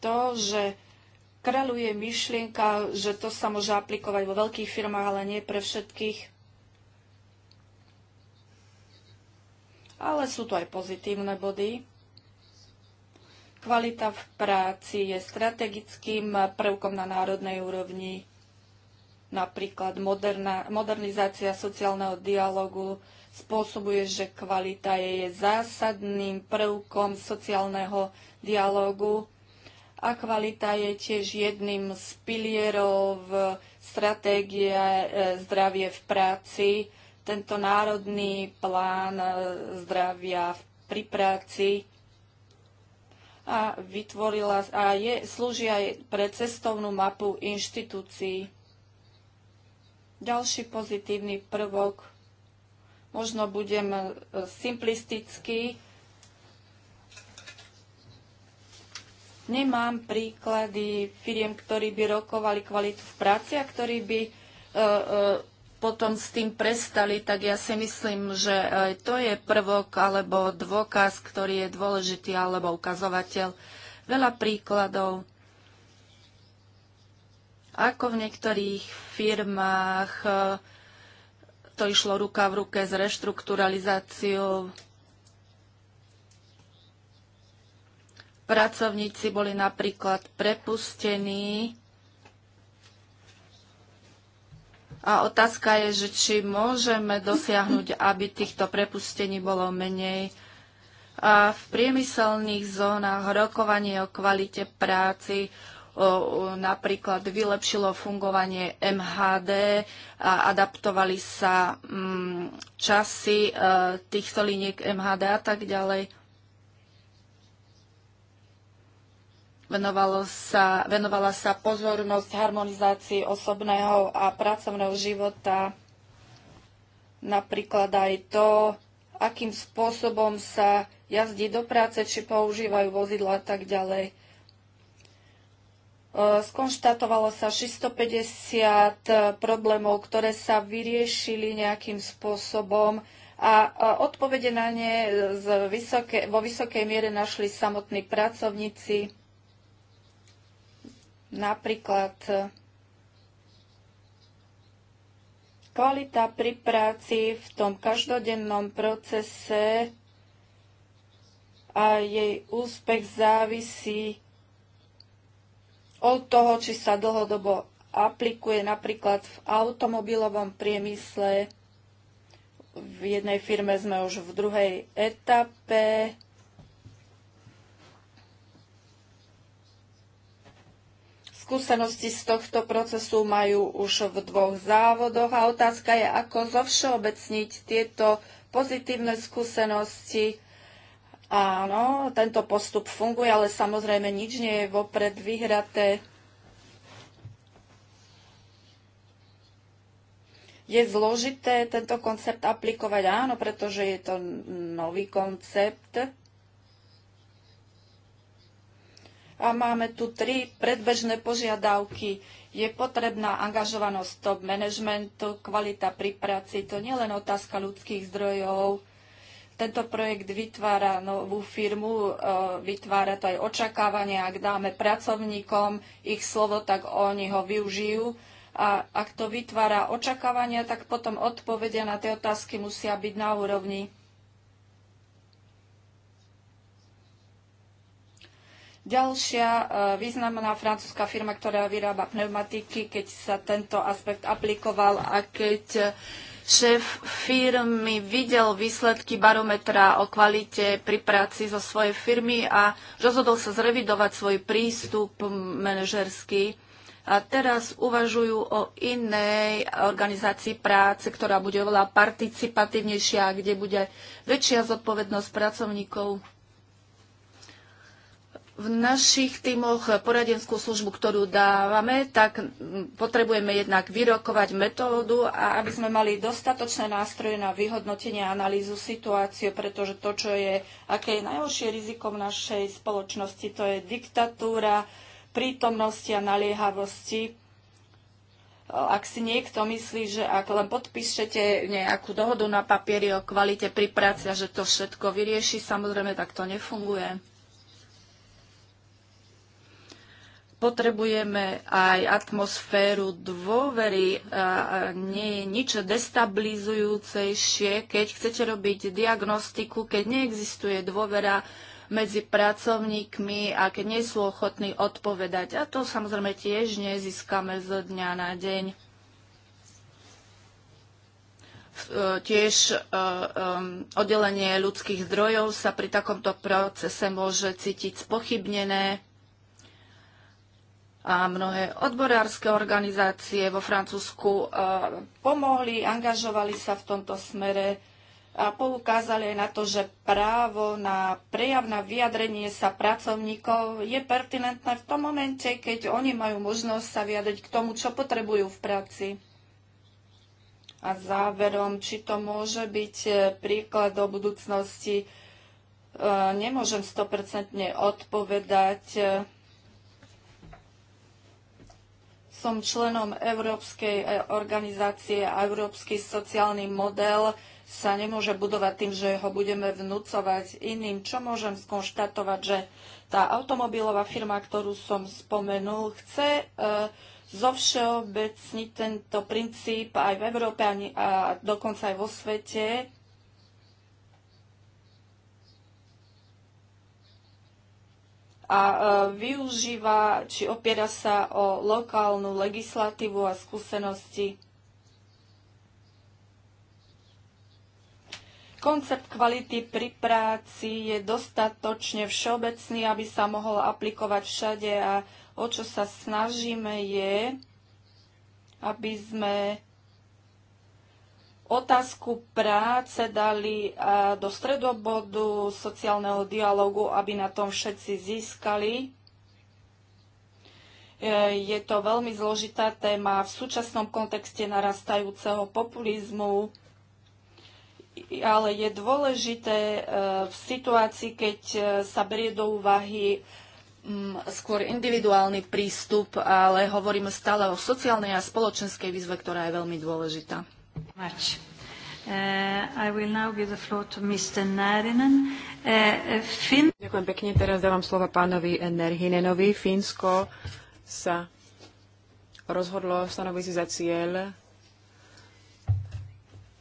to, že Kraluje myšlienka, že to sa môže aplikovať vo veľkých firmách, ale nie pre všetkých. Ale sú tu aj pozitívne body. Kvalita v práci je strategickým prvkom na národnej úrovni, napríklad moderna, modernizácia sociálneho dialogu spôsobuje, že kvalita je, je zásadným prvkom sociálneho dialogu a kvalita je tiež jedným z pilierov stratégie e, zdravie v práci. Tento národný plán e, zdravia pri práci a vytvorila a je, slúži aj pre cestovnú mapu inštitúcií. Ďalší pozitívny prvok, možno budem e, simplistický, Nemám príklady firiem, ktorí by rokovali kvalitu v práci a ktorí by e, e, potom s tým prestali, tak ja si myslím, že e, to je prvok alebo dôkaz, ktorý je dôležitý alebo ukazovateľ. Veľa príkladov, ako v niektorých firmách e, to išlo ruka v ruke s reštrukturalizáciou Pracovníci boli napríklad prepustení a otázka je, že či môžeme dosiahnuť, aby týchto prepustení bolo menej. A v priemyselných zónach rokovanie o kvalite práci o, o, napríklad vylepšilo fungovanie MHD a adaptovali sa mm, časy e, týchto liniek MHD a tak ďalej. sa, venovala sa pozornosť harmonizácii osobného a pracovného života, napríklad aj to, akým spôsobom sa jazdí do práce, či používajú vozidla a tak ďalej. E, skonštatovalo sa 650 problémov, ktoré sa vyriešili nejakým spôsobom a e, odpovede na ne vo vysokej miere našli samotní pracovníci. Napríklad kvalita pri práci v tom každodennom procese a jej úspech závisí od toho, či sa dlhodobo aplikuje napríklad v automobilovom priemysle. V jednej firme sme už v druhej etape Skúsenosti z tohto procesu majú už v dvoch závodoch a otázka je, ako zovšeobecniť tieto pozitívne skúsenosti. Áno, tento postup funguje, ale samozrejme nič nie je vopred vyhraté. Je zložité tento koncept aplikovať, áno, pretože je to nový koncept A máme tu tri predbežné požiadavky. Je potrebná angažovanosť top managementu, kvalita pri práci. To nie len otázka ľudských zdrojov. Tento projekt vytvára novú firmu, e, vytvára to aj očakávanie. Ak dáme pracovníkom ich slovo, tak oni ho využijú. A ak to vytvára očakávania, tak potom odpovedia na tie otázky musia byť na úrovni Ďalšia e, významná francúzska firma, ktorá vyrába pneumatiky, keď sa tento aspekt aplikoval a keď e, šéf firmy videl výsledky barometra o kvalite pri práci zo svojej firmy a rozhodol sa zrevidovať svoj prístup manažerský. A teraz uvažujú o inej organizácii práce, ktorá bude oveľa participatívnejšia, kde bude väčšia zodpovednosť pracovníkov v našich týmoch poradenskú službu, ktorú dávame, tak potrebujeme jednak vyrokovať metódu a aby sme mali dostatočné nástroje na vyhodnotenie a analýzu situácie, pretože to, čo je, aké je najhoršie riziko v našej spoločnosti, to je diktatúra prítomnosti a naliehavosti. Ak si niekto myslí, že ak len podpíšete nejakú dohodu na papieri o kvalite pri práci a že to všetko vyrieši, samozrejme tak to nefunguje. potrebujeme aj atmosféru dôvery. Nie je nič destabilizujúcejšie, keď chcete robiť diagnostiku, keď neexistuje dôvera medzi pracovníkmi a keď nie sú ochotní odpovedať. A to samozrejme tiež nezískame z dňa na deň. E, tiež e, e, oddelenie ľudských zdrojov sa pri takomto procese môže cítiť spochybnené a mnohé odborárske organizácie vo Francúzsku e, pomohli, angažovali sa v tomto smere a poukázali aj na to, že právo na prejav na vyjadrenie sa pracovníkov je pertinentné v tom momente, keď oni majú možnosť sa vyjadriť k tomu, čo potrebujú v práci. A záverom, či to môže byť e, príklad do budúcnosti, e, nemôžem 100% odpovedať som členom Európskej e, organizácie a Európsky sociálny model sa nemôže budovať tým, že ho budeme vnúcovať iným. Čo môžem skonštatovať, že tá automobilová firma, ktorú som spomenul, chce e, zovšeobecniť tento princíp aj v Európe a dokonca aj vo svete a e, využíva či opiera sa o lokálnu legislatívu a skúsenosti. Koncept kvality pri práci je dostatočne všeobecný, aby sa mohol aplikovať všade a o čo sa snažíme je, aby sme otázku práce dali do stredobodu sociálneho dialogu, aby na tom všetci získali. E, je to veľmi zložitá téma v súčasnom kontexte narastajúceho populizmu, ale je dôležité e, v situácii, keď e, sa berie do úvahy mm, skôr individuálny prístup, ale hovoríme stále o sociálnej a spoločenskej výzve, ktorá je veľmi dôležitá. Much. Uh, I will now give the floor to Mr. Uh, uh, Ďakujem pekne, teraz dávam slova pánovi Närhinenovi. Fínsko sa rozhodlo stanoviť si za cieľ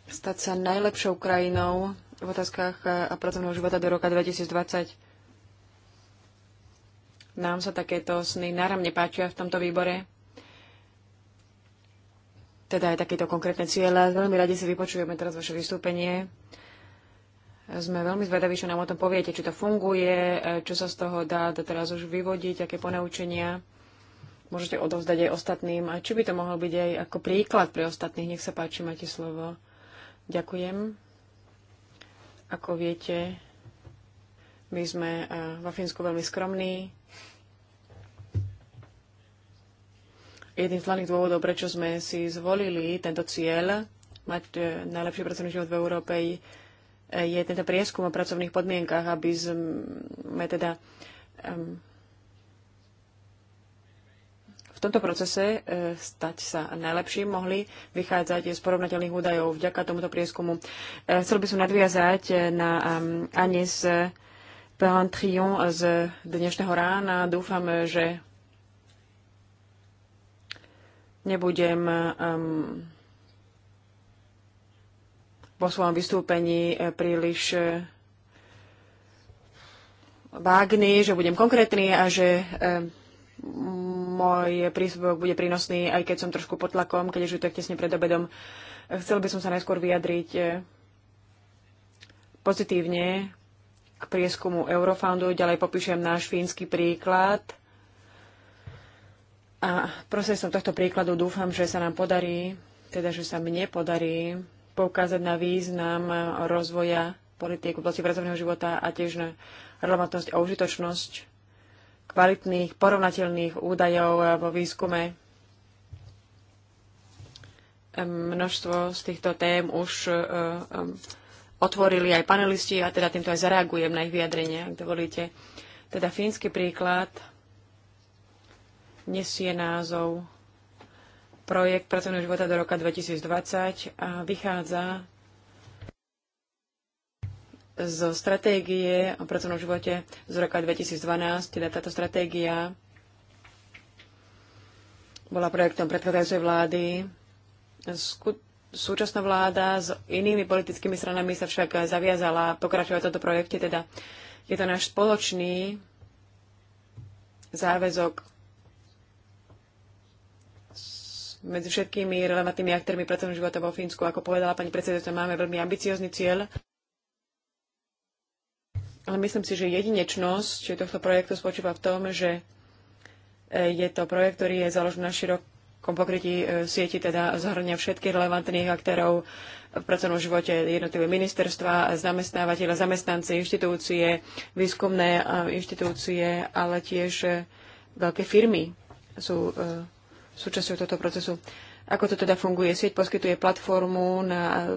stať sa najlepšou krajinou v otázkach a pracovného života do roka 2020. Nám sa takéto sny náramne páčia v tomto výbore teda aj takéto konkrétne cieľa. Veľmi radi si vypočujeme teraz vaše vystúpenie. Sme veľmi zvedaví, čo nám o tom poviete, či to funguje, čo sa z toho dá teraz už vyvodiť, aké ponaučenia môžete odovzdať aj ostatným a či by to mohol byť aj ako príklad pre ostatných. Nech sa páči, máte slovo. Ďakujem. Ako viete, my sme eh, vo Fínsku veľmi skromní, jedným z hlavných dôvodov, prečo sme si zvolili tento cieľ, mať e, najlepší pracovný život v Európe, je tento prieskum o pracovných podmienkach, aby sme teda um, v tomto procese e, stať sa najlepším, mohli vychádzať z porovnateľných údajov vďaka tomuto prieskumu. E, chcel by som nadviazať na um, Anis Pelantrion z dnešného rána. Dúfam, že Nebudem um, vo svojom vystúpení eh, príliš eh, vágný, že budem konkrétny a že eh, môj príspevok bude prínosný, aj keď som trošku pod tlakom, keď je to tesne pred obedom. Chcel by som sa najskôr vyjadriť pozitívne k prieskumu Eurofoundu. Ďalej popíšem náš fínsky príklad – a procesom tohto príkladu dúfam, že sa nám podarí, teda že sa mne podarí poukázať na význam rozvoja politiek v oblasti pracovného života a tiež na relevantnosť a užitočnosť kvalitných, porovnateľných údajov vo výskume. Množstvo z týchto tém už e, e, otvorili aj panelisti a teda týmto aj zareagujem na ich vyjadrenia, ak dovolíte. Teda fínsky príklad nesie názov Projekt pracovného života do roka 2020 a vychádza zo stratégie o pracovnom živote z roka 2012, teda táto stratégia bola projektom predchádzajúcej vlády. súčasná vláda s inými politickými stranami sa však zaviazala pokračovať toto projekte, teda je to náš spoločný záväzok medzi všetkými relevantnými aktérmi pracovného života vo Fínsku. Ako povedala pani predsedajúca, máme veľmi ambiciózny cieľ. Ale myslím si, že jedinečnosť tohto projektu spočíva v tom, že e, je to projekt, ktorý je založený na širokom pokrytí e, sieti, teda zahrania všetkých relevantných aktérov v pracovnom živote, jednotlivé ministerstva, zamestnávateľa, zamestnanci, inštitúcie, výskumné e, inštitúcie, ale tiež veľké firmy sú súčasťou tohto procesu. Ako to teda funguje? Sieť poskytuje platformu na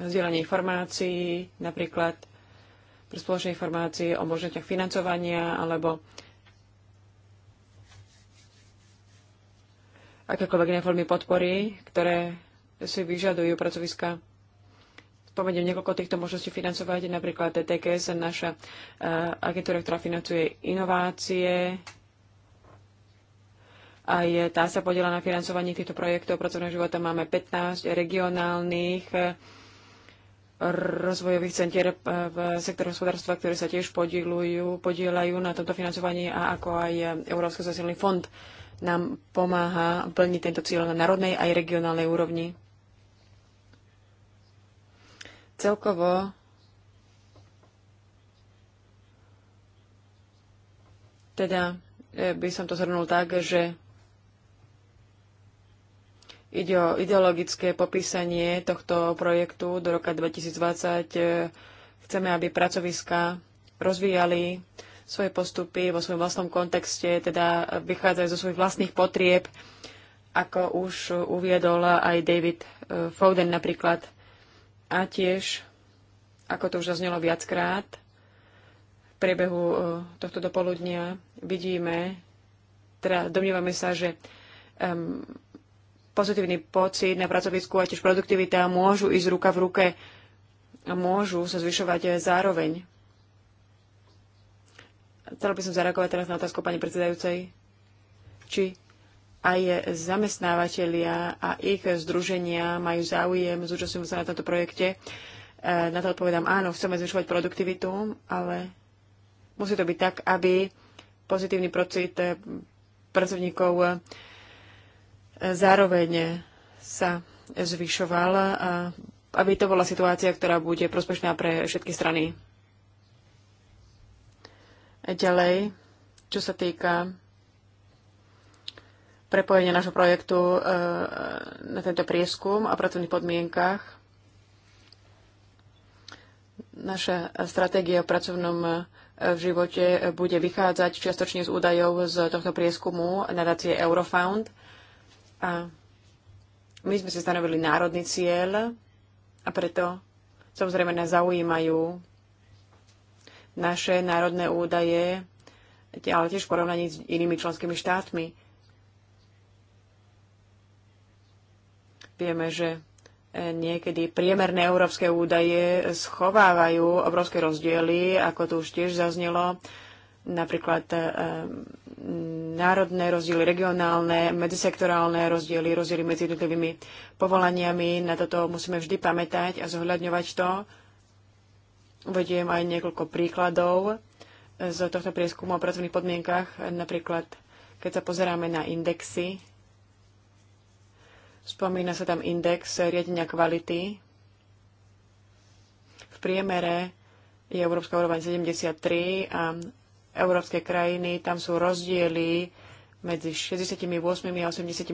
zdieľanie informácií, napríklad pre spoločné informácie o možnostiach financovania alebo akékoľvek iné formy podpory, ktoré si vyžadujú pracoviska. Spomeniem niekoľko týchto možností financovať, napríklad TTKS, naša eh, agentúra, ktorá financuje inovácie, aj tá sa podiela na financovaní týchto projektov pracovného života. Máme 15 regionálnych eh, rozvojových centier eh, v sektore hospodárstva, ktoré sa tiež podielujú, podielajú na tomto financovaní a ako aj eh, Európsky sociálny fond nám pomáha plniť tento cieľ na národnej aj regionálnej úrovni. Celkovo teda by som to zhrnul tak, že Ide o ideologické popísanie tohto projektu do roka 2020. E, chceme, aby pracoviska rozvíjali svoje postupy vo svojom vlastnom kontexte, teda vychádzajú zo svojich vlastných potrieb, ako už uviedol aj David e, Foden napríklad. A tiež, ako to už zaznelo viackrát, v priebehu e, tohto dopoludnia vidíme, teda domnievame sa, že um, pozitívny pocit na pracovisku a tiež produktivita môžu ísť ruka v ruke a môžu sa zvyšovať zároveň. Chcel by som zareagovať teraz na otázku pani predsedajúcej, či aj zamestnávateľia a ich združenia majú záujem, zúčastňujú sa na tomto projekte. E, na to odpovedám áno, chceme zvyšovať produktivitu, ale musí to byť tak, aby pozitívny pocit pracovníkov Zároveň sa zvyšovala, aby to bola situácia, ktorá bude prospešná pre všetky strany. Ďalej, čo sa týka prepojenia nášho projektu e, na tento prieskum a pracovných podmienkach, naša stratégia v pracovnom e, v živote bude vychádzať čiastočne z údajov z tohto prieskumu nadácie Eurofound – a my sme si stanovili národný cieľ a preto samozrejme nás zaujímajú naše národné údaje, ale tiež v porovnaní s inými členskými štátmi. Vieme, že e, niekedy priemerné európske údaje schovávajú obrovské rozdiely, ako to už tiež zaznelo. Napríklad e, národné rozdiely, regionálne, medzisektorálne rozdiely, rozdiely medzi jednotlivými povolaniami. Na toto musíme vždy pamätať a zohľadňovať to. Uvediem aj niekoľko príkladov z tohto prieskumu o pracovných podmienkach. Napríklad, keď sa pozeráme na indexy, spomína sa tam index riadenia kvality. V priemere je európska úroveň 73 a európske krajiny, tam sú rozdiely medzi 68 a 83.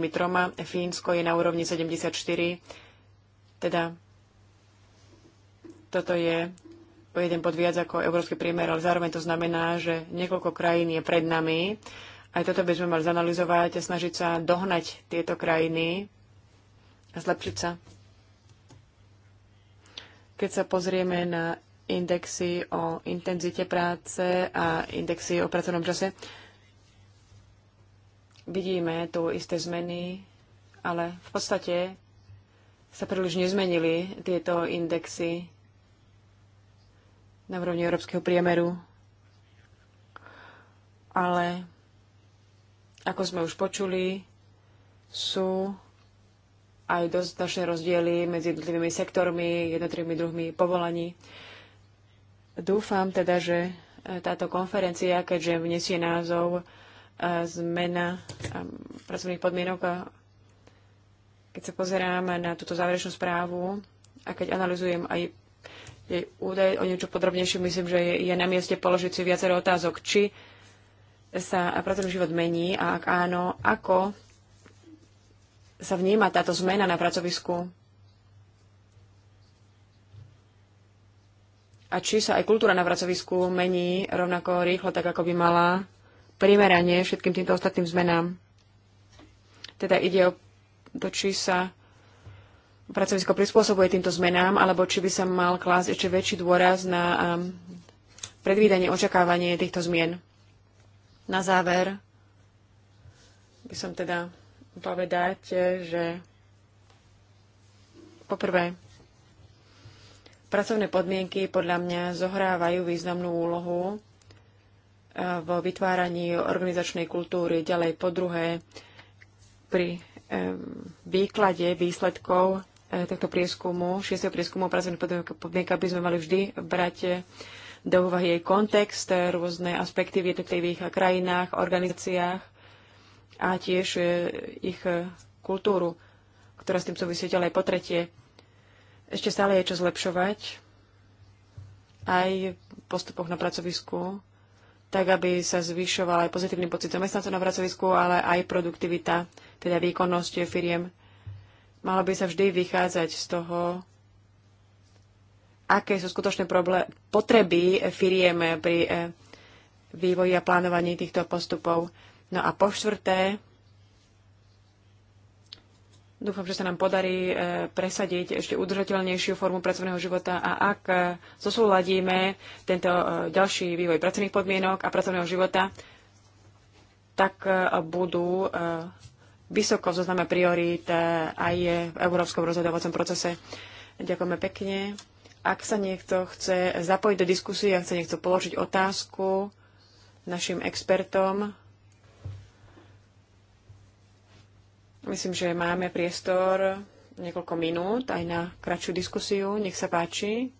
Fínsko je na úrovni 74. Teda toto je o jeden pod viac ako európsky priemer, ale zároveň to znamená, že niekoľko krajín je pred nami. Aj toto by sme mali zanalizovať a snažiť sa dohnať tieto krajiny a zlepšiť sa. Keď sa pozrieme na indexy o intenzite práce a indexy o pracovnom čase. Vidíme tu isté zmeny, ale v podstate sa príliš nezmenili tieto indexy na úrovni európskeho priemeru. Ale ako sme už počuli, sú aj dosť značné rozdiely medzi jednotlivými sektormi, jednotlivými druhmi povolaní. Dúfam teda, že e, táto konferencia, keďže vnesie názov e, zmena pracovných podmienok, keď sa pozerám na túto záverečnú správu a keď analizujem aj jej údaj o niečo podrobnejšie, myslím, že je, je na mieste položiť si viacero otázok, či sa pracovný život mení a ak áno, ako sa vníma táto zmena na pracovisku a či sa aj kultúra na pracovisku mení rovnako rýchlo, tak ako by mala primerane všetkým týmto ostatným zmenám. Teda ide o to, či sa pracovisko prispôsobuje týmto zmenám, alebo či by sa mal klásť ešte väčší dôraz na um, predvídanie, očakávanie týchto zmien. Na záver by som teda povedať, že poprvé Pracovné podmienky podľa mňa zohrávajú významnú úlohu e, vo vytváraní organizačnej kultúry. Ďalej po druhé, pri e, výklade výsledkov e, tohto prieskumu, šiestého prieskumu pracovných podmienok, by sme mali vždy brať do úvahy jej kontext, rôzne aspekty v jednotlivých krajinách, organizáciách a tiež ich kultúru, ktorá s tým súvisí ďalej. Po tretie, ešte stále je čo zlepšovať aj v postupoch na pracovisku, tak aby sa zvyšoval aj pozitívny pocit zamestnancov na pracovisku, ale aj produktivita, teda výkonnosť firiem. Malo by sa vždy vychádzať z toho, aké sú skutočné potreby firiem pri eh, vývoji a plánovaní týchto postupov. No a po štvrté, Dúfam, že sa nám podarí e, presadiť ešte udržateľnejšiu formu pracovného života a ak e, zosúladíme tento e, ďalší vývoj pracovných podmienok a pracovného života, tak budú vysoko v zozname priorít aj v európskom rozhodovacom procese. Ďakujeme pekne. Ak sa niekto chce zapojiť do diskusie, ak chce niekto položiť otázku našim expertom, Myslím, že máme priestor niekoľko minút aj na kratšiu diskusiu. Nech sa páči.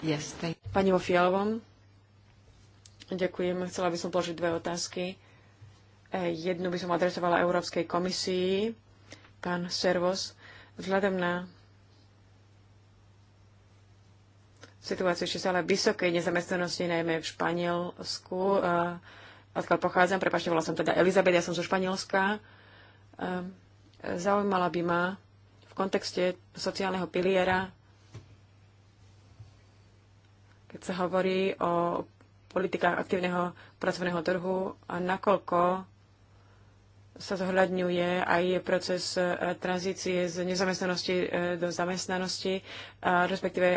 Yes, Pani vo Fialovom. Ďakujem. Chcela by som položiť dve otázky. Eh, jednu by som adresovala Európskej komisii. Pán Servos, vzhľadom na situáciu ešte stále vysokej nezamestnanosti, najmä v Španielsku, eh, odkiaľ pochádzam, prepáčte, volala som teda Elizabeth, ja som zo Španielska. Ehm, zaujímala by ma v kontexte sociálneho piliera, keď sa hovorí o politikách aktívneho pracovného trhu a nakoľko sa zohľadňuje aj proces e, tranzície z nezamestnanosti e, do zamestnanosti, e, respektíve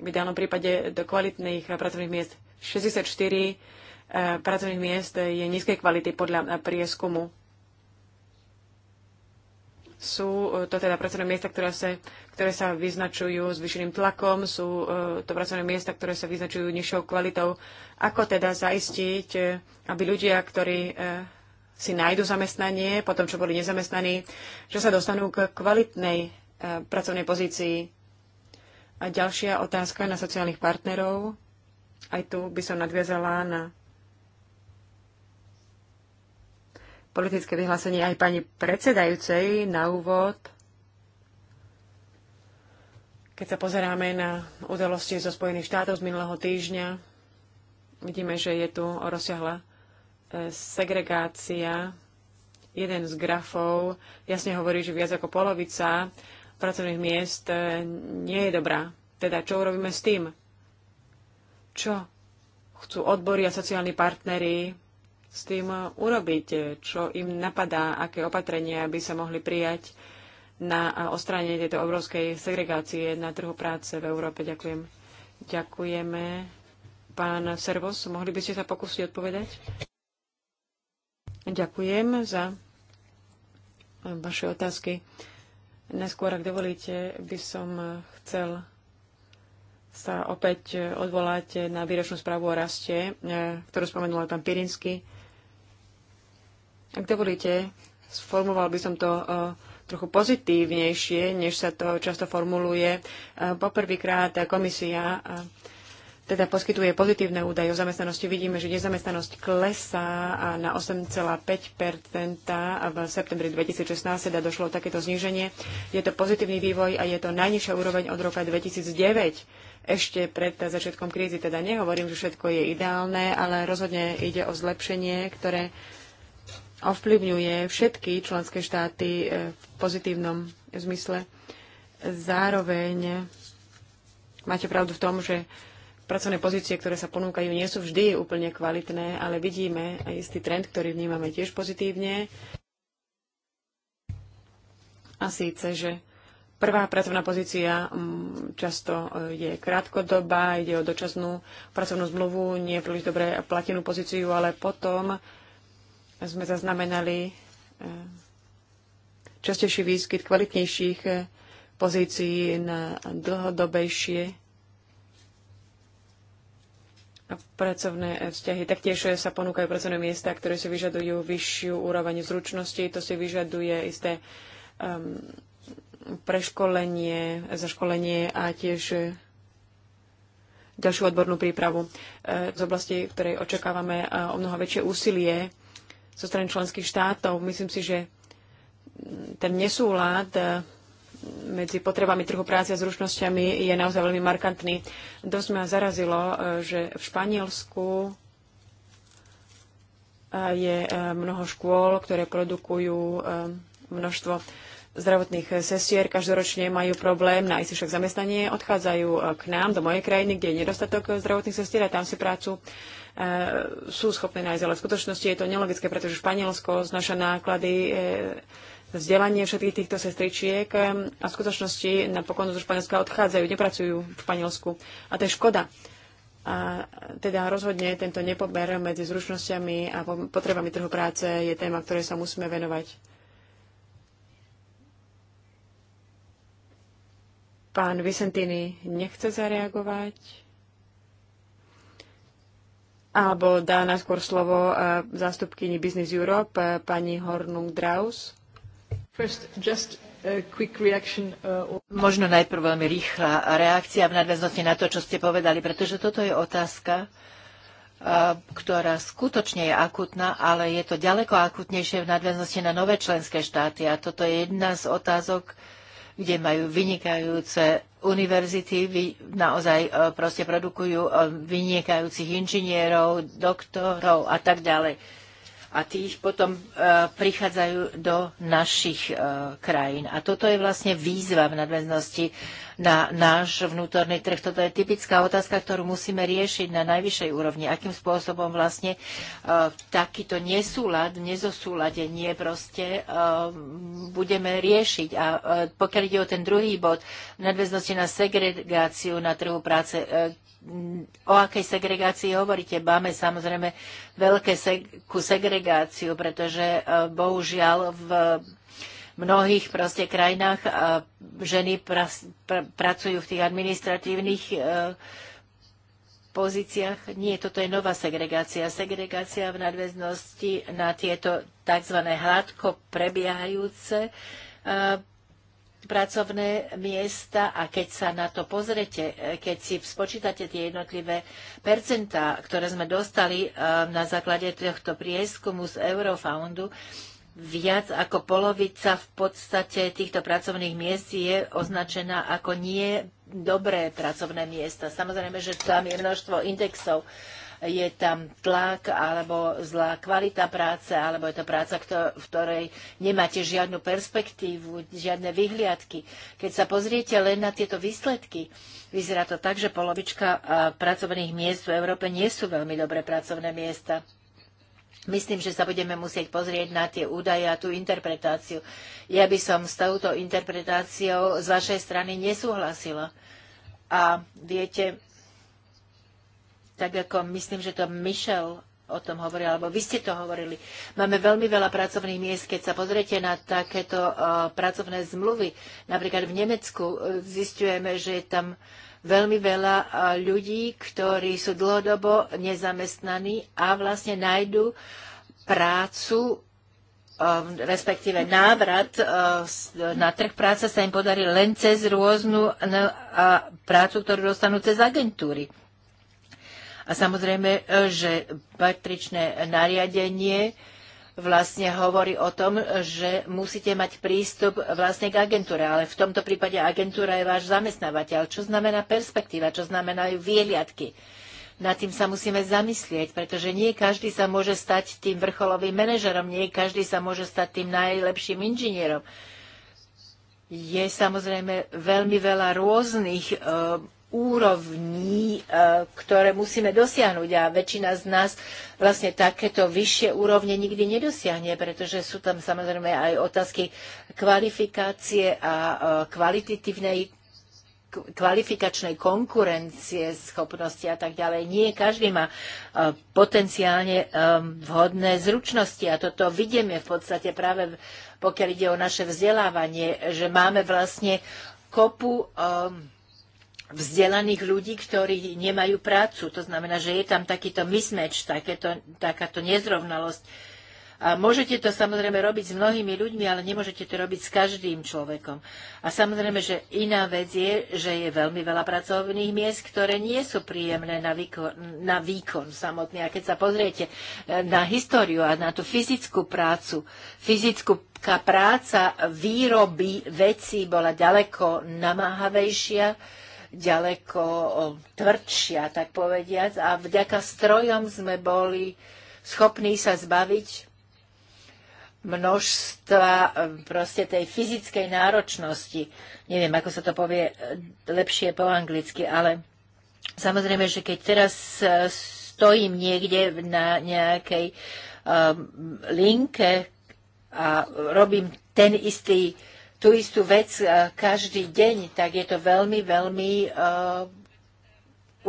v ideálnom prípade do kvalitných pracovných miest. 64 E, pracovných miest je nízkej kvality podľa prieskumu. Sú e, to teda pracovné miesta, ktoré sa, ktoré sa vyznačujú zvyšeným tlakom, sú e, to pracovné miesta, ktoré sa vyznačujú nižšou kvalitou. Ako teda zaistiť, aby ľudia, ktorí si nájdu zamestnanie, potom čo boli nezamestnaní, že sa dostanú k kvalitnej pracovnej pozícii. A ďalšia otázka na sociálnych partnerov. Aj tu by som nadviazala na politické vyhlásenie aj pani predsedajúcej na úvod. Keď sa pozeráme na udalosti zo Spojených štátov z minulého týždňa, vidíme, že je tu rozsiahla e, segregácia. Jeden z grafov jasne hovorí, že viac ako polovica pracovných miest e, nie je dobrá. Teda čo urobíme s tým? Čo chcú odbory a sociálni partnery s tým urobiť, čo im napadá, aké opatrenia by sa mohli prijať na ostranie tejto obrovskej segregácie na trhu práce v Európe. Ďakujem. Ďakujeme. Pán Servos, mohli by ste sa pokúsiť odpovedať? Ďakujem za vaše otázky. Neskôr, ak dovolíte, by som chcel sa opäť odvolať na výročnú správu o raste, e, ktorú spomenul aj pán Pirinsky. Ak dovolíte, sformuloval by som to eh, trochu pozitívnejšie, než sa to často formuluje. Eh, poprvýkrát komisia eh, teda poskytuje pozitívne údaje o zamestnanosti. Vidíme, že nezamestnanosť klesá na 8,5 v septembri 2016 teda došlo takéto zníženie. Je to pozitívny vývoj a je to najnižšia úroveň od roka 2009 ešte pred začiatkom krízy. Teda nehovorím, že všetko je ideálne, ale rozhodne ide o zlepšenie, ktoré ovplyvňuje všetky členské štáty e, v pozitívnom zmysle. Zároveň máte pravdu v tom, že pracovné pozície, ktoré sa ponúkajú, nie sú vždy úplne kvalitné, ale vidíme aj istý trend, ktorý vnímame tiež pozitívne. A síce, že prvá pracovná pozícia mm, často e, je krátkodobá, ide o dočasnú pracovnú zmluvu, nie príliš dobre platenú pozíciu, ale potom sme zaznamenali e, častejší výskyt kvalitnejších e, pozícií na dlhodobejšie pracovné vzťahy. Taktiež sa ponúkajú pracovné miesta, ktoré si vyžadujú vyššiu úroveň zručnosti. To si vyžaduje isté um, preškolenie, zaškolenie a tiež ďalšiu odbornú prípravu e, z oblasti, v ktorej očakávame o mnoho väčšie úsilie zo strany členských štátov. Myslím si, že ten nesúlad eh, medzi potrebami trhu práce a zručnosťami je naozaj veľmi markantný. Dosť ma zarazilo, eh, že v Španielsku eh, je mnoho škôl, ktoré produkujú množstvo zdravotných sestier každoročne majú problém nájsť si však zamestnanie, odchádzajú e, k nám, do mojej krajiny, kde je nedostatok e, zdravotných sestier a tam si prácu e, sú schopné nájsť. Ale v skutočnosti je to nelogické, pretože Španielsko znaša náklady e, vzdelanie všetkých týchto sestričiek e, a v skutočnosti napokon zo Španielska odchádzajú, nepracujú v Španielsku. A to je škoda. A teda rozhodne tento nepober medzi zručnosťami a potrebami trhu práce je téma, ktoré sa musíme venovať Pán Vicentini nechce zareagovať. Alebo dá najskôr slovo eh, zástupkyni Business Europe, eh, pani Hornung Draus. First, just Reaction, eh, Možno najprv veľmi rýchla reakcia v nadväznosti na to, čo ste povedali, pretože toto je otázka, ktorá skutočne je akutná, ale je to ďaleko akutnejšie v nadväznosti na nové členské štáty. A toto je jedna z otázok, kde majú vynikajúce univerzity, naozaj e, proste produkujú e, vynikajúcich inžinierov, doktorov a tak ďalej a tých potom e, prichádzajú do našich e, krajín. A toto je vlastne výzva v nadväznosti na náš vnútorný trh. Toto je typická otázka, ktorú musíme riešiť na najvyššej úrovni. Akým spôsobom vlastne e, takýto nesúlad, nezosúladenie proste budeme riešiť. A pokiaľ ide o ten druhý bod, v nadväznosti na segregáciu na trhu práce, o akej segregácii hovoríte? Máme samozrejme veľké ku segregáciu, pretože e, bohužiaľ v mnohých proste krajinách e, ženy pra, pr- pracujú v tých administratívnych e, pozíciách. Nie, toto je nová segregácia. Segregácia v nadväznosti na tieto tzv. hladko prebiehajúce pracovné miesta a keď sa na to pozrete, e, keď si spočítate tie jednotlivé percentá, ktoré sme dostali e, na základe tohto prieskumu z Eurofoundu, viac ako polovica v podstate týchto pracovných miest je označená ako nie dobré pracovné miesta. Samozrejme, že tam je množstvo indexov je tam tlak alebo zlá kvalita práce, alebo je to práca, v ktorej nemáte žiadnu perspektívu, žiadne vyhliadky. Keď sa pozriete len na tieto výsledky, vyzerá to tak, že polovička pracovných miest v Európe nie sú veľmi dobré pracovné miesta. Myslím, že sa budeme musieť pozrieť na tie údaje a tú interpretáciu. Ja by som s touto interpretáciou z vašej strany nesúhlasila. A viete, tak ako myslím, že to Michel o tom hovoril, alebo vy ste to hovorili. Máme veľmi veľa pracovných miest, keď sa pozriete na takéto uh, pracovné zmluvy. Napríklad v Nemecku uh, zistujeme, že je tam veľmi veľa uh, ľudí, ktorí sú dlhodobo nezamestnaní a vlastne nájdu prácu respektíve návrat na trh práce sa im podarí len cez rôznu prácu, ktorú dostanú cez agentúry. A samozrejme, e, že patričné nariadenie vlastne hovorí o tom, že musíte mať prístup vlastne k agentúre, ale v tomto prípade agentúra je váš zamestnávateľ. Čo znamená perspektíva, čo znamenajú výhliadky. Nad tým sa musíme zamyslieť, pretože nie každý sa môže stať tým vrcholovým manažerom, nie každý sa môže stať tým najlepším inžinierom. Je samozrejme veľmi veľa rôznych uh, úrovní, e, ktoré musíme dosiahnuť a väčšina z nás vlastne takéto vyššie úrovne nikdy nedosiahne, pretože sú tam samozrejme aj otázky kvalifikácie a e, kvalitatívnej kvalifikačnej konkurencie, schopnosti a tak ďalej. Nie každý má e, potenciálne vhodné zručnosti a toto vidíme v podstate práve pokiaľ ide o naše vzdelávanie, že máme vlastne kopu um, vzdelaných ľudí, ktorí nemajú prácu. To znamená, že je tam takýto mismatch, takéto, takáto nezrovnalosť. A môžete to samozrejme robiť s mnohými ľuďmi, ale nemôžete to robiť s každým človekom. A samozrejme, že iná vec je, že je veľmi veľa pracovných miest, ktoré nie sú príjemné na výkon, na výkon samotný. A keď sa pozriete e, na históriu a na tú fyzickú prácu, fyzickú práca výroby vecí bola ďaleko namáhavejšia, ďaleko tvrdšia, tak povediac. A vďaka strojom sme boli schopní sa zbaviť množstva e, proste tej fyzickej náročnosti. Neviem, ako sa to povie e, lepšie po anglicky, ale samozrejme, že keď teraz e, stojím niekde na nejakej um, linke a robím ten istý tú istú vec e, každý deň, tak je to veľmi, veľmi e,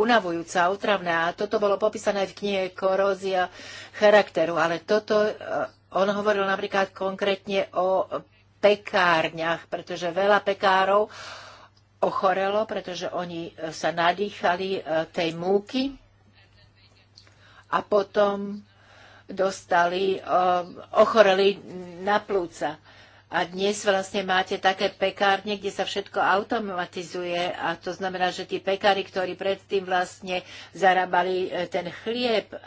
unavujúca, unavujúce a otravné. A toto bolo popísané aj v knihe Korózia charakteru. Ale toto, e, on hovoril napríklad konkrétne o pekárniach, pretože veľa pekárov ochorelo, pretože oni sa nadýchali tej múky a potom dostali, ochoreli na plúca. A dnes vlastne máte také pekárne, kde sa všetko automatizuje a to znamená, že tí pekári, ktorí predtým vlastne zarábali e, ten chlieb e,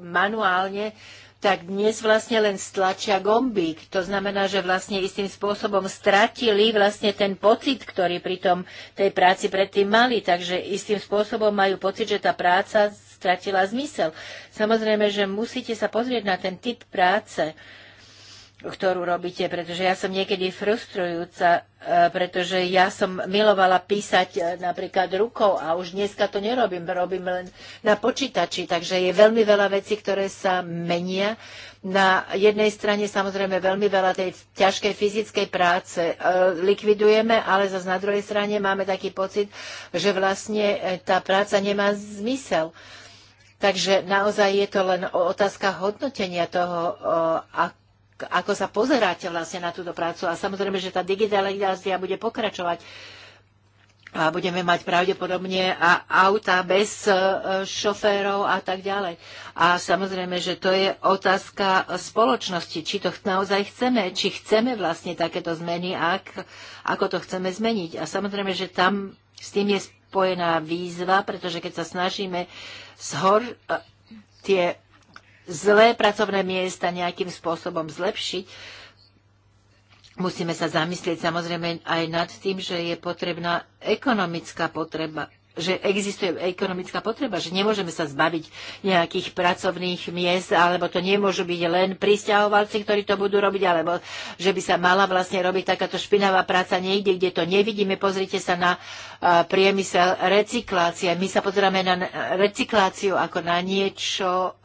manuálne, tak dnes vlastne len stlačia gombík. To znamená, že vlastne istým spôsobom stratili vlastne ten pocit, ktorý pri tom tej práci predtým mali. Takže istým spôsobom majú pocit, že tá práca stratila zmysel. Samozrejme, že musíte sa pozrieť na ten typ práce. Uh, ktorú robíte, pretože ja som niekedy frustrujúca, e, pretože ja som milovala písať e, napríklad rukou a už dneska to nerobím, robím len na počítači, takže je veľmi veľa vecí, ktoré sa menia. Na jednej strane samozrejme veľmi veľa tej ťažkej fyzickej práce e, likvidujeme, ale zase na druhej strane máme taký pocit, že vlastne tá práca nemá zmysel. Takže naozaj je to len otázka hodnotenia toho, ako ako sa pozeráte vlastne na túto prácu. A samozrejme, že tá digitalizácia bude pokračovať a budeme mať pravdepodobne a auta bez e, šoférov a tak ďalej. A samozrejme, že to je otázka spoločnosti, či to naozaj chceme, či chceme vlastne takéto zmeny a ak, ako to chceme zmeniť. A samozrejme, že tam s tým je spojená výzva, pretože keď sa snažíme zhor e, tie zlé pracovné miesta nejakým spôsobom zlepšiť, musíme sa zamyslieť samozrejme aj nad tým, že je potrebná ekonomická potreba že existuje ekonomická potreba, že nemôžeme sa zbaviť nejakých pracovných miest, alebo to nemôžu byť len pristahovalci, ktorí to budú robiť, alebo že by sa mala vlastne robiť takáto špinavá práca niekde, kde to nevidíme. Pozrite sa na priemysel recyklácie. My sa pozeráme na recykláciu ako na niečo,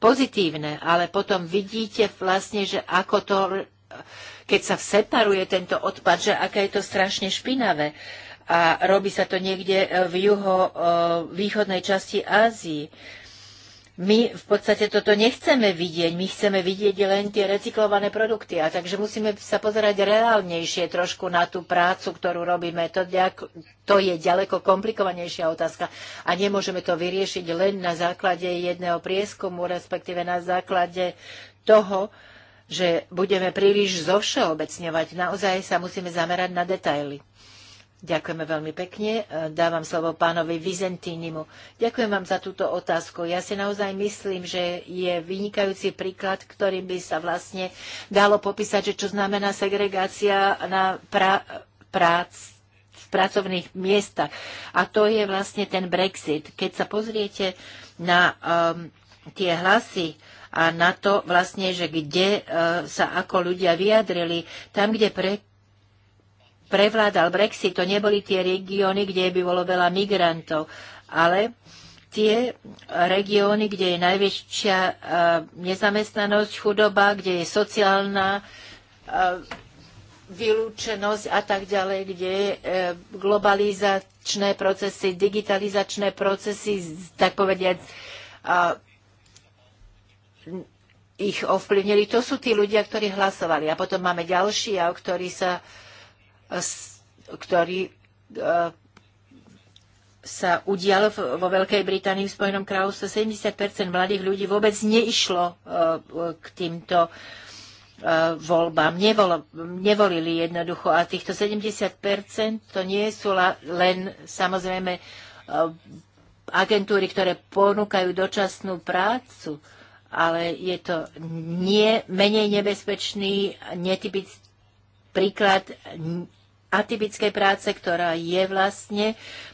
pozitívne, ale potom vidíte vlastne, že ako to, keď sa separuje tento odpad, že aké je to strašne špinavé. A robí sa to niekde v juho eh, východnej časti Ázii my v podstate toto nechceme vidieť. My chceme vidieť len tie recyklované produkty. A takže musíme sa pozerať reálnejšie trošku na tú prácu, ktorú robíme. To, to je ďaleko komplikovanejšia otázka. A nemôžeme to vyriešiť len na základe jedného prieskumu, respektíve na základe toho, že budeme príliš zovšeobecňovať. Naozaj sa musíme zamerať na detaily. Ďakujeme veľmi pekne. E, Dávam slovo pánovi Vizentínimu. Ďakujem vám za túto otázku. Ja si naozaj myslím, že je vynikajúci príklad, ktorým by sa vlastne dalo popísať, že čo znamená segregácia na pra- prác v pracovných miestach. A to je vlastne ten Brexit. Keď sa pozriete na um, tie hlasy, a na to vlastne, že kde uh, sa ako ľudia vyjadrili, tam, kde pre, prevládal Brexit, to neboli tie regióny, kde by bolo veľa migrantov, ale tie regióny, kde je najväčšia e, nezamestnanosť, chudoba, kde je sociálna e, vylúčenosť a tak ďalej, kde e, globalizačné procesy, digitalizačné procesy, tak povediať, ich ovplyvnili. To sú tí ľudia, ktorí hlasovali. A potom máme ďalší ktorí ktorý sa uh, ktorý e, sa udial vo Veľkej Británii, v Spojenom kráľovstve, 70 mladých ľudí vôbec neišlo e, k týmto e, voľbám. nevolili jednoducho. A týchto 70 to nie sú len samozrejme agentúry, ktoré ponúkajú dočasnú prácu, ale je to nie, menej nebezpečný, netypický príklad atypickej práce, ktorá je vlastne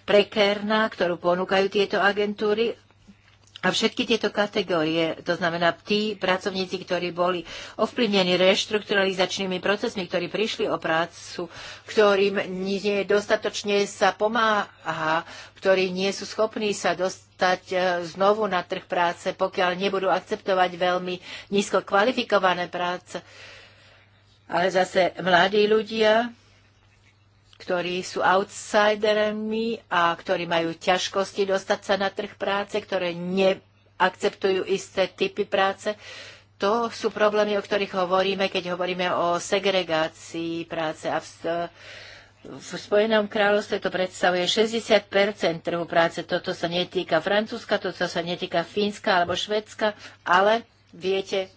prekérna, ktorú ponúkajú tieto agentúry. A všetky tieto kategórie, to znamená tí pracovníci, ktorí boli ovplyvnení reštrukturalizačnými procesmi, ktorí prišli o prácu, ktorým nie dostatočne sa pomáha, ktorí nie sú schopní sa dostať e, znovu na trh práce, pokiaľ nebudú akceptovať veľmi nízko kvalifikované práce. Ale zase mladí ľudia, ktorí sú outsidermi a ktorí majú ťažkosti dostať sa na trh práce, ktoré neakceptujú isté typy práce. To sú problémy, o ktorých hovoríme, keď hovoríme o segregácii práce a v, v Spojenom kráľovstve to predstavuje 60 trhu práce. Toto sa netýka Francúzska, toto sa netýka Fínska alebo Švedska, ale viete,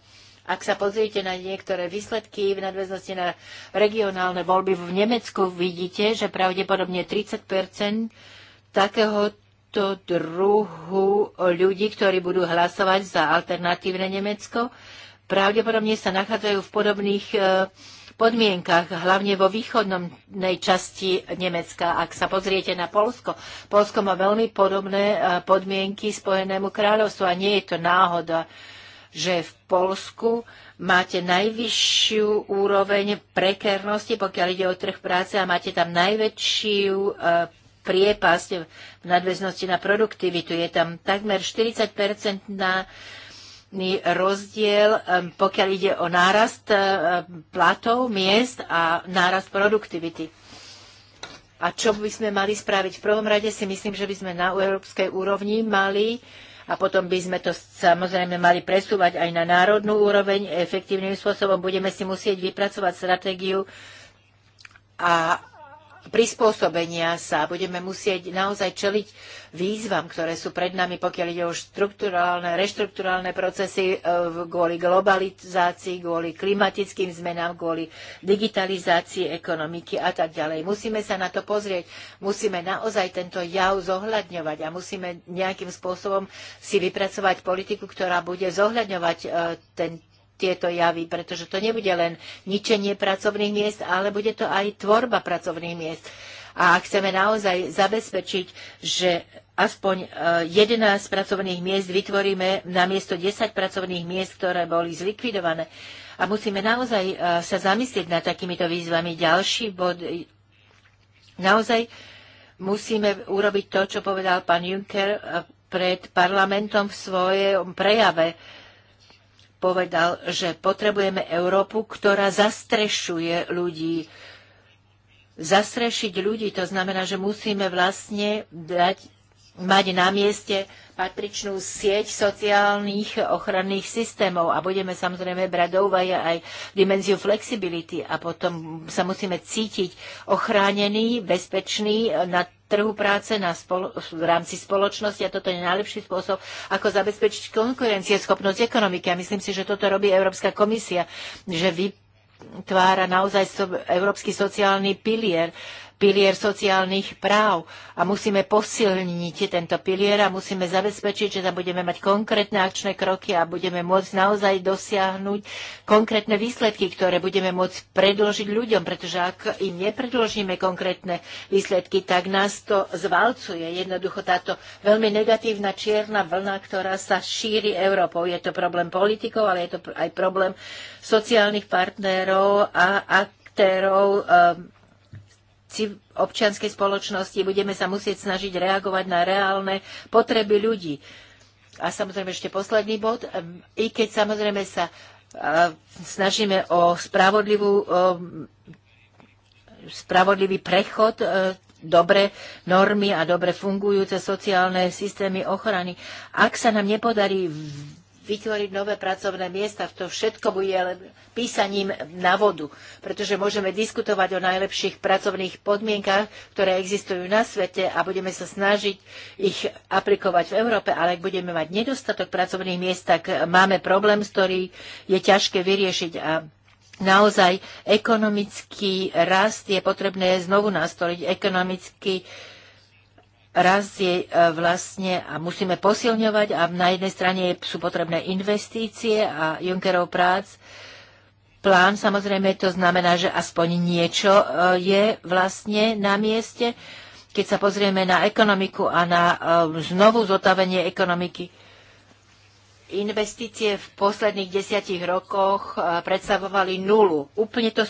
ak sa pozriete na niektoré výsledky v nadväznosti na regionálne voľby v Nemecku, vidíte, že pravdepodobne 30 takéhoto druhu ľudí, ktorí budú hlasovať za alternatívne Nemecko, pravdepodobne sa nachádzajú v podobných e, podmienkach, hlavne vo východnej časti Nemecka. Ak sa pozriete na Polsko, Polsko má veľmi podobné e, podmienky Spojenému kráľovstvu a nie je to náhoda že v Polsku máte najvyššiu úroveň prekernosti, pokiaľ ide o trh práce a máte tam najväčšiu e, priepasť v nadväznosti na produktivitu. Je tam takmer 40 na rozdiel, e, pokiaľ ide o nárast e, platov, miest a nárast produktivity. A čo by sme mali spraviť? V prvom rade si myslím, že by sme na európskej úrovni mali uh, a potom by sme to samozrejme mali presúvať aj na národnú úroveň efektívnym spôsobom. Budeme si musieť vypracovať stratégiu a prispôsobenia sa. Budeme musieť naozaj čeliť výzvam, ktoré sú pred nami, pokiaľ ide o štrukturálne reštrukturálne procesy e, kvôli globalizácii, kvôli klimatickým zmenám, kvôli digitalizácii ekonomiky a tak ďalej. Musíme sa na to pozrieť, musíme naozaj tento jav zohľadňovať a musíme nejakým spôsobom si vypracovať politiku, ktorá bude zohľadňovať e, ten tieto javy, pretože to nebude len ničenie pracovných miest, ale bude to aj tvorba pracovných miest. A ak chceme naozaj zabezpečiť, že aspoň 11 e, pracovných miest vytvoríme na miesto 10 pracovných miest, ktoré boli zlikvidované. A musíme naozaj e, sa zamyslieť nad takýmito výzvami. Ďalší bod, e, naozaj musíme urobiť to, čo povedal pán Juncker pred parlamentom v svojom prejave povedal, že potrebujeme Európu, ktorá zastrešuje ľudí. Zastrešiť ľudí, to znamená, že musíme vlastne dať, mať na mieste patričnú sieť sociálnych ochranných systémov a budeme samozrejme brať do úvahy aj dimenziu flexibility a potom sa musíme cítiť Ochránený, bezpečný na trhu práce na spolo- v rámci spoločnosti a toto je najlepší spôsob, ako zabezpečiť konkurencieschopnosť ekonomiky. A myslím si, že toto robí Európska komisia, že vytvára naozaj so- európsky sociálny pilier, pilier sociálnych práv a musíme posilniť tento pilier a musíme zabezpečiť, že tam budeme mať konkrétne akčné kroky a budeme môcť naozaj dosiahnuť konkrétne výsledky, ktoré budeme môcť predložiť ľuďom, pretože ak im nepredložíme konkrétne výsledky, tak nás to zvalcuje. Jednoducho táto veľmi negatívna čierna vlna, ktorá sa šíri Európou. Je to problém politikov, ale je to aj problém sociálnych partnerov a aktérov um, občianskej spoločnosti budeme sa musieť snažiť reagovať na reálne potreby ľudí. A samozrejme ešte posledný bod, i keď samozrejme sa snažíme o spravodlivú, spravodlivý prechod e, dobre normy a dobre fungujúce sociálne systémy ochrany. Ak sa nám nepodarí vytvoriť nové pracovné miesta. To všetko bude len písaním na vodu, pretože môžeme diskutovať o najlepších pracovných podmienkach, ktoré existujú na svete a budeme sa snažiť ich aplikovať v Európe, ale ak budeme mať nedostatok pracovných miest, tak máme problém, ktorý je ťažké vyriešiť a naozaj ekonomický rast je potrebné znovu nastoliť ekonomický raz je e, vlastne a musíme posilňovať a na jednej strane sú potrebné investície a Junckerov prác. Plán samozrejme to znamená, že aspoň niečo e, je vlastne na mieste. Keď sa pozrieme na ekonomiku a na e, znovu zotavenie ekonomiky, investície v posledných desiatich rokoch e, predstavovali nulu. Úplne to e,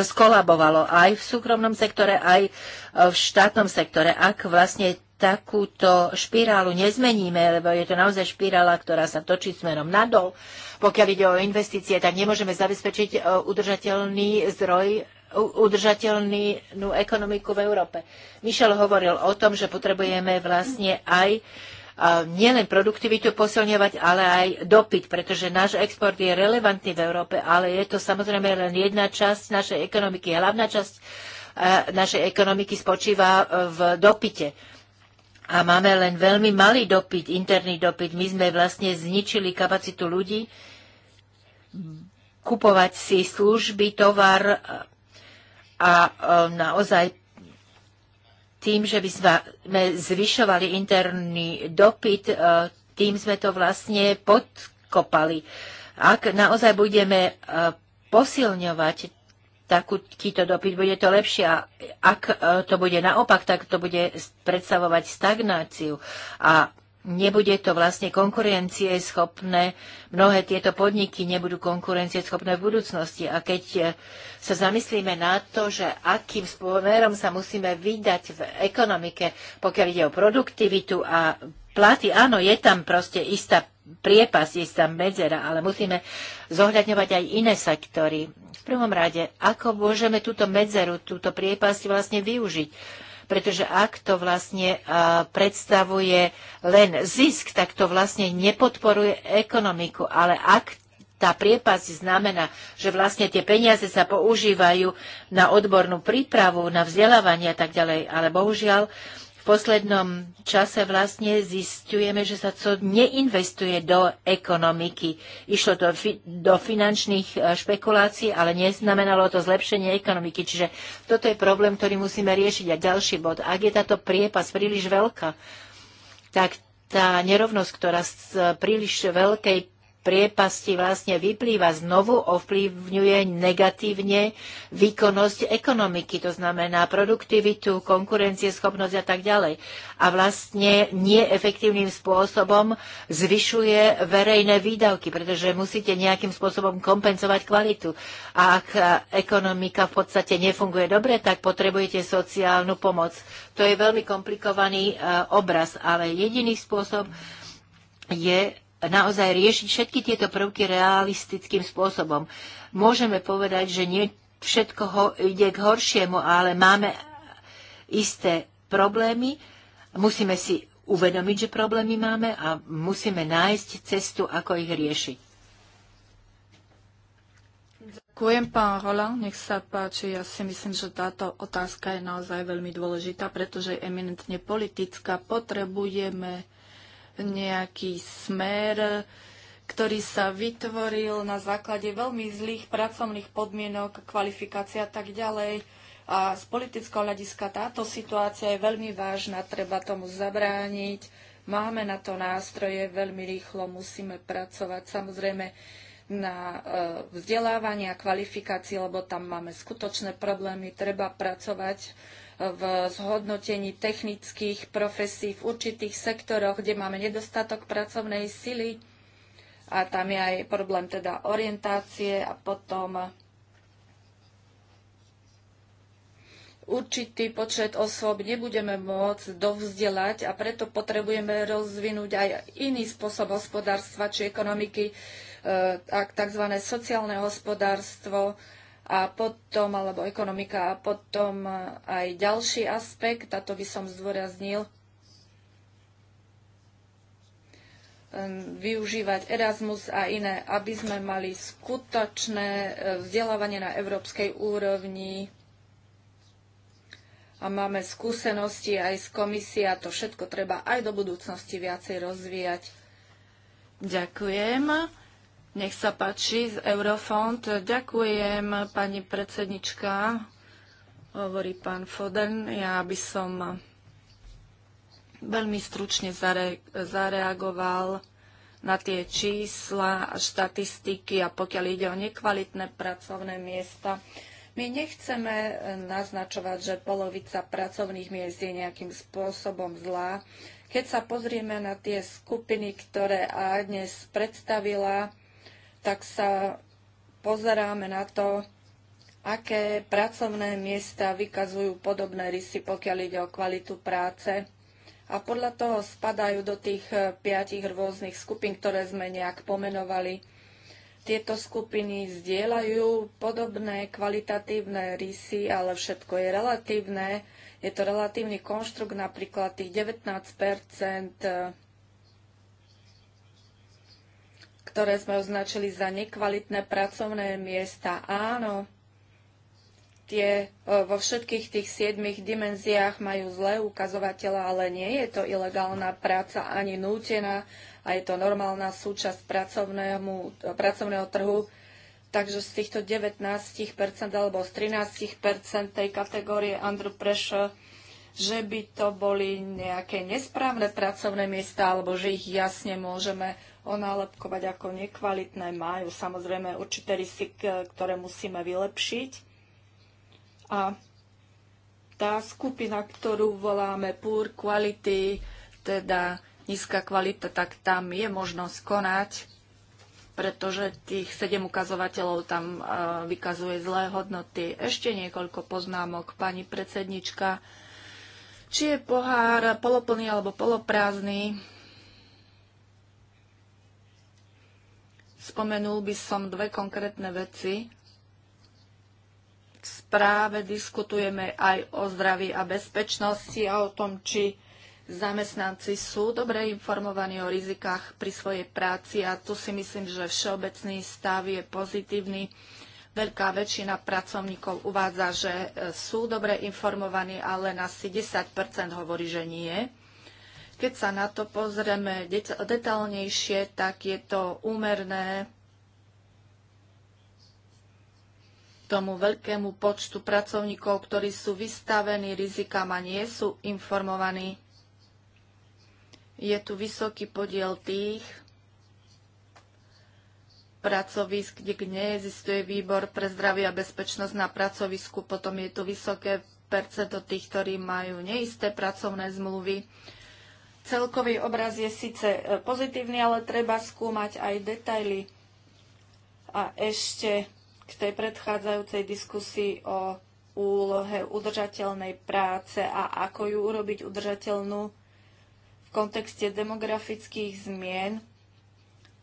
skolabovalo aj v súkromnom sektore, aj e, v štátnom sektore. Ak vlastne takúto špirálu nezmeníme, lebo je to naozaj špirála, ktorá sa točí smerom nadol. Pokiaľ ide o investície, tak nemôžeme zabezpečiť udržateľný zdroj udržateľnú ekonomiku v Európe. Michel hovoril o tom, že potrebujeme vlastne aj uh, nielen produktivitu posilňovať, ale aj dopyt, pretože náš export je relevantný v Európe, ale je to samozrejme len jedna časť našej ekonomiky. Hlavná časť e, našej ekonomiky spočíva e, v dopite. A máme len veľmi malý dopyt, interný dopyt. My sme vlastne zničili kapacitu ľudí kupovať si služby, tovar a naozaj tým, že by sme zvyšovali interný dopyt, e, tým sme to vlastne podkopali. Ak naozaj budeme e, posilňovať takýto dopyt, bude to lepšie. A ak e, to bude naopak, tak to bude predstavovať stagnáciu. A nebude to vlastne schopné, mnohé tieto podniky nebudú schopné v budúcnosti. A keď e, sa zamyslíme na to, že akým spomerom sa musíme vydať v ekonomike, pokiaľ ide o produktivitu a platy, áno, je tam proste istá priepas, istá medzera, ale musíme zohľadňovať aj iné sektory. V prvom rade, ako môžeme túto medzeru, túto priepasť vlastne využiť? pretože ak to vlastne e, predstavuje len zisk, tak to vlastne nepodporuje ekonomiku, ale ak tá priepasť znamená, že vlastne tie peniaze sa používajú na odbornú prípravu, na vzdelávanie a tak ďalej. Ale bohužiaľ, poslednom čase vlastne zistujeme, že sa to neinvestuje do ekonomiky. Išlo to fi- do finančných e, špekulácií, ale neznamenalo to zlepšenie ekonomiky. Čiže toto je problém, ktorý musíme riešiť. A ďalší bod. Ak je táto priepas príliš veľká, tak tá nerovnosť, ktorá z e, príliš veľkej priepasti vlastne vyplýva, znovu ovplyvňuje negatívne výkonnosť ekonomiky, to znamená produktivitu, konkurencieschopnosť a tak ďalej. A vlastne neefektívnym spôsobom zvyšuje verejné výdavky, pretože musíte nejakým spôsobom kompenzovať kvalitu. A ak ekonomika v podstate nefunguje dobre, tak potrebujete sociálnu pomoc. To je veľmi komplikovaný e, obraz, ale jediný spôsob je naozaj riešiť všetky tieto prvky realistickým spôsobom. Môžeme povedať, že nie všetko ho, ide k horšiemu, ale máme isté problémy. Musíme si uvedomiť, že problémy máme a musíme nájsť cestu, ako ich riešiť. Ďakujem, pán Roland, nech sa páči. Ja si myslím, že táto otázka je naozaj veľmi dôležitá, pretože je eminentne politická. Potrebujeme nejaký smer, ktorý sa vytvoril na základe veľmi zlých pracovných podmienok, kvalifikácia a tak ďalej. A z politického hľadiska táto situácia je veľmi vážna, treba tomu zabrániť. Máme na to nástroje, veľmi rýchlo musíme pracovať samozrejme na e, vzdelávanie a kvalifikácii, lebo tam máme skutočné problémy, treba pracovať v zhodnotení technických profesí v určitých sektoroch, kde máme nedostatok pracovnej sily a tam je aj problém teda orientácie a potom určitý počet osôb nebudeme môcť dovzdelať a preto potrebujeme rozvinúť aj iný spôsob hospodárstva či ekonomiky, e, tzv. sociálne hospodárstvo, a potom, alebo ekonomika a potom e, aj ďalší aspekt, a to by som zdôraznil, e, využívať Erasmus a iné, aby sme mali skutočné e, vzdelávanie na európskej úrovni a máme skúsenosti aj z komisie a to všetko treba aj do budúcnosti viacej rozvíjať. Ďakujem. Nech sa páči z Eurofond. Ďakujem, pani predsednička, hovorí pán Foden. Ja by som veľmi stručne zare, zareagoval na tie čísla a štatistiky a pokiaľ ide o nekvalitné pracovné miesta. My nechceme naznačovať, že polovica pracovných miest je nejakým spôsobom zlá. Keď sa pozrieme na tie skupiny, ktoré A dnes predstavila, tak sa pozeráme na to, aké pracovné miesta vykazujú podobné rysy, pokiaľ ide o kvalitu práce. A podľa toho spadajú do tých e, piatich rôznych skupín, ktoré sme nejak pomenovali. Tieto skupiny zdieľajú podobné kvalitatívne rysy, ale všetko je relatívne. Je to relatívny konštrukt, napríklad tých 19 ktoré sme označili za nekvalitné pracovné miesta. Áno, tie e, vo všetkých tých siedmých dimenziách majú zlé ukazovateľa, ale nie je to ilegálna práca ani nútená a je to normálna súčasť pracovného trhu. Takže z týchto 19% alebo z 13% tej kategórie Andrew Pressure že by to boli nejaké nesprávne pracovné miesta, alebo že ich jasne môžeme onálepkovať ako nekvalitné. Majú samozrejme určité rysy, ktoré musíme vylepšiť. A tá skupina, ktorú voláme poor quality, teda nízka kvalita, tak tam je možnosť konať, pretože tých sedem ukazovateľov tam e, vykazuje zlé hodnoty. Ešte niekoľko poznámok, pani predsednička. Či je pohár poloplný alebo poloprázdny, Spomenul by som dve konkrétne veci. V správe diskutujeme aj o zdraví a bezpečnosti a o tom, či zamestnanci sú dobre informovaní o rizikách pri svojej práci a tu si myslím, že všeobecný stav je pozitívny. Veľká väčšina pracovníkov uvádza, že sú dobre informovaní, ale asi 10 hovorí, že nie. Keď sa na to pozrieme detálnejšie, tak je to úmerné tomu veľkému počtu pracovníkov, ktorí sú vystavení rizikám a nie sú informovaní. Je tu vysoký podiel tých pracovisk, kde neexistuje výbor pre zdravie a bezpečnosť na pracovisku. Potom je tu vysoké percento tých, ktorí majú neisté pracovné zmluvy. Celkový obraz je síce e, pozitívny, ale treba skúmať aj detaily. A ešte k tej predchádzajúcej diskusii o úlohe udržateľnej práce a ako ju urobiť udržateľnú v kontexte demografických zmien. V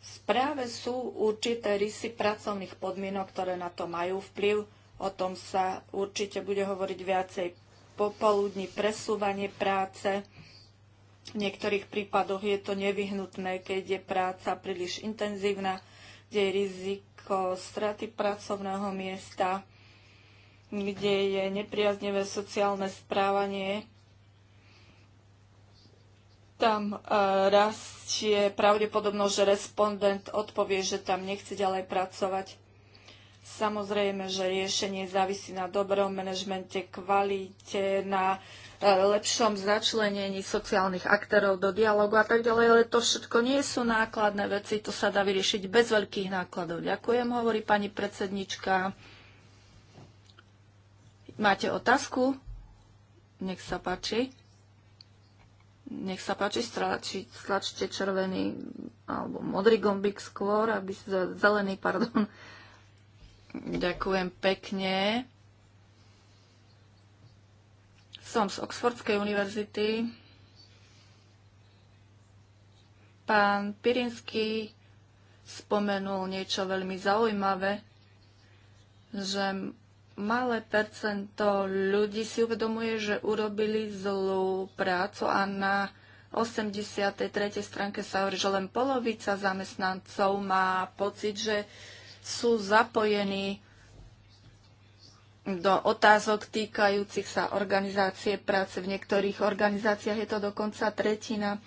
správe sú určité rysy pracovných podmienok, ktoré na to majú vplyv. O tom sa určite bude hovoriť viacej popoludní presúvanie práce, v niektorých prípadoch je to nevyhnutné, keď je práca príliš intenzívna, kde je riziko straty pracovného miesta, kde je nepriaznivé sociálne správanie. Tam eh, rastie pravdepodobnosť, že respondent odpovie, že tam nechce ďalej pracovať. Samozrejme, že riešenie závisí na dobrom manažmente, kvalite, na E, lepšom začlenení sociálnych aktérov do dialogu a tak ďalej, ale to všetko nie sú nákladné veci, to sa dá vyriešiť bez veľkých nákladov. Ďakujem, hovorí pani predsednička. Máte otázku? Nech sa páči. Nech sa páči, stlači, stlačte červený alebo modrý gombík skôr, aby zelený, pardon. Ďakujem pekne. Som z Oxfordskej univerzity. Pán Pirinsky spomenul niečo veľmi zaujímavé, že malé percento ľudí si uvedomuje, že urobili zlú prácu a na 83. stránke sa hovorí, že len polovica zamestnancov má pocit, že sú zapojení do otázok týkajúcich sa organizácie práce. V niektorých organizáciách je to dokonca tretina.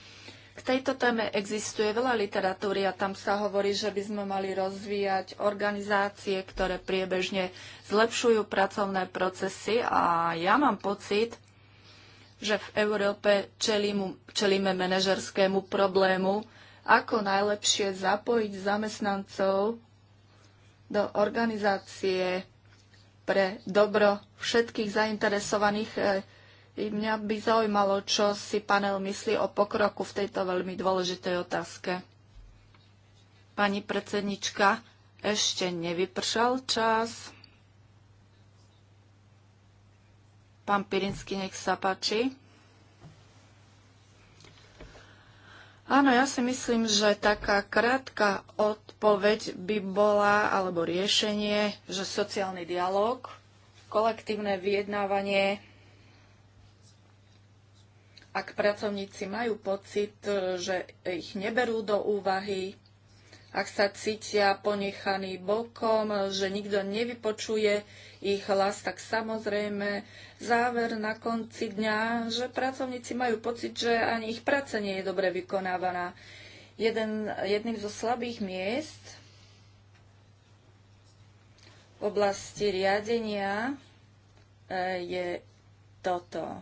K tejto téme existuje veľa literatúry a tam sa hovorí, že by sme mali rozvíjať organizácie, ktoré priebežne zlepšujú pracovné procesy a ja mám pocit, že v Európe čelíme, čelíme manažerskému problému, ako najlepšie zapojiť zamestnancov do organizácie pre dobro všetkých zainteresovaných. E, mňa by zaujímalo, čo si panel myslí o pokroku v tejto veľmi dôležitej otázke. Pani predsednička, ešte nevypršal čas. Pán Pirinsky, nech sa páči. Áno, ja si myslím, že taká krátka odpoveď by bola, alebo riešenie, že sociálny dialog, kolektívne vyjednávanie, ak pracovníci majú pocit, že ich neberú do úvahy, ak sa cítia ponechaní bokom, že nikto nevypočuje ich hlas, tak samozrejme záver na konci dňa, že pracovníci majú pocit, že ani ich práca nie je dobre vykonávaná. Jeden, jedným zo slabých miest v oblasti riadenia e, je toto.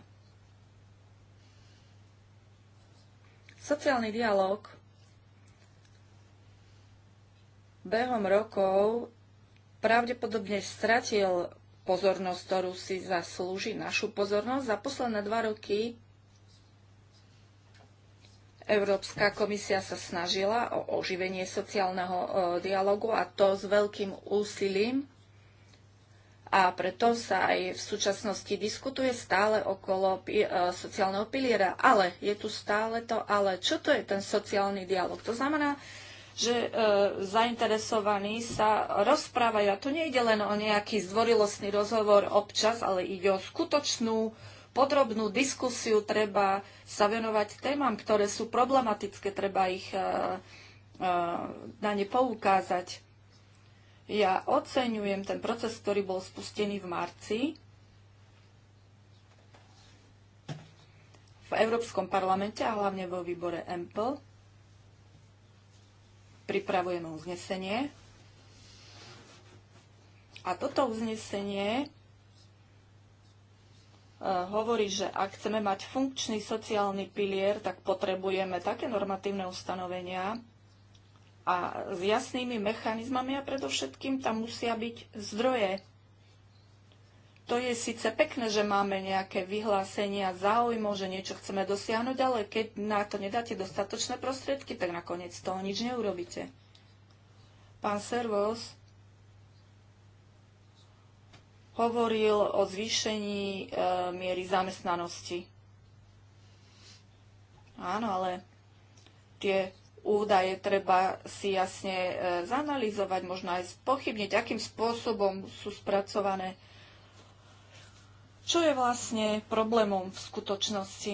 Sociálny dialog behom rokov pravdepodobne stratil pozornosť, ktorú si zaslúži našu pozornosť. Za posledné dva roky Európska komisia sa snažila o oživenie sociálneho e, dialogu a to s veľkým úsilím. A preto sa aj v súčasnosti diskutuje stále okolo e, sociálneho piliera. Ale je tu stále to ale. Čo to je ten sociálny dialog? To znamená, že e, zainteresovaní sa rozprávajú. A tu nejde len o nejaký zdvorilostný rozhovor občas, ale ide o skutočnú podrobnú diskusiu. Treba sa venovať témam, ktoré sú problematické, treba ich e, e, na ne poukázať. Ja oceňujem ten proces, ktorý bol spustený v marci v Európskom parlamente a hlavne vo výbore EMPL pripravujeme uznesenie. A toto uznesenie e, hovorí, že ak chceme mať funkčný sociálny pilier, tak potrebujeme také normatívne ustanovenia a s jasnými mechanizmami a predovšetkým tam musia byť zdroje to je síce pekné, že máme nejaké vyhlásenia záujmov, že niečo chceme dosiahnuť, ale keď na to nedáte dostatočné prostriedky, tak nakoniec toho nič neurobíte. Pán Servos hovoril o zvýšení e, miery zamestnanosti. Áno, ale tie údaje treba si jasne e, zanalizovať, možno aj spochybniť, akým spôsobom sú spracované čo je vlastne problémom v skutočnosti?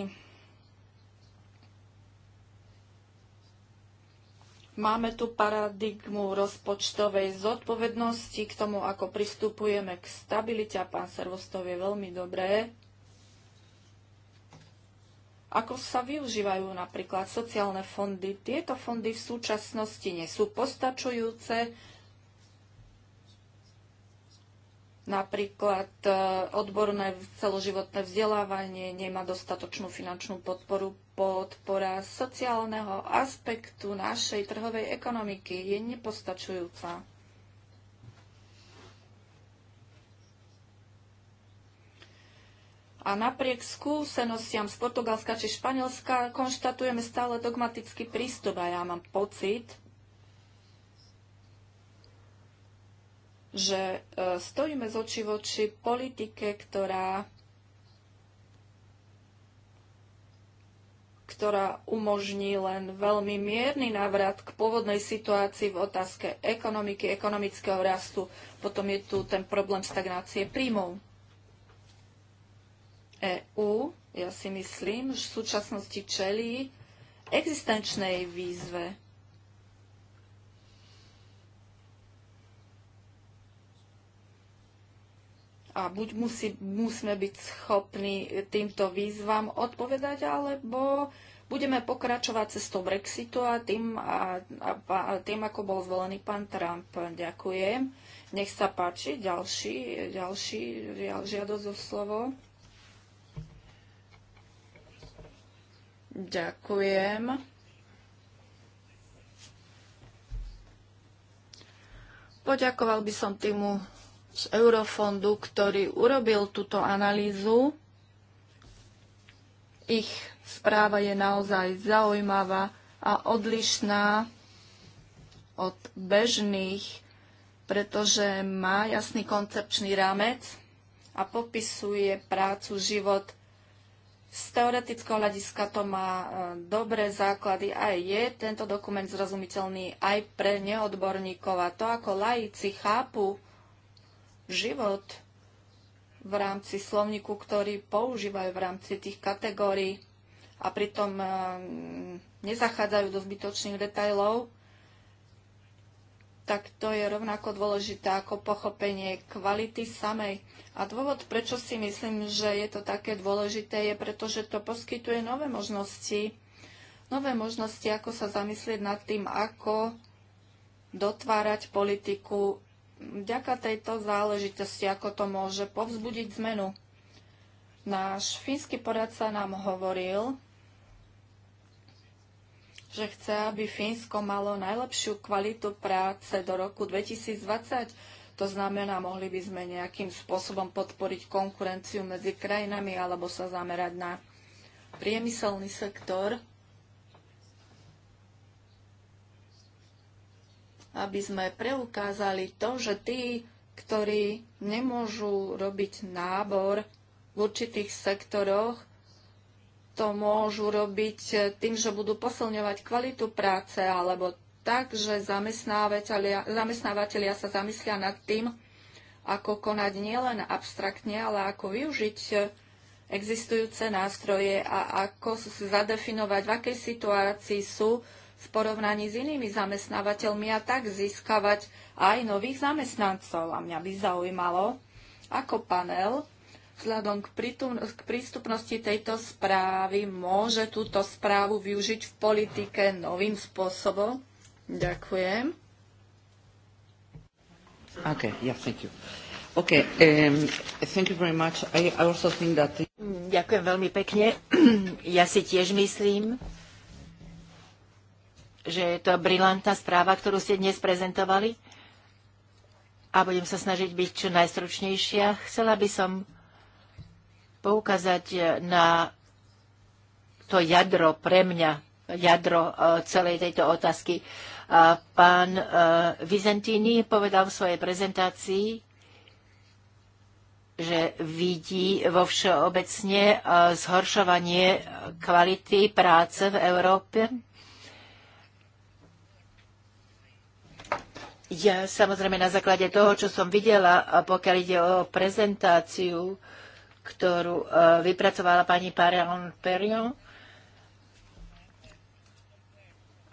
Máme tu paradigmu rozpočtovej zodpovednosti k tomu, ako pristupujeme k stabilite a pán Servostov je veľmi dobré. Ako sa využívajú napríklad sociálne fondy? Tieto fondy v súčasnosti nie sú postačujúce Napríklad e, odborné celoživotné vzdelávanie nemá dostatočnú finančnú podporu. Podpora sociálneho aspektu našej trhovej ekonomiky je nepostačujúca. A napriek skúsenostiam z Portugalska či Španielska konštatujeme stále dogmatický prístup a ja mám pocit, že e, stojíme z oči oči politike, ktorá, ktorá umožní len veľmi mierny návrat k pôvodnej situácii v otázke ekonomiky, ekonomického rastu. Potom je tu ten problém stagnácie príjmov. EÚ, ja si myslím, že v súčasnosti čelí existenčnej výzve. a buď musí, musíme byť schopní týmto výzvam odpovedať, alebo budeme pokračovať cestou Brexitu a tým, a, a, a tým ako bol zvolený pán Trump. Ďakujem. Nech sa páči. Ďalší, ďalší žiadosť o slovo. Ďakujem. Poďakoval by som týmu z Eurofondu, ktorý urobil túto analýzu. Ich správa je naozaj zaujímavá a odlišná od bežných, pretože má jasný koncepčný rámec a popisuje prácu, život. Z teoretického hľadiska to má e, dobré základy a je tento dokument zrozumiteľný aj pre neodborníkov. A to, ako laici chápu život v rámci slovníku, ktorý používajú v rámci tých kategórií a pritom eh, nezachádzajú do zbytočných detajlov, tak to je rovnako dôležité ako pochopenie kvality samej. A dôvod, prečo si myslím, že je to také dôležité, je preto, že to poskytuje nové možnosti, nové možnosti, ako sa zamyslieť nad tým, ako dotvárať politiku vďaka tejto záležitosti, ako to môže povzbudiť zmenu. Náš fínsky poradca nám hovoril, že chce, aby Fínsko malo najlepšiu kvalitu práce do roku 2020. To znamená, mohli by sme nejakým spôsobom podporiť konkurenciu medzi krajinami alebo sa zamerať na priemyselný sektor, aby sme preukázali to, že tí, ktorí nemôžu robiť nábor v určitých sektoroch, to môžu robiť tým, že budú posilňovať kvalitu práce alebo tak, že zamestnávateľia sa zamyslia nad tým, ako konať nielen abstraktne, ale ako využiť existujúce nástroje a ako zadefinovať, v akej situácii sú v porovnaní s inými zamestnávateľmi a tak získavať aj nových zamestnancov. A mňa by zaujímalo, ako panel vzhľadom k prístupnosti tejto správy môže túto správu využiť v politike novým spôsobom. Ďakujem. OK, yeah, thank you. OK, um, thank you very much. I, I also think that... Ďakujem veľmi pekne. <clears throat> Ja si tiež myslím, že je to brilantná správa, ktorú ste dnes prezentovali a budem sa snažiť byť čo najstručnejšia. Chcela by som poukázať na to jadro pre mňa, jadro e, celej tejto otázky. E, pán e, Vizentini povedal v svojej prezentácii, že vidí vo všeobecne zhoršovanie kvality práce v Európe Ja samozrejme na základe toho, čo som videla, pokiaľ ide o prezentáciu, ktorú e, vypracovala pani Parion Perion,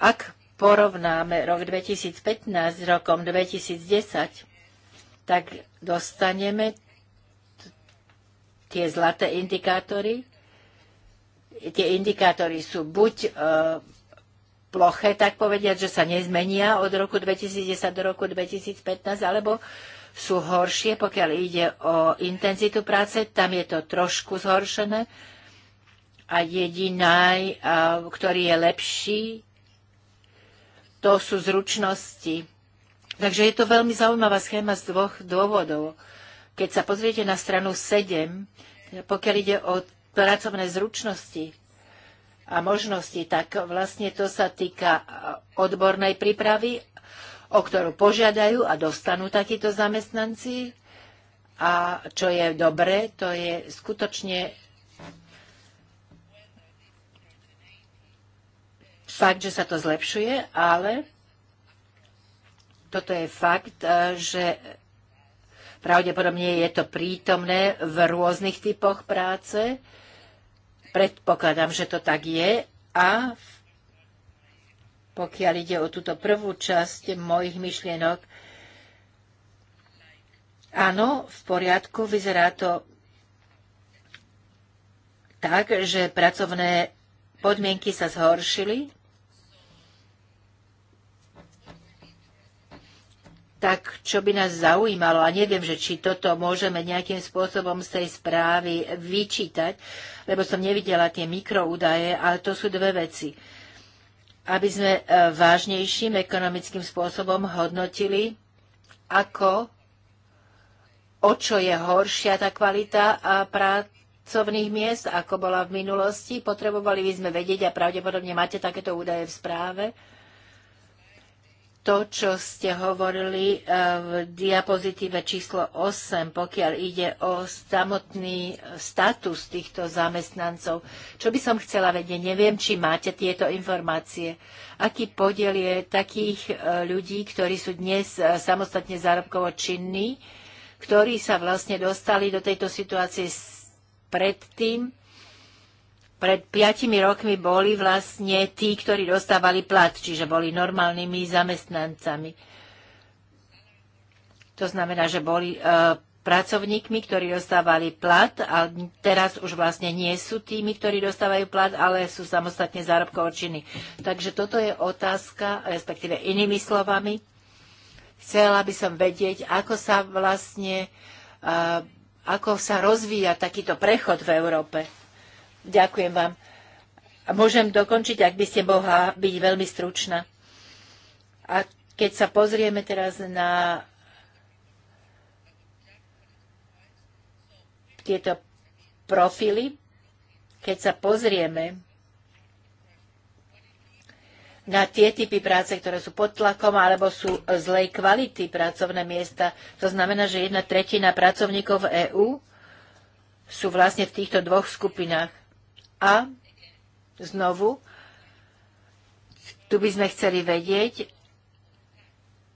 ak porovnáme rok 2015 s rokom 2010, tak dostaneme tie zlaté indikátory. Tie indikátory sú buď e, ploche, tak povediať, že sa nezmenia od roku 2010 do roku 2015, alebo sú horšie, pokiaľ ide o intenzitu práce, tam je to trošku zhoršené a jediná, ktorý je lepší, to sú zručnosti. Takže je to veľmi zaujímavá schéma z dvoch dôvodov. Keď sa pozriete na stranu 7, pokiaľ ide o pracovné zručnosti, a možnosti, tak vlastne to sa týka odbornej prípravy, o ktorú požiadajú a dostanú takíto zamestnanci. A čo je dobré, to je skutočne fakt, že sa to zlepšuje, ale toto je fakt, e, že pravdepodobne je to prítomné v rôznych typoch práce Predpokladám, že to tak je a pokiaľ ide o túto prvú časť mojich myšlienok, áno, v poriadku, vyzerá to tak, že pracovné podmienky sa zhoršili tak čo by nás zaujímalo, a neviem, že či toto môžeme nejakým spôsobom z tej správy vyčítať, lebo som nevidela tie mikroúdaje, ale to sú dve veci. Aby sme e, vážnejším ekonomickým spôsobom hodnotili, ako, o čo je horšia tá kvalita a práca, pracovných miest, ako bola v minulosti. Potrebovali by sme vedieť a pravdepodobne máte takéto údaje v správe to, čo ste hovorili e, v diapozitíve číslo 8, pokiaľ ide o samotný status týchto zamestnancov. Čo by som chcela vedieť? Neviem, či máte tieto informácie. Aký podiel je takých e, ľudí, ktorí sú dnes e, samostatne zárobkovo činní, ktorí sa vlastne dostali do tejto situácie predtým, pred piatimi rokmi boli vlastne tí, ktorí dostávali plat, čiže boli normálnymi zamestnancami. To znamená, že boli e, pracovníkmi, ktorí dostávali plat a teraz už vlastne nie sú tými, ktorí dostávajú plat, ale sú samostatne zárobkovo činy. Takže toto je otázka, respektíve inými slovami, chcela by som vedieť, ako sa vlastne, e, ako sa rozvíja takýto prechod v Európe. Ďakujem vám. A môžem dokončiť, ak by ste mohla byť veľmi stručná. A keď sa pozrieme teraz na tieto profily, keď sa pozrieme na tie typy práce, ktoré sú pod tlakom alebo sú zlej kvality pracovné miesta. To znamená, že jedna tretina pracovníkov v EÚ sú vlastne v týchto dvoch skupinách. A znovu, tu by sme chceli vedieť,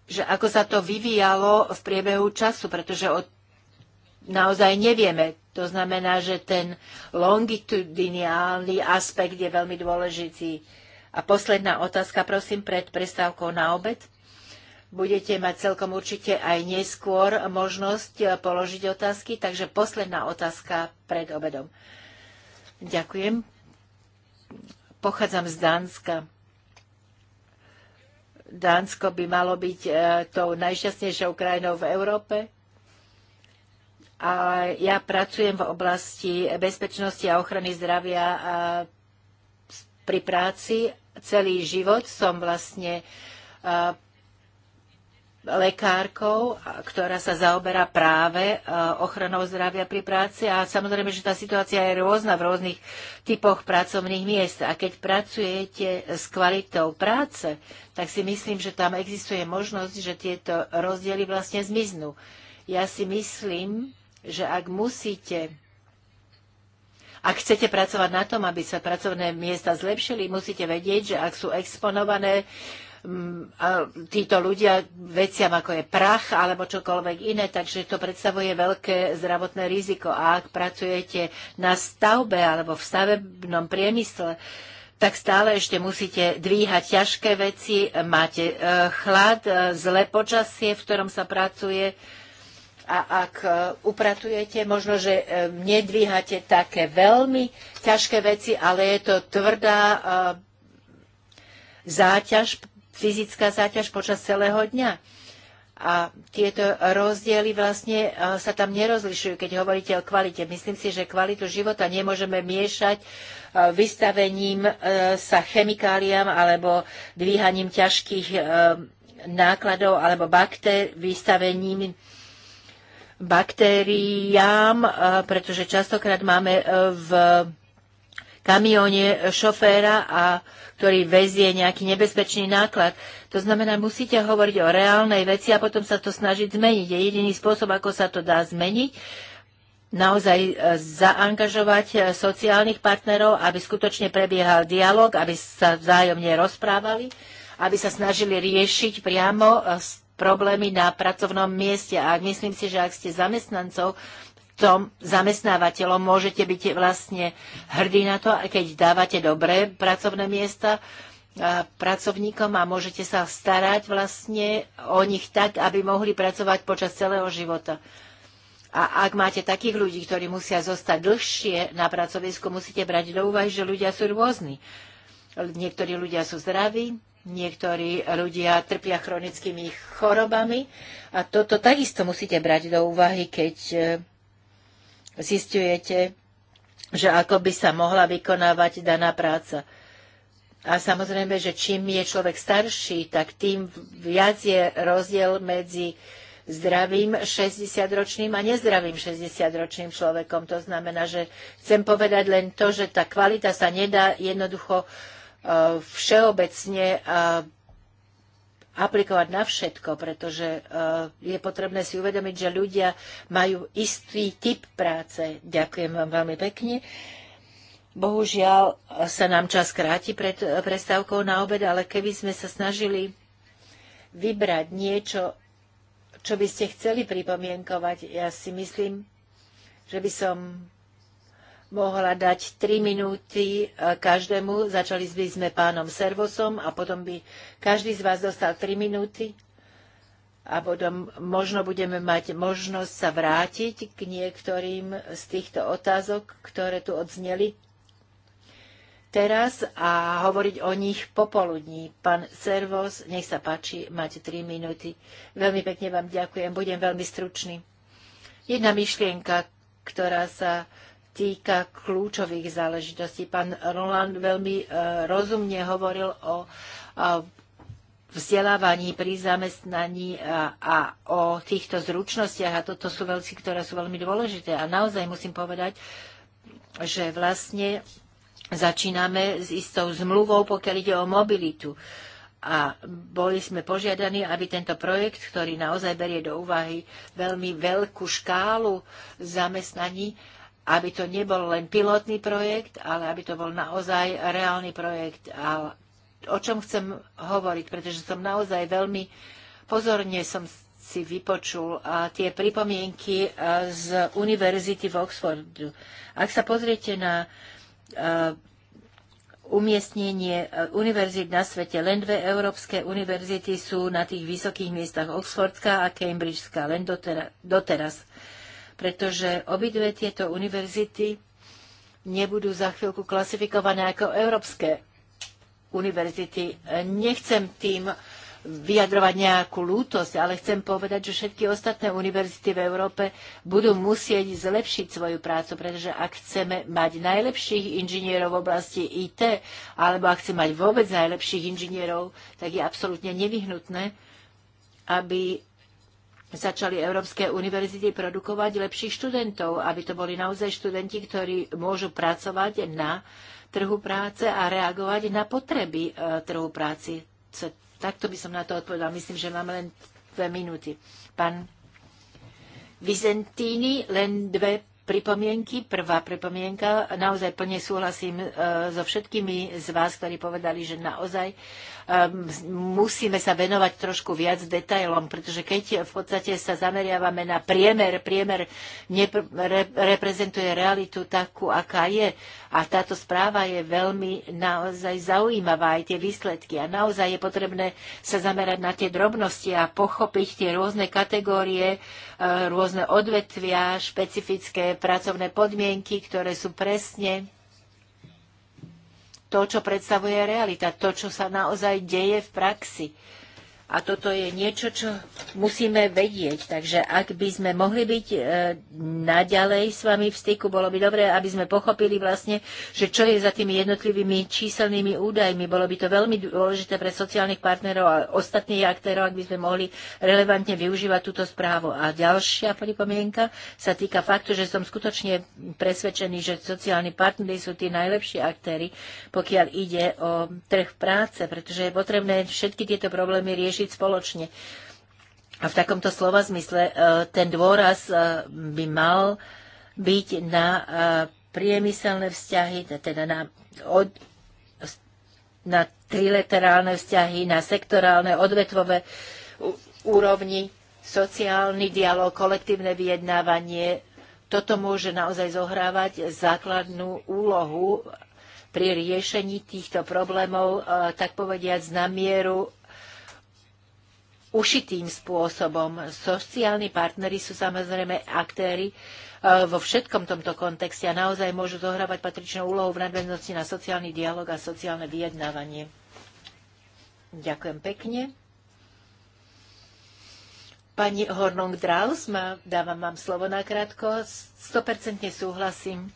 že ako sa to vyvíjalo v priebehu času, pretože od, naozaj nevieme. To znamená, že ten longitudinálny aspekt je veľmi dôležitý. A posledná otázka, prosím, pred prestávkou na obed. Budete mať celkom určite aj neskôr možnosť položiť otázky, takže posledná otázka pred obedom. Ďakujem. Pochádzam z Dánska. Dánsko by malo byť e, tou najšťastnejšou krajinou v Európe. A ja pracujem v oblasti bezpečnosti a ochrany zdravia a pri práci. Celý život som vlastne e, lekárkou, ktorá sa zaoberá práve e, ochranou zdravia pri práci a samozrejme, že tá situácia je rôzna v rôznych typoch pracovných miest a keď pracujete s kvalitou práce, tak si myslím, že tam existuje možnosť, že tieto rozdiely vlastne zmiznú. Ja si myslím, že ak musíte ak chcete pracovať na tom, aby sa pracovné miesta zlepšili, musíte vedieť, že ak sú exponované uh, títo ľudia veciam ako je prach alebo čokoľvek iné, takže to predstavuje veľké zdravotné riziko. A ak pracujete na stavbe alebo v stavebnom priemysle, tak stále ešte musíte dvíhať ťažké veci, máte e, chlad, e, zlé počasie, v ktorom sa pracuje a ak e, upratujete, možno, že nedvíhate také veľmi ťažké veci, ale je to tvrdá záťaž fyzická záťaž počas celého dňa. A tieto rozdiely vlastne e, sa tam nerozlišujú, keď hovoríte o kvalite. Myslím si, že kvalitu života nemôžeme miešať e, vystavením e, sa chemikáliám alebo dvíhaním ťažkých nákladov alebo baktér, vystavením baktériám, pretože častokrát máme v kamióne šoféra, a, ktorý vezie nejaký nebezpečný náklad. To znamená, musíte hovoriť o reálnej veci a potom sa to snažiť zmeniť. Je jediný spôsob, ako sa to dá zmeniť, naozaj e, zaangažovať e, sociálnych partnerov, aby skutočne prebiehal dialog, aby sa vzájomne rozprávali, aby sa snažili riešiť priamo e, problémy na pracovnom mieste. A myslím si, že ak ste zamestnancov, tom zamestnávateľom môžete byť vlastne hrdí na to, keď dávate dobré pracovné miesta pracovníkom a môžete sa starať vlastne o nich tak, aby mohli pracovať počas celého života. A ak máte takých ľudí, ktorí musia zostať dlhšie na pracovisku, musíte brať do úvahy, že ľudia sú rôzni. Niektorí ľudia sú zdraví, niektorí ľudia trpia chronickými chorobami a toto takisto musíte brať do úvahy, keď e, zistujete, že ako by sa mohla vykonávať daná práca. A samozrejme, že čím je človek starší, tak tým viac je rozdiel medzi zdravým 60-ročným a nezdravým 60-ročným človekom. To znamená, že chcem povedať len to, že tá kvalita sa nedá jednoducho eh, všeobecne eh, aplikovať na všetko, pretože eh, je potrebné si uvedomiť, že ľudia majú istý typ práce. Ďakujem vám veľmi pekne. Bohužiaľ eh, sa nám čas kráti pred eh, prestávkou na obed, ale keby sme sa snažili vybrať niečo, čo by ste chceli pripomienkovať, ja si myslím, že by som mohla dať 3 minúty e, každému. Začali by sme pánom Servosom a potom by každý z vás dostal 3 minúty a potom možno budeme mať možnosť sa vrátiť k niektorým z týchto otázok, ktoré tu odzneli teraz a hovoriť o nich popoludní. Pán Servos, nech sa páči, máte 3 minúty. Veľmi pekne vám ďakujem, budem veľmi stručný. Jedna myšlienka, ktorá sa týka kľúčových záležitostí. Pán Roland veľmi e, rozumne hovoril o vzdelávaní pri zamestnaní a, a o týchto zručnostiach a toto sú veci, ktoré sú veľmi dôležité. A naozaj musím povedať, že vlastne začíname s istou zmluvou, pokiaľ ide o mobilitu. A boli sme požiadaní, aby tento projekt, ktorý naozaj berie do úvahy veľmi veľkú škálu zamestnaní, aby to nebol len pilotný projekt, ale aby to bol naozaj reálny projekt. A o čom chcem hovoriť, pretože som naozaj veľmi pozorne som si vypočul a tie pripomienky e, z Univerzity v Oxfordu. Ak sa pozriete na e, umiestnenie e, univerzít na svete. Len dve európske univerzity sú na tých vysokých miestach Oxfordská a Cambridgeská, len dotera, doteraz pretože obidve tieto univerzity nebudú za chvíľku klasifikované ako európske univerzity. Nechcem tým vyjadrovať nejakú lútosť, ale chcem povedať, že všetky ostatné univerzity v Európe budú musieť zlepšiť svoju prácu, pretože ak chceme mať najlepších inžinierov v oblasti IT, alebo ak chceme mať vôbec najlepších inžinierov, tak je absolútne nevyhnutné, aby začali Európske univerzity produkovať lepších študentov, aby to boli naozaj študenti, ktorí môžu pracovať na trhu práce a reagovať na potreby e, trhu práci. Takto by som na to odpovedal. Myslím, že máme len dve minúty. Pán Vizentíny, len dve pripomienky. Prvá pripomienka. Naozaj plne súhlasím e, so všetkými z vás, ktorí povedali, že naozaj Ehm, musíme sa venovať trošku viac detailom, pretože keď v podstate sa zameriavame na priemer, priemer reprezentuje realitu takú, aká je. A táto správa je veľmi naozaj zaujímavá, aj tie výsledky. A naozaj je potrebné sa zamerať na tie drobnosti a pochopiť tie rôzne kategórie, e, rôzne odvetvia, špecifické pracovné podmienky, ktoré sú presne to, čo predstavuje realita, to, čo sa naozaj deje v praxi. A toto je niečo, čo musíme vedieť. Takže ak by sme mohli byť e, naďalej s vami v styku, bolo by dobré, aby sme pochopili vlastne, že čo je za tými jednotlivými číselnými údajmi. Bolo by to veľmi dôležité pre sociálnych partnerov a ostatných aktérov, ak by sme mohli relevantne využívať túto správu. A ďalšia pripomienka sa týka faktu, že som skutočne presvedčený, že sociálni partnery sú tí najlepší aktéry, pokiaľ ide o trh práce, pretože je potrebné všetky tieto problémy riešiť riešiť spoločne. A v takomto slova zmysle e, ten dôraz e, by mal byť na e, priemyselné vzťahy, teda na, od, na trilaterálne vzťahy, na sektorálne, odvetvové úrovni, sociálny dialog, kolektívne vyjednávanie. Toto môže naozaj zohrávať základnú úlohu pri riešení týchto problémov, tak povediať, na mieru ušitým spôsobom. Sociálni partnery sú samozrejme aktéry e, vo všetkom tomto kontexte a naozaj môžu zohrávať patričnú úlohu v nadväznosti na sociálny dialog a sociálne vyjednávanie. Ďakujem pekne. Pani Hornong Draus, dávam vám slovo nakrátko. 100% súhlasím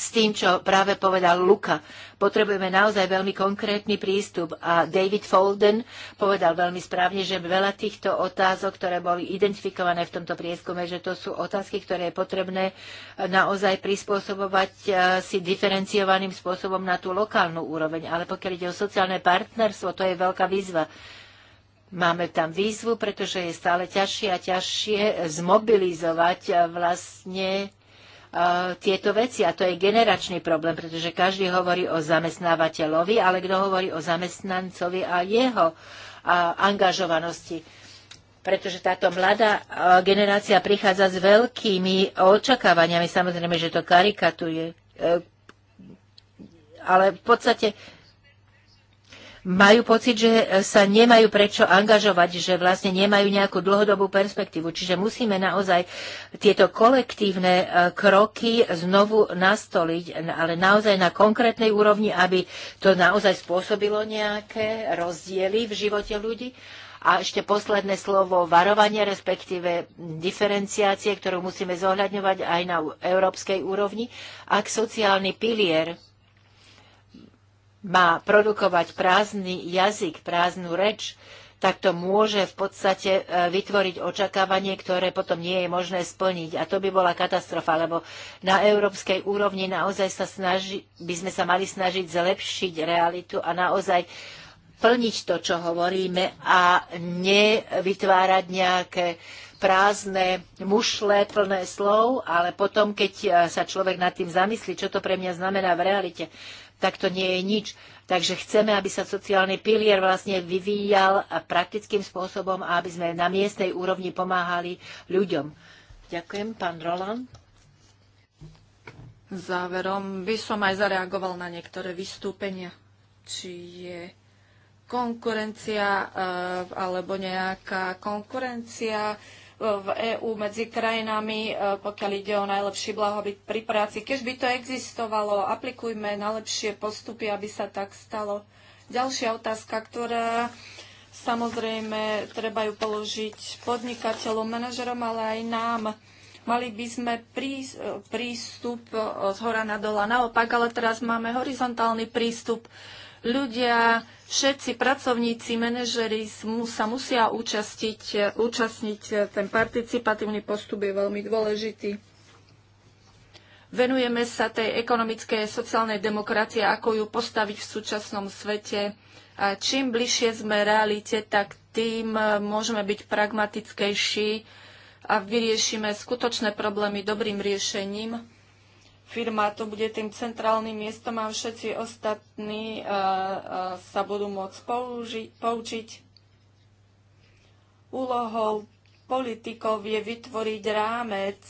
s tým, čo práve povedal Luka. Potrebujeme naozaj veľmi konkrétny prístup a David Folden povedal veľmi správne, že veľa týchto otázok, ktoré boli identifikované v tomto prieskume, že to sú otázky, ktoré je potrebné eh, naozaj prispôsobovať eh, si diferenciovaným spôsobom na tú lokálnu úroveň. Ale pokiaľ ide o sociálne partnerstvo, to je veľká výzva. Máme tam výzvu, pretože je stále ťažšie a ťažšie zmobilizovať eh, vlastne Eh, tieto veci a to je generačný problém, pretože každý hovorí o zamestnávateľovi, ale kto hovorí o zamestnancovi a jeho angažovanosti pretože táto mladá eh, generácia prichádza s veľkými očakávaniami. Samozrejme, že to karikatuje, eh, ale v podstate majú pocit, že e, sa nemajú prečo angažovať, že vlastne nemajú nejakú dlhodobú perspektívu. Čiže musíme naozaj tieto kolektívne e, kroky znovu nastoliť, ale naozaj na konkrétnej úrovni, aby to naozaj spôsobilo nejaké rozdiely v živote ľudí. A ešte posledné slovo varovanie, respektíve diferenciácie, ktorú musíme zohľadňovať aj na európskej úrovni. Ak sociálny pilier má produkovať prázdny jazyk, prázdnu reč, tak to môže v podstate e, vytvoriť očakávanie, ktoré potom nie je možné splniť. A to by bola katastrofa, lebo na európskej úrovni naozaj sa snaži, by sme sa mali snažiť zlepšiť realitu a naozaj plniť to, čo hovoríme a nevytvárať nejaké prázdne mušle plné slov, ale potom, keď e, sa človek nad tým zamyslí, čo to pre mňa znamená v realite, tak to nie je nič. Takže chceme, aby sa sociálny pilier vlastne vyvíjal praktickým spôsobom a aby sme na miestnej úrovni pomáhali ľuďom. Ďakujem, pán Roland. Záverom by som aj zareagoval na niektoré vystúpenia. Či je konkurencia eh, alebo nejaká konkurencia v EÚ medzi krajinami, e, pokiaľ ide o najlepší blahobyt pri práci. Keď by to existovalo, aplikujme najlepšie postupy, aby sa tak stalo. Ďalšia otázka, ktorá samozrejme treba ju položiť podnikateľom, manažerom, ale aj nám. Mali by sme prístup e, z hora na dola naopak, ale teraz máme horizontálny prístup. Ľudia všetci pracovníci, manažery sa musia účastiť, účastniť. E, ten participatívny postup je veľmi dôležitý. Venujeme sa tej ekonomickej a sociálnej demokracie, ako ju postaviť v súčasnom svete. A čím bližšie sme realite, tak tým e, môžeme byť pragmatickejší a vyriešime skutočné problémy dobrým riešením firma to bude tým centrálnym miestom a všetci ostatní e, e, sa budú môcť použi- poučiť. Úlohou politikov je vytvoriť rámec,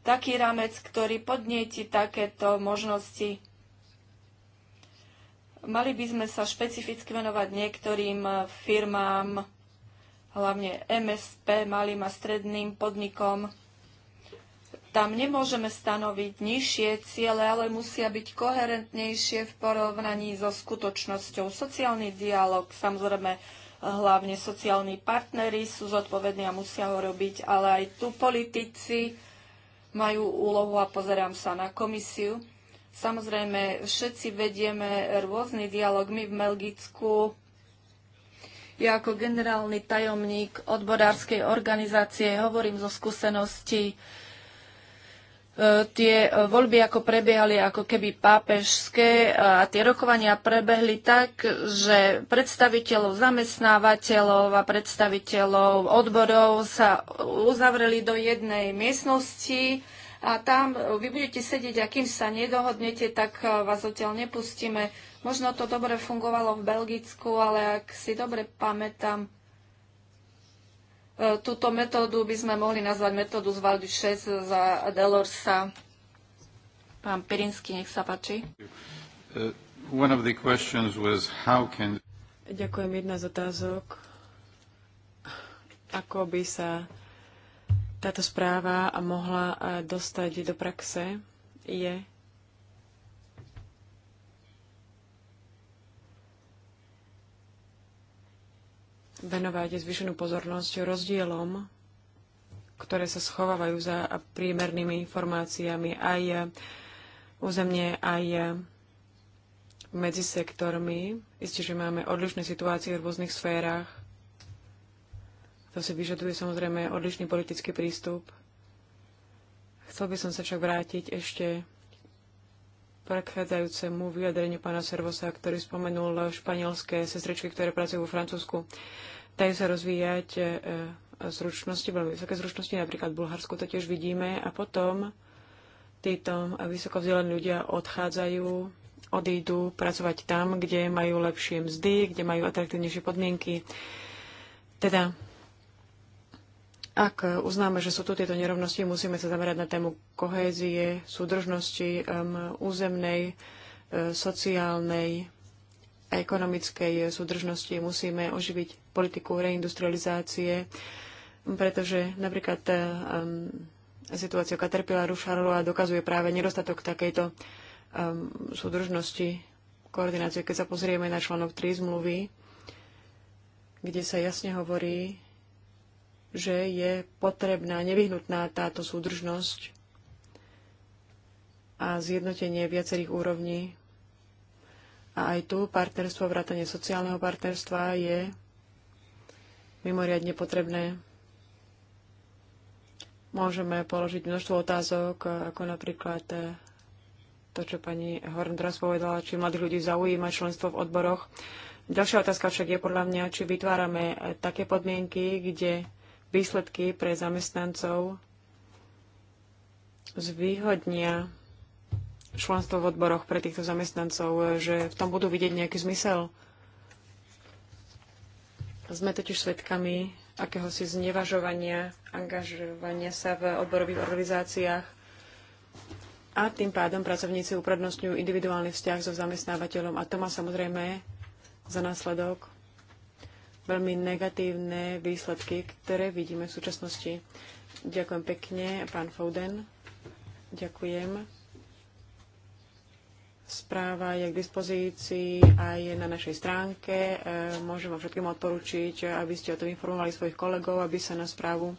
taký rámec, ktorý podnieti takéto možnosti. Mali by sme sa špecificky venovať niektorým e, firmám, hlavne MSP, malým a stredným podnikom tam nemôžeme stanoviť nižšie ciele, ale musia byť koherentnejšie v porovnaní so skutočnosťou. Sociálny dialog, samozrejme, hlavne sociálni partnery sú zodpovední a musia ho robiť, ale aj tu politici majú úlohu a pozerám sa na komisiu. Samozrejme, všetci vedieme rôzny dialog. My v Melgicku. ja ako generálny tajomník odborárskej organizácie hovorím zo skúseností E, tie voľby ako prebiehali ako keby pápežské e, a tie rokovania prebehli tak, že predstaviteľov zamestnávateľov a predstaviteľov odborov sa uzavreli do jednej miestnosti a tam e, vy budete sedieť a kým sa nedohodnete, tak vás odtiaľ nepustíme. Možno to dobre fungovalo v Belgicku, ale ak si dobre pamätám, E, túto metódu by sme mohli nazvať metódu z Valdy 6 za Delorsa. Pán Pirinsky, nech sa páči. Uh, can... Ďakujem. Jedna z otázok. Ako by sa táto správa mohla uh, dostať do praxe je, venovať zvyšenú pozornosť rozdielom, ktoré sa schovávajú za priemernými informáciami aj územne, aj medzi sektormi. Isté, že máme odlišné situácie v rôznych sférach. To si vyžaduje samozrejme odlišný politický prístup. Chcel by som sa však vrátiť ešte predchádzajúcemu vyjadreniu pána Servosa, ktorý spomenul španielské sestričky, ktoré pracujú vo Francúzsku. Dajú sa rozvíjať e, e, zručnosti, veľmi vysoké zručnosti, napríklad v Bulharsku to tiež vidíme. A potom títo vysoko vzdelaní ľudia odchádzajú, odídu pracovať tam, kde majú lepšie mzdy, kde majú atraktívnejšie podmienky. Teda ak uznáme, že sú tu tieto nerovnosti, musíme sa zamerať na tému kohézie, súdržnosti um, územnej, e, sociálnej a ekonomickej súdržnosti. Musíme oživiť politiku reindustrializácie, pretože napríklad um, situácia Caterpillaru a dokazuje práve nedostatok takejto um, súdržnosti, koordinácie. Keď sa pozrieme na článok 3 zmluvy, kde sa jasne hovorí, že je potrebná, nevyhnutná táto súdržnosť a zjednotenie viacerých úrovní. A aj tu partnerstvo, vrátanie sociálneho partnerstva je mimoriadne potrebné. Môžeme položiť množstvo otázok, ako napríklad eh, to, čo pani Horn teraz povedala, či mladých ľudí zaujíma členstvo v odboroch. Ďalšia otázka však je podľa mňa, či vytvárame eh, také podmienky, kde výsledky pre zamestnancov zvýhodnia členstvo v odboroch pre týchto zamestnancov, že v tom budú vidieť nejaký zmysel. Sme totiž svedkami akéhosi znevažovania, angažovania sa v odborových organizáciách a tým pádom pracovníci uprednostňujú individuálny vzťah so zamestnávateľom a to má samozrejme za následok veľmi negatívne výsledky, ktoré vidíme v súčasnosti. Ďakujem pekne, pán Foden. Ďakujem. Správa je k dispozícii a je na našej stránke. E, môžem vám všetkým odporučiť, aby ste o tom informovali svojich kolegov, aby sa na správu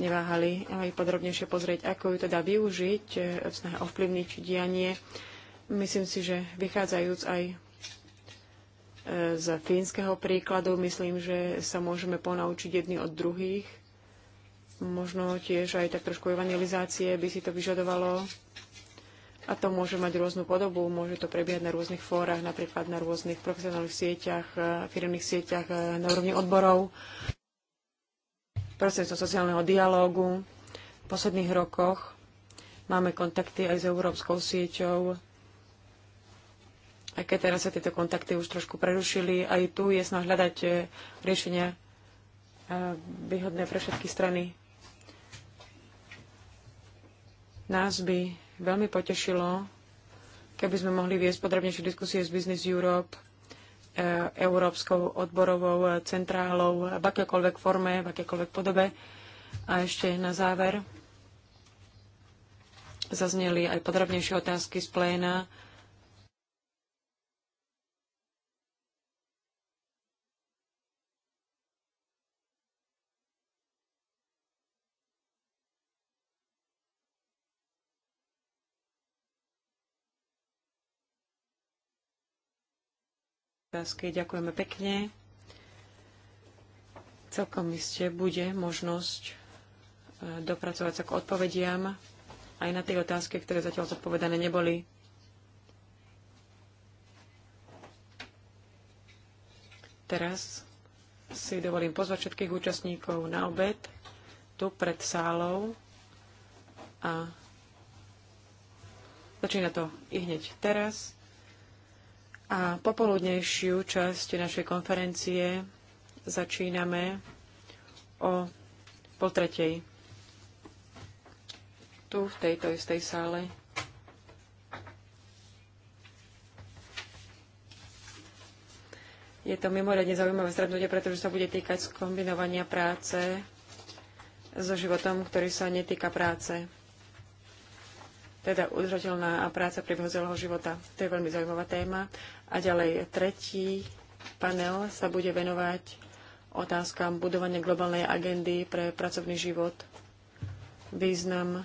neváhali aj podrobnejšie pozrieť, ako ju teda využiť v e, snahe ovplyvniť dianie. Myslím si, že vychádzajúc aj z fínskeho príkladu. Myslím, že sa môžeme ponaučiť jedni od druhých. Možno tiež aj tak trošku evangelizácie by si to vyžadovalo. A to môže mať rôznu podobu, môže to prebiehať na rôznych fórach, napríklad na rôznych profesionálnych sieťach, eh, firmných sieťach, eh, na úrovni odborov, som sociálneho dialógu. V posledných rokoch máme kontakty aj s Európskou sieťou aj keď teraz sa tieto kontakty už trošku prerušili, aj tu je snaž hľadať e, riešenia e, výhodné pre všetky strany. Nás by veľmi potešilo, keby sme mohli viesť podrobnejšie diskusie s Business Europe, e, Európskou odborovou centrálou v akékoľvek forme, v akékoľvek podobe. A ešte na záver zazneli aj podrobnejšie otázky z pléna otázky. Ďakujeme pekne. Celkom iste bude možnosť e, dopracovať sa k odpovediam aj na tie otázky, ktoré zatiaľ zodpovedané neboli. Teraz si dovolím pozvať všetkých účastníkov na obed tu pred sálou a začína to i hneď teraz. A popoludnejšiu časť našej konferencie začíname o pol tretej. Tu, v tejto istej sále. Je to mimoriadne zaujímavé stretnutie, pretože sa bude týkať skombinovania práce so životom, ktorý sa netýka práce teda udržateľná práca priebehu celého života. To je veľmi zaujímavá téma. A ďalej tretí panel sa bude venovať otázkam budovania globálnej agendy pre pracovný život, význam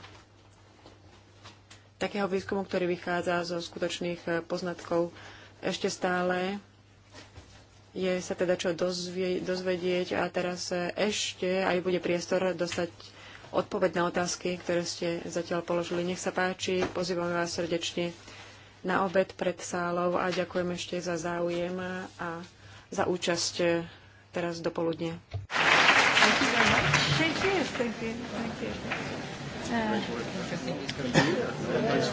takého výskumu, ktorý vychádza zo skutočných eh, poznatkov ešte stále je sa teda čo dozvedieť a teraz eh, ešte aj bude priestor dostať odpoveď na otázky, ktoré ste zatiaľ položili. Nech sa páči, pozývame vás srdečne na obed pred sálou a ďakujem ešte za záujem a za účasť teraz do poludne. Thank you very much. Thank you. Thank you. Thank you. Uh,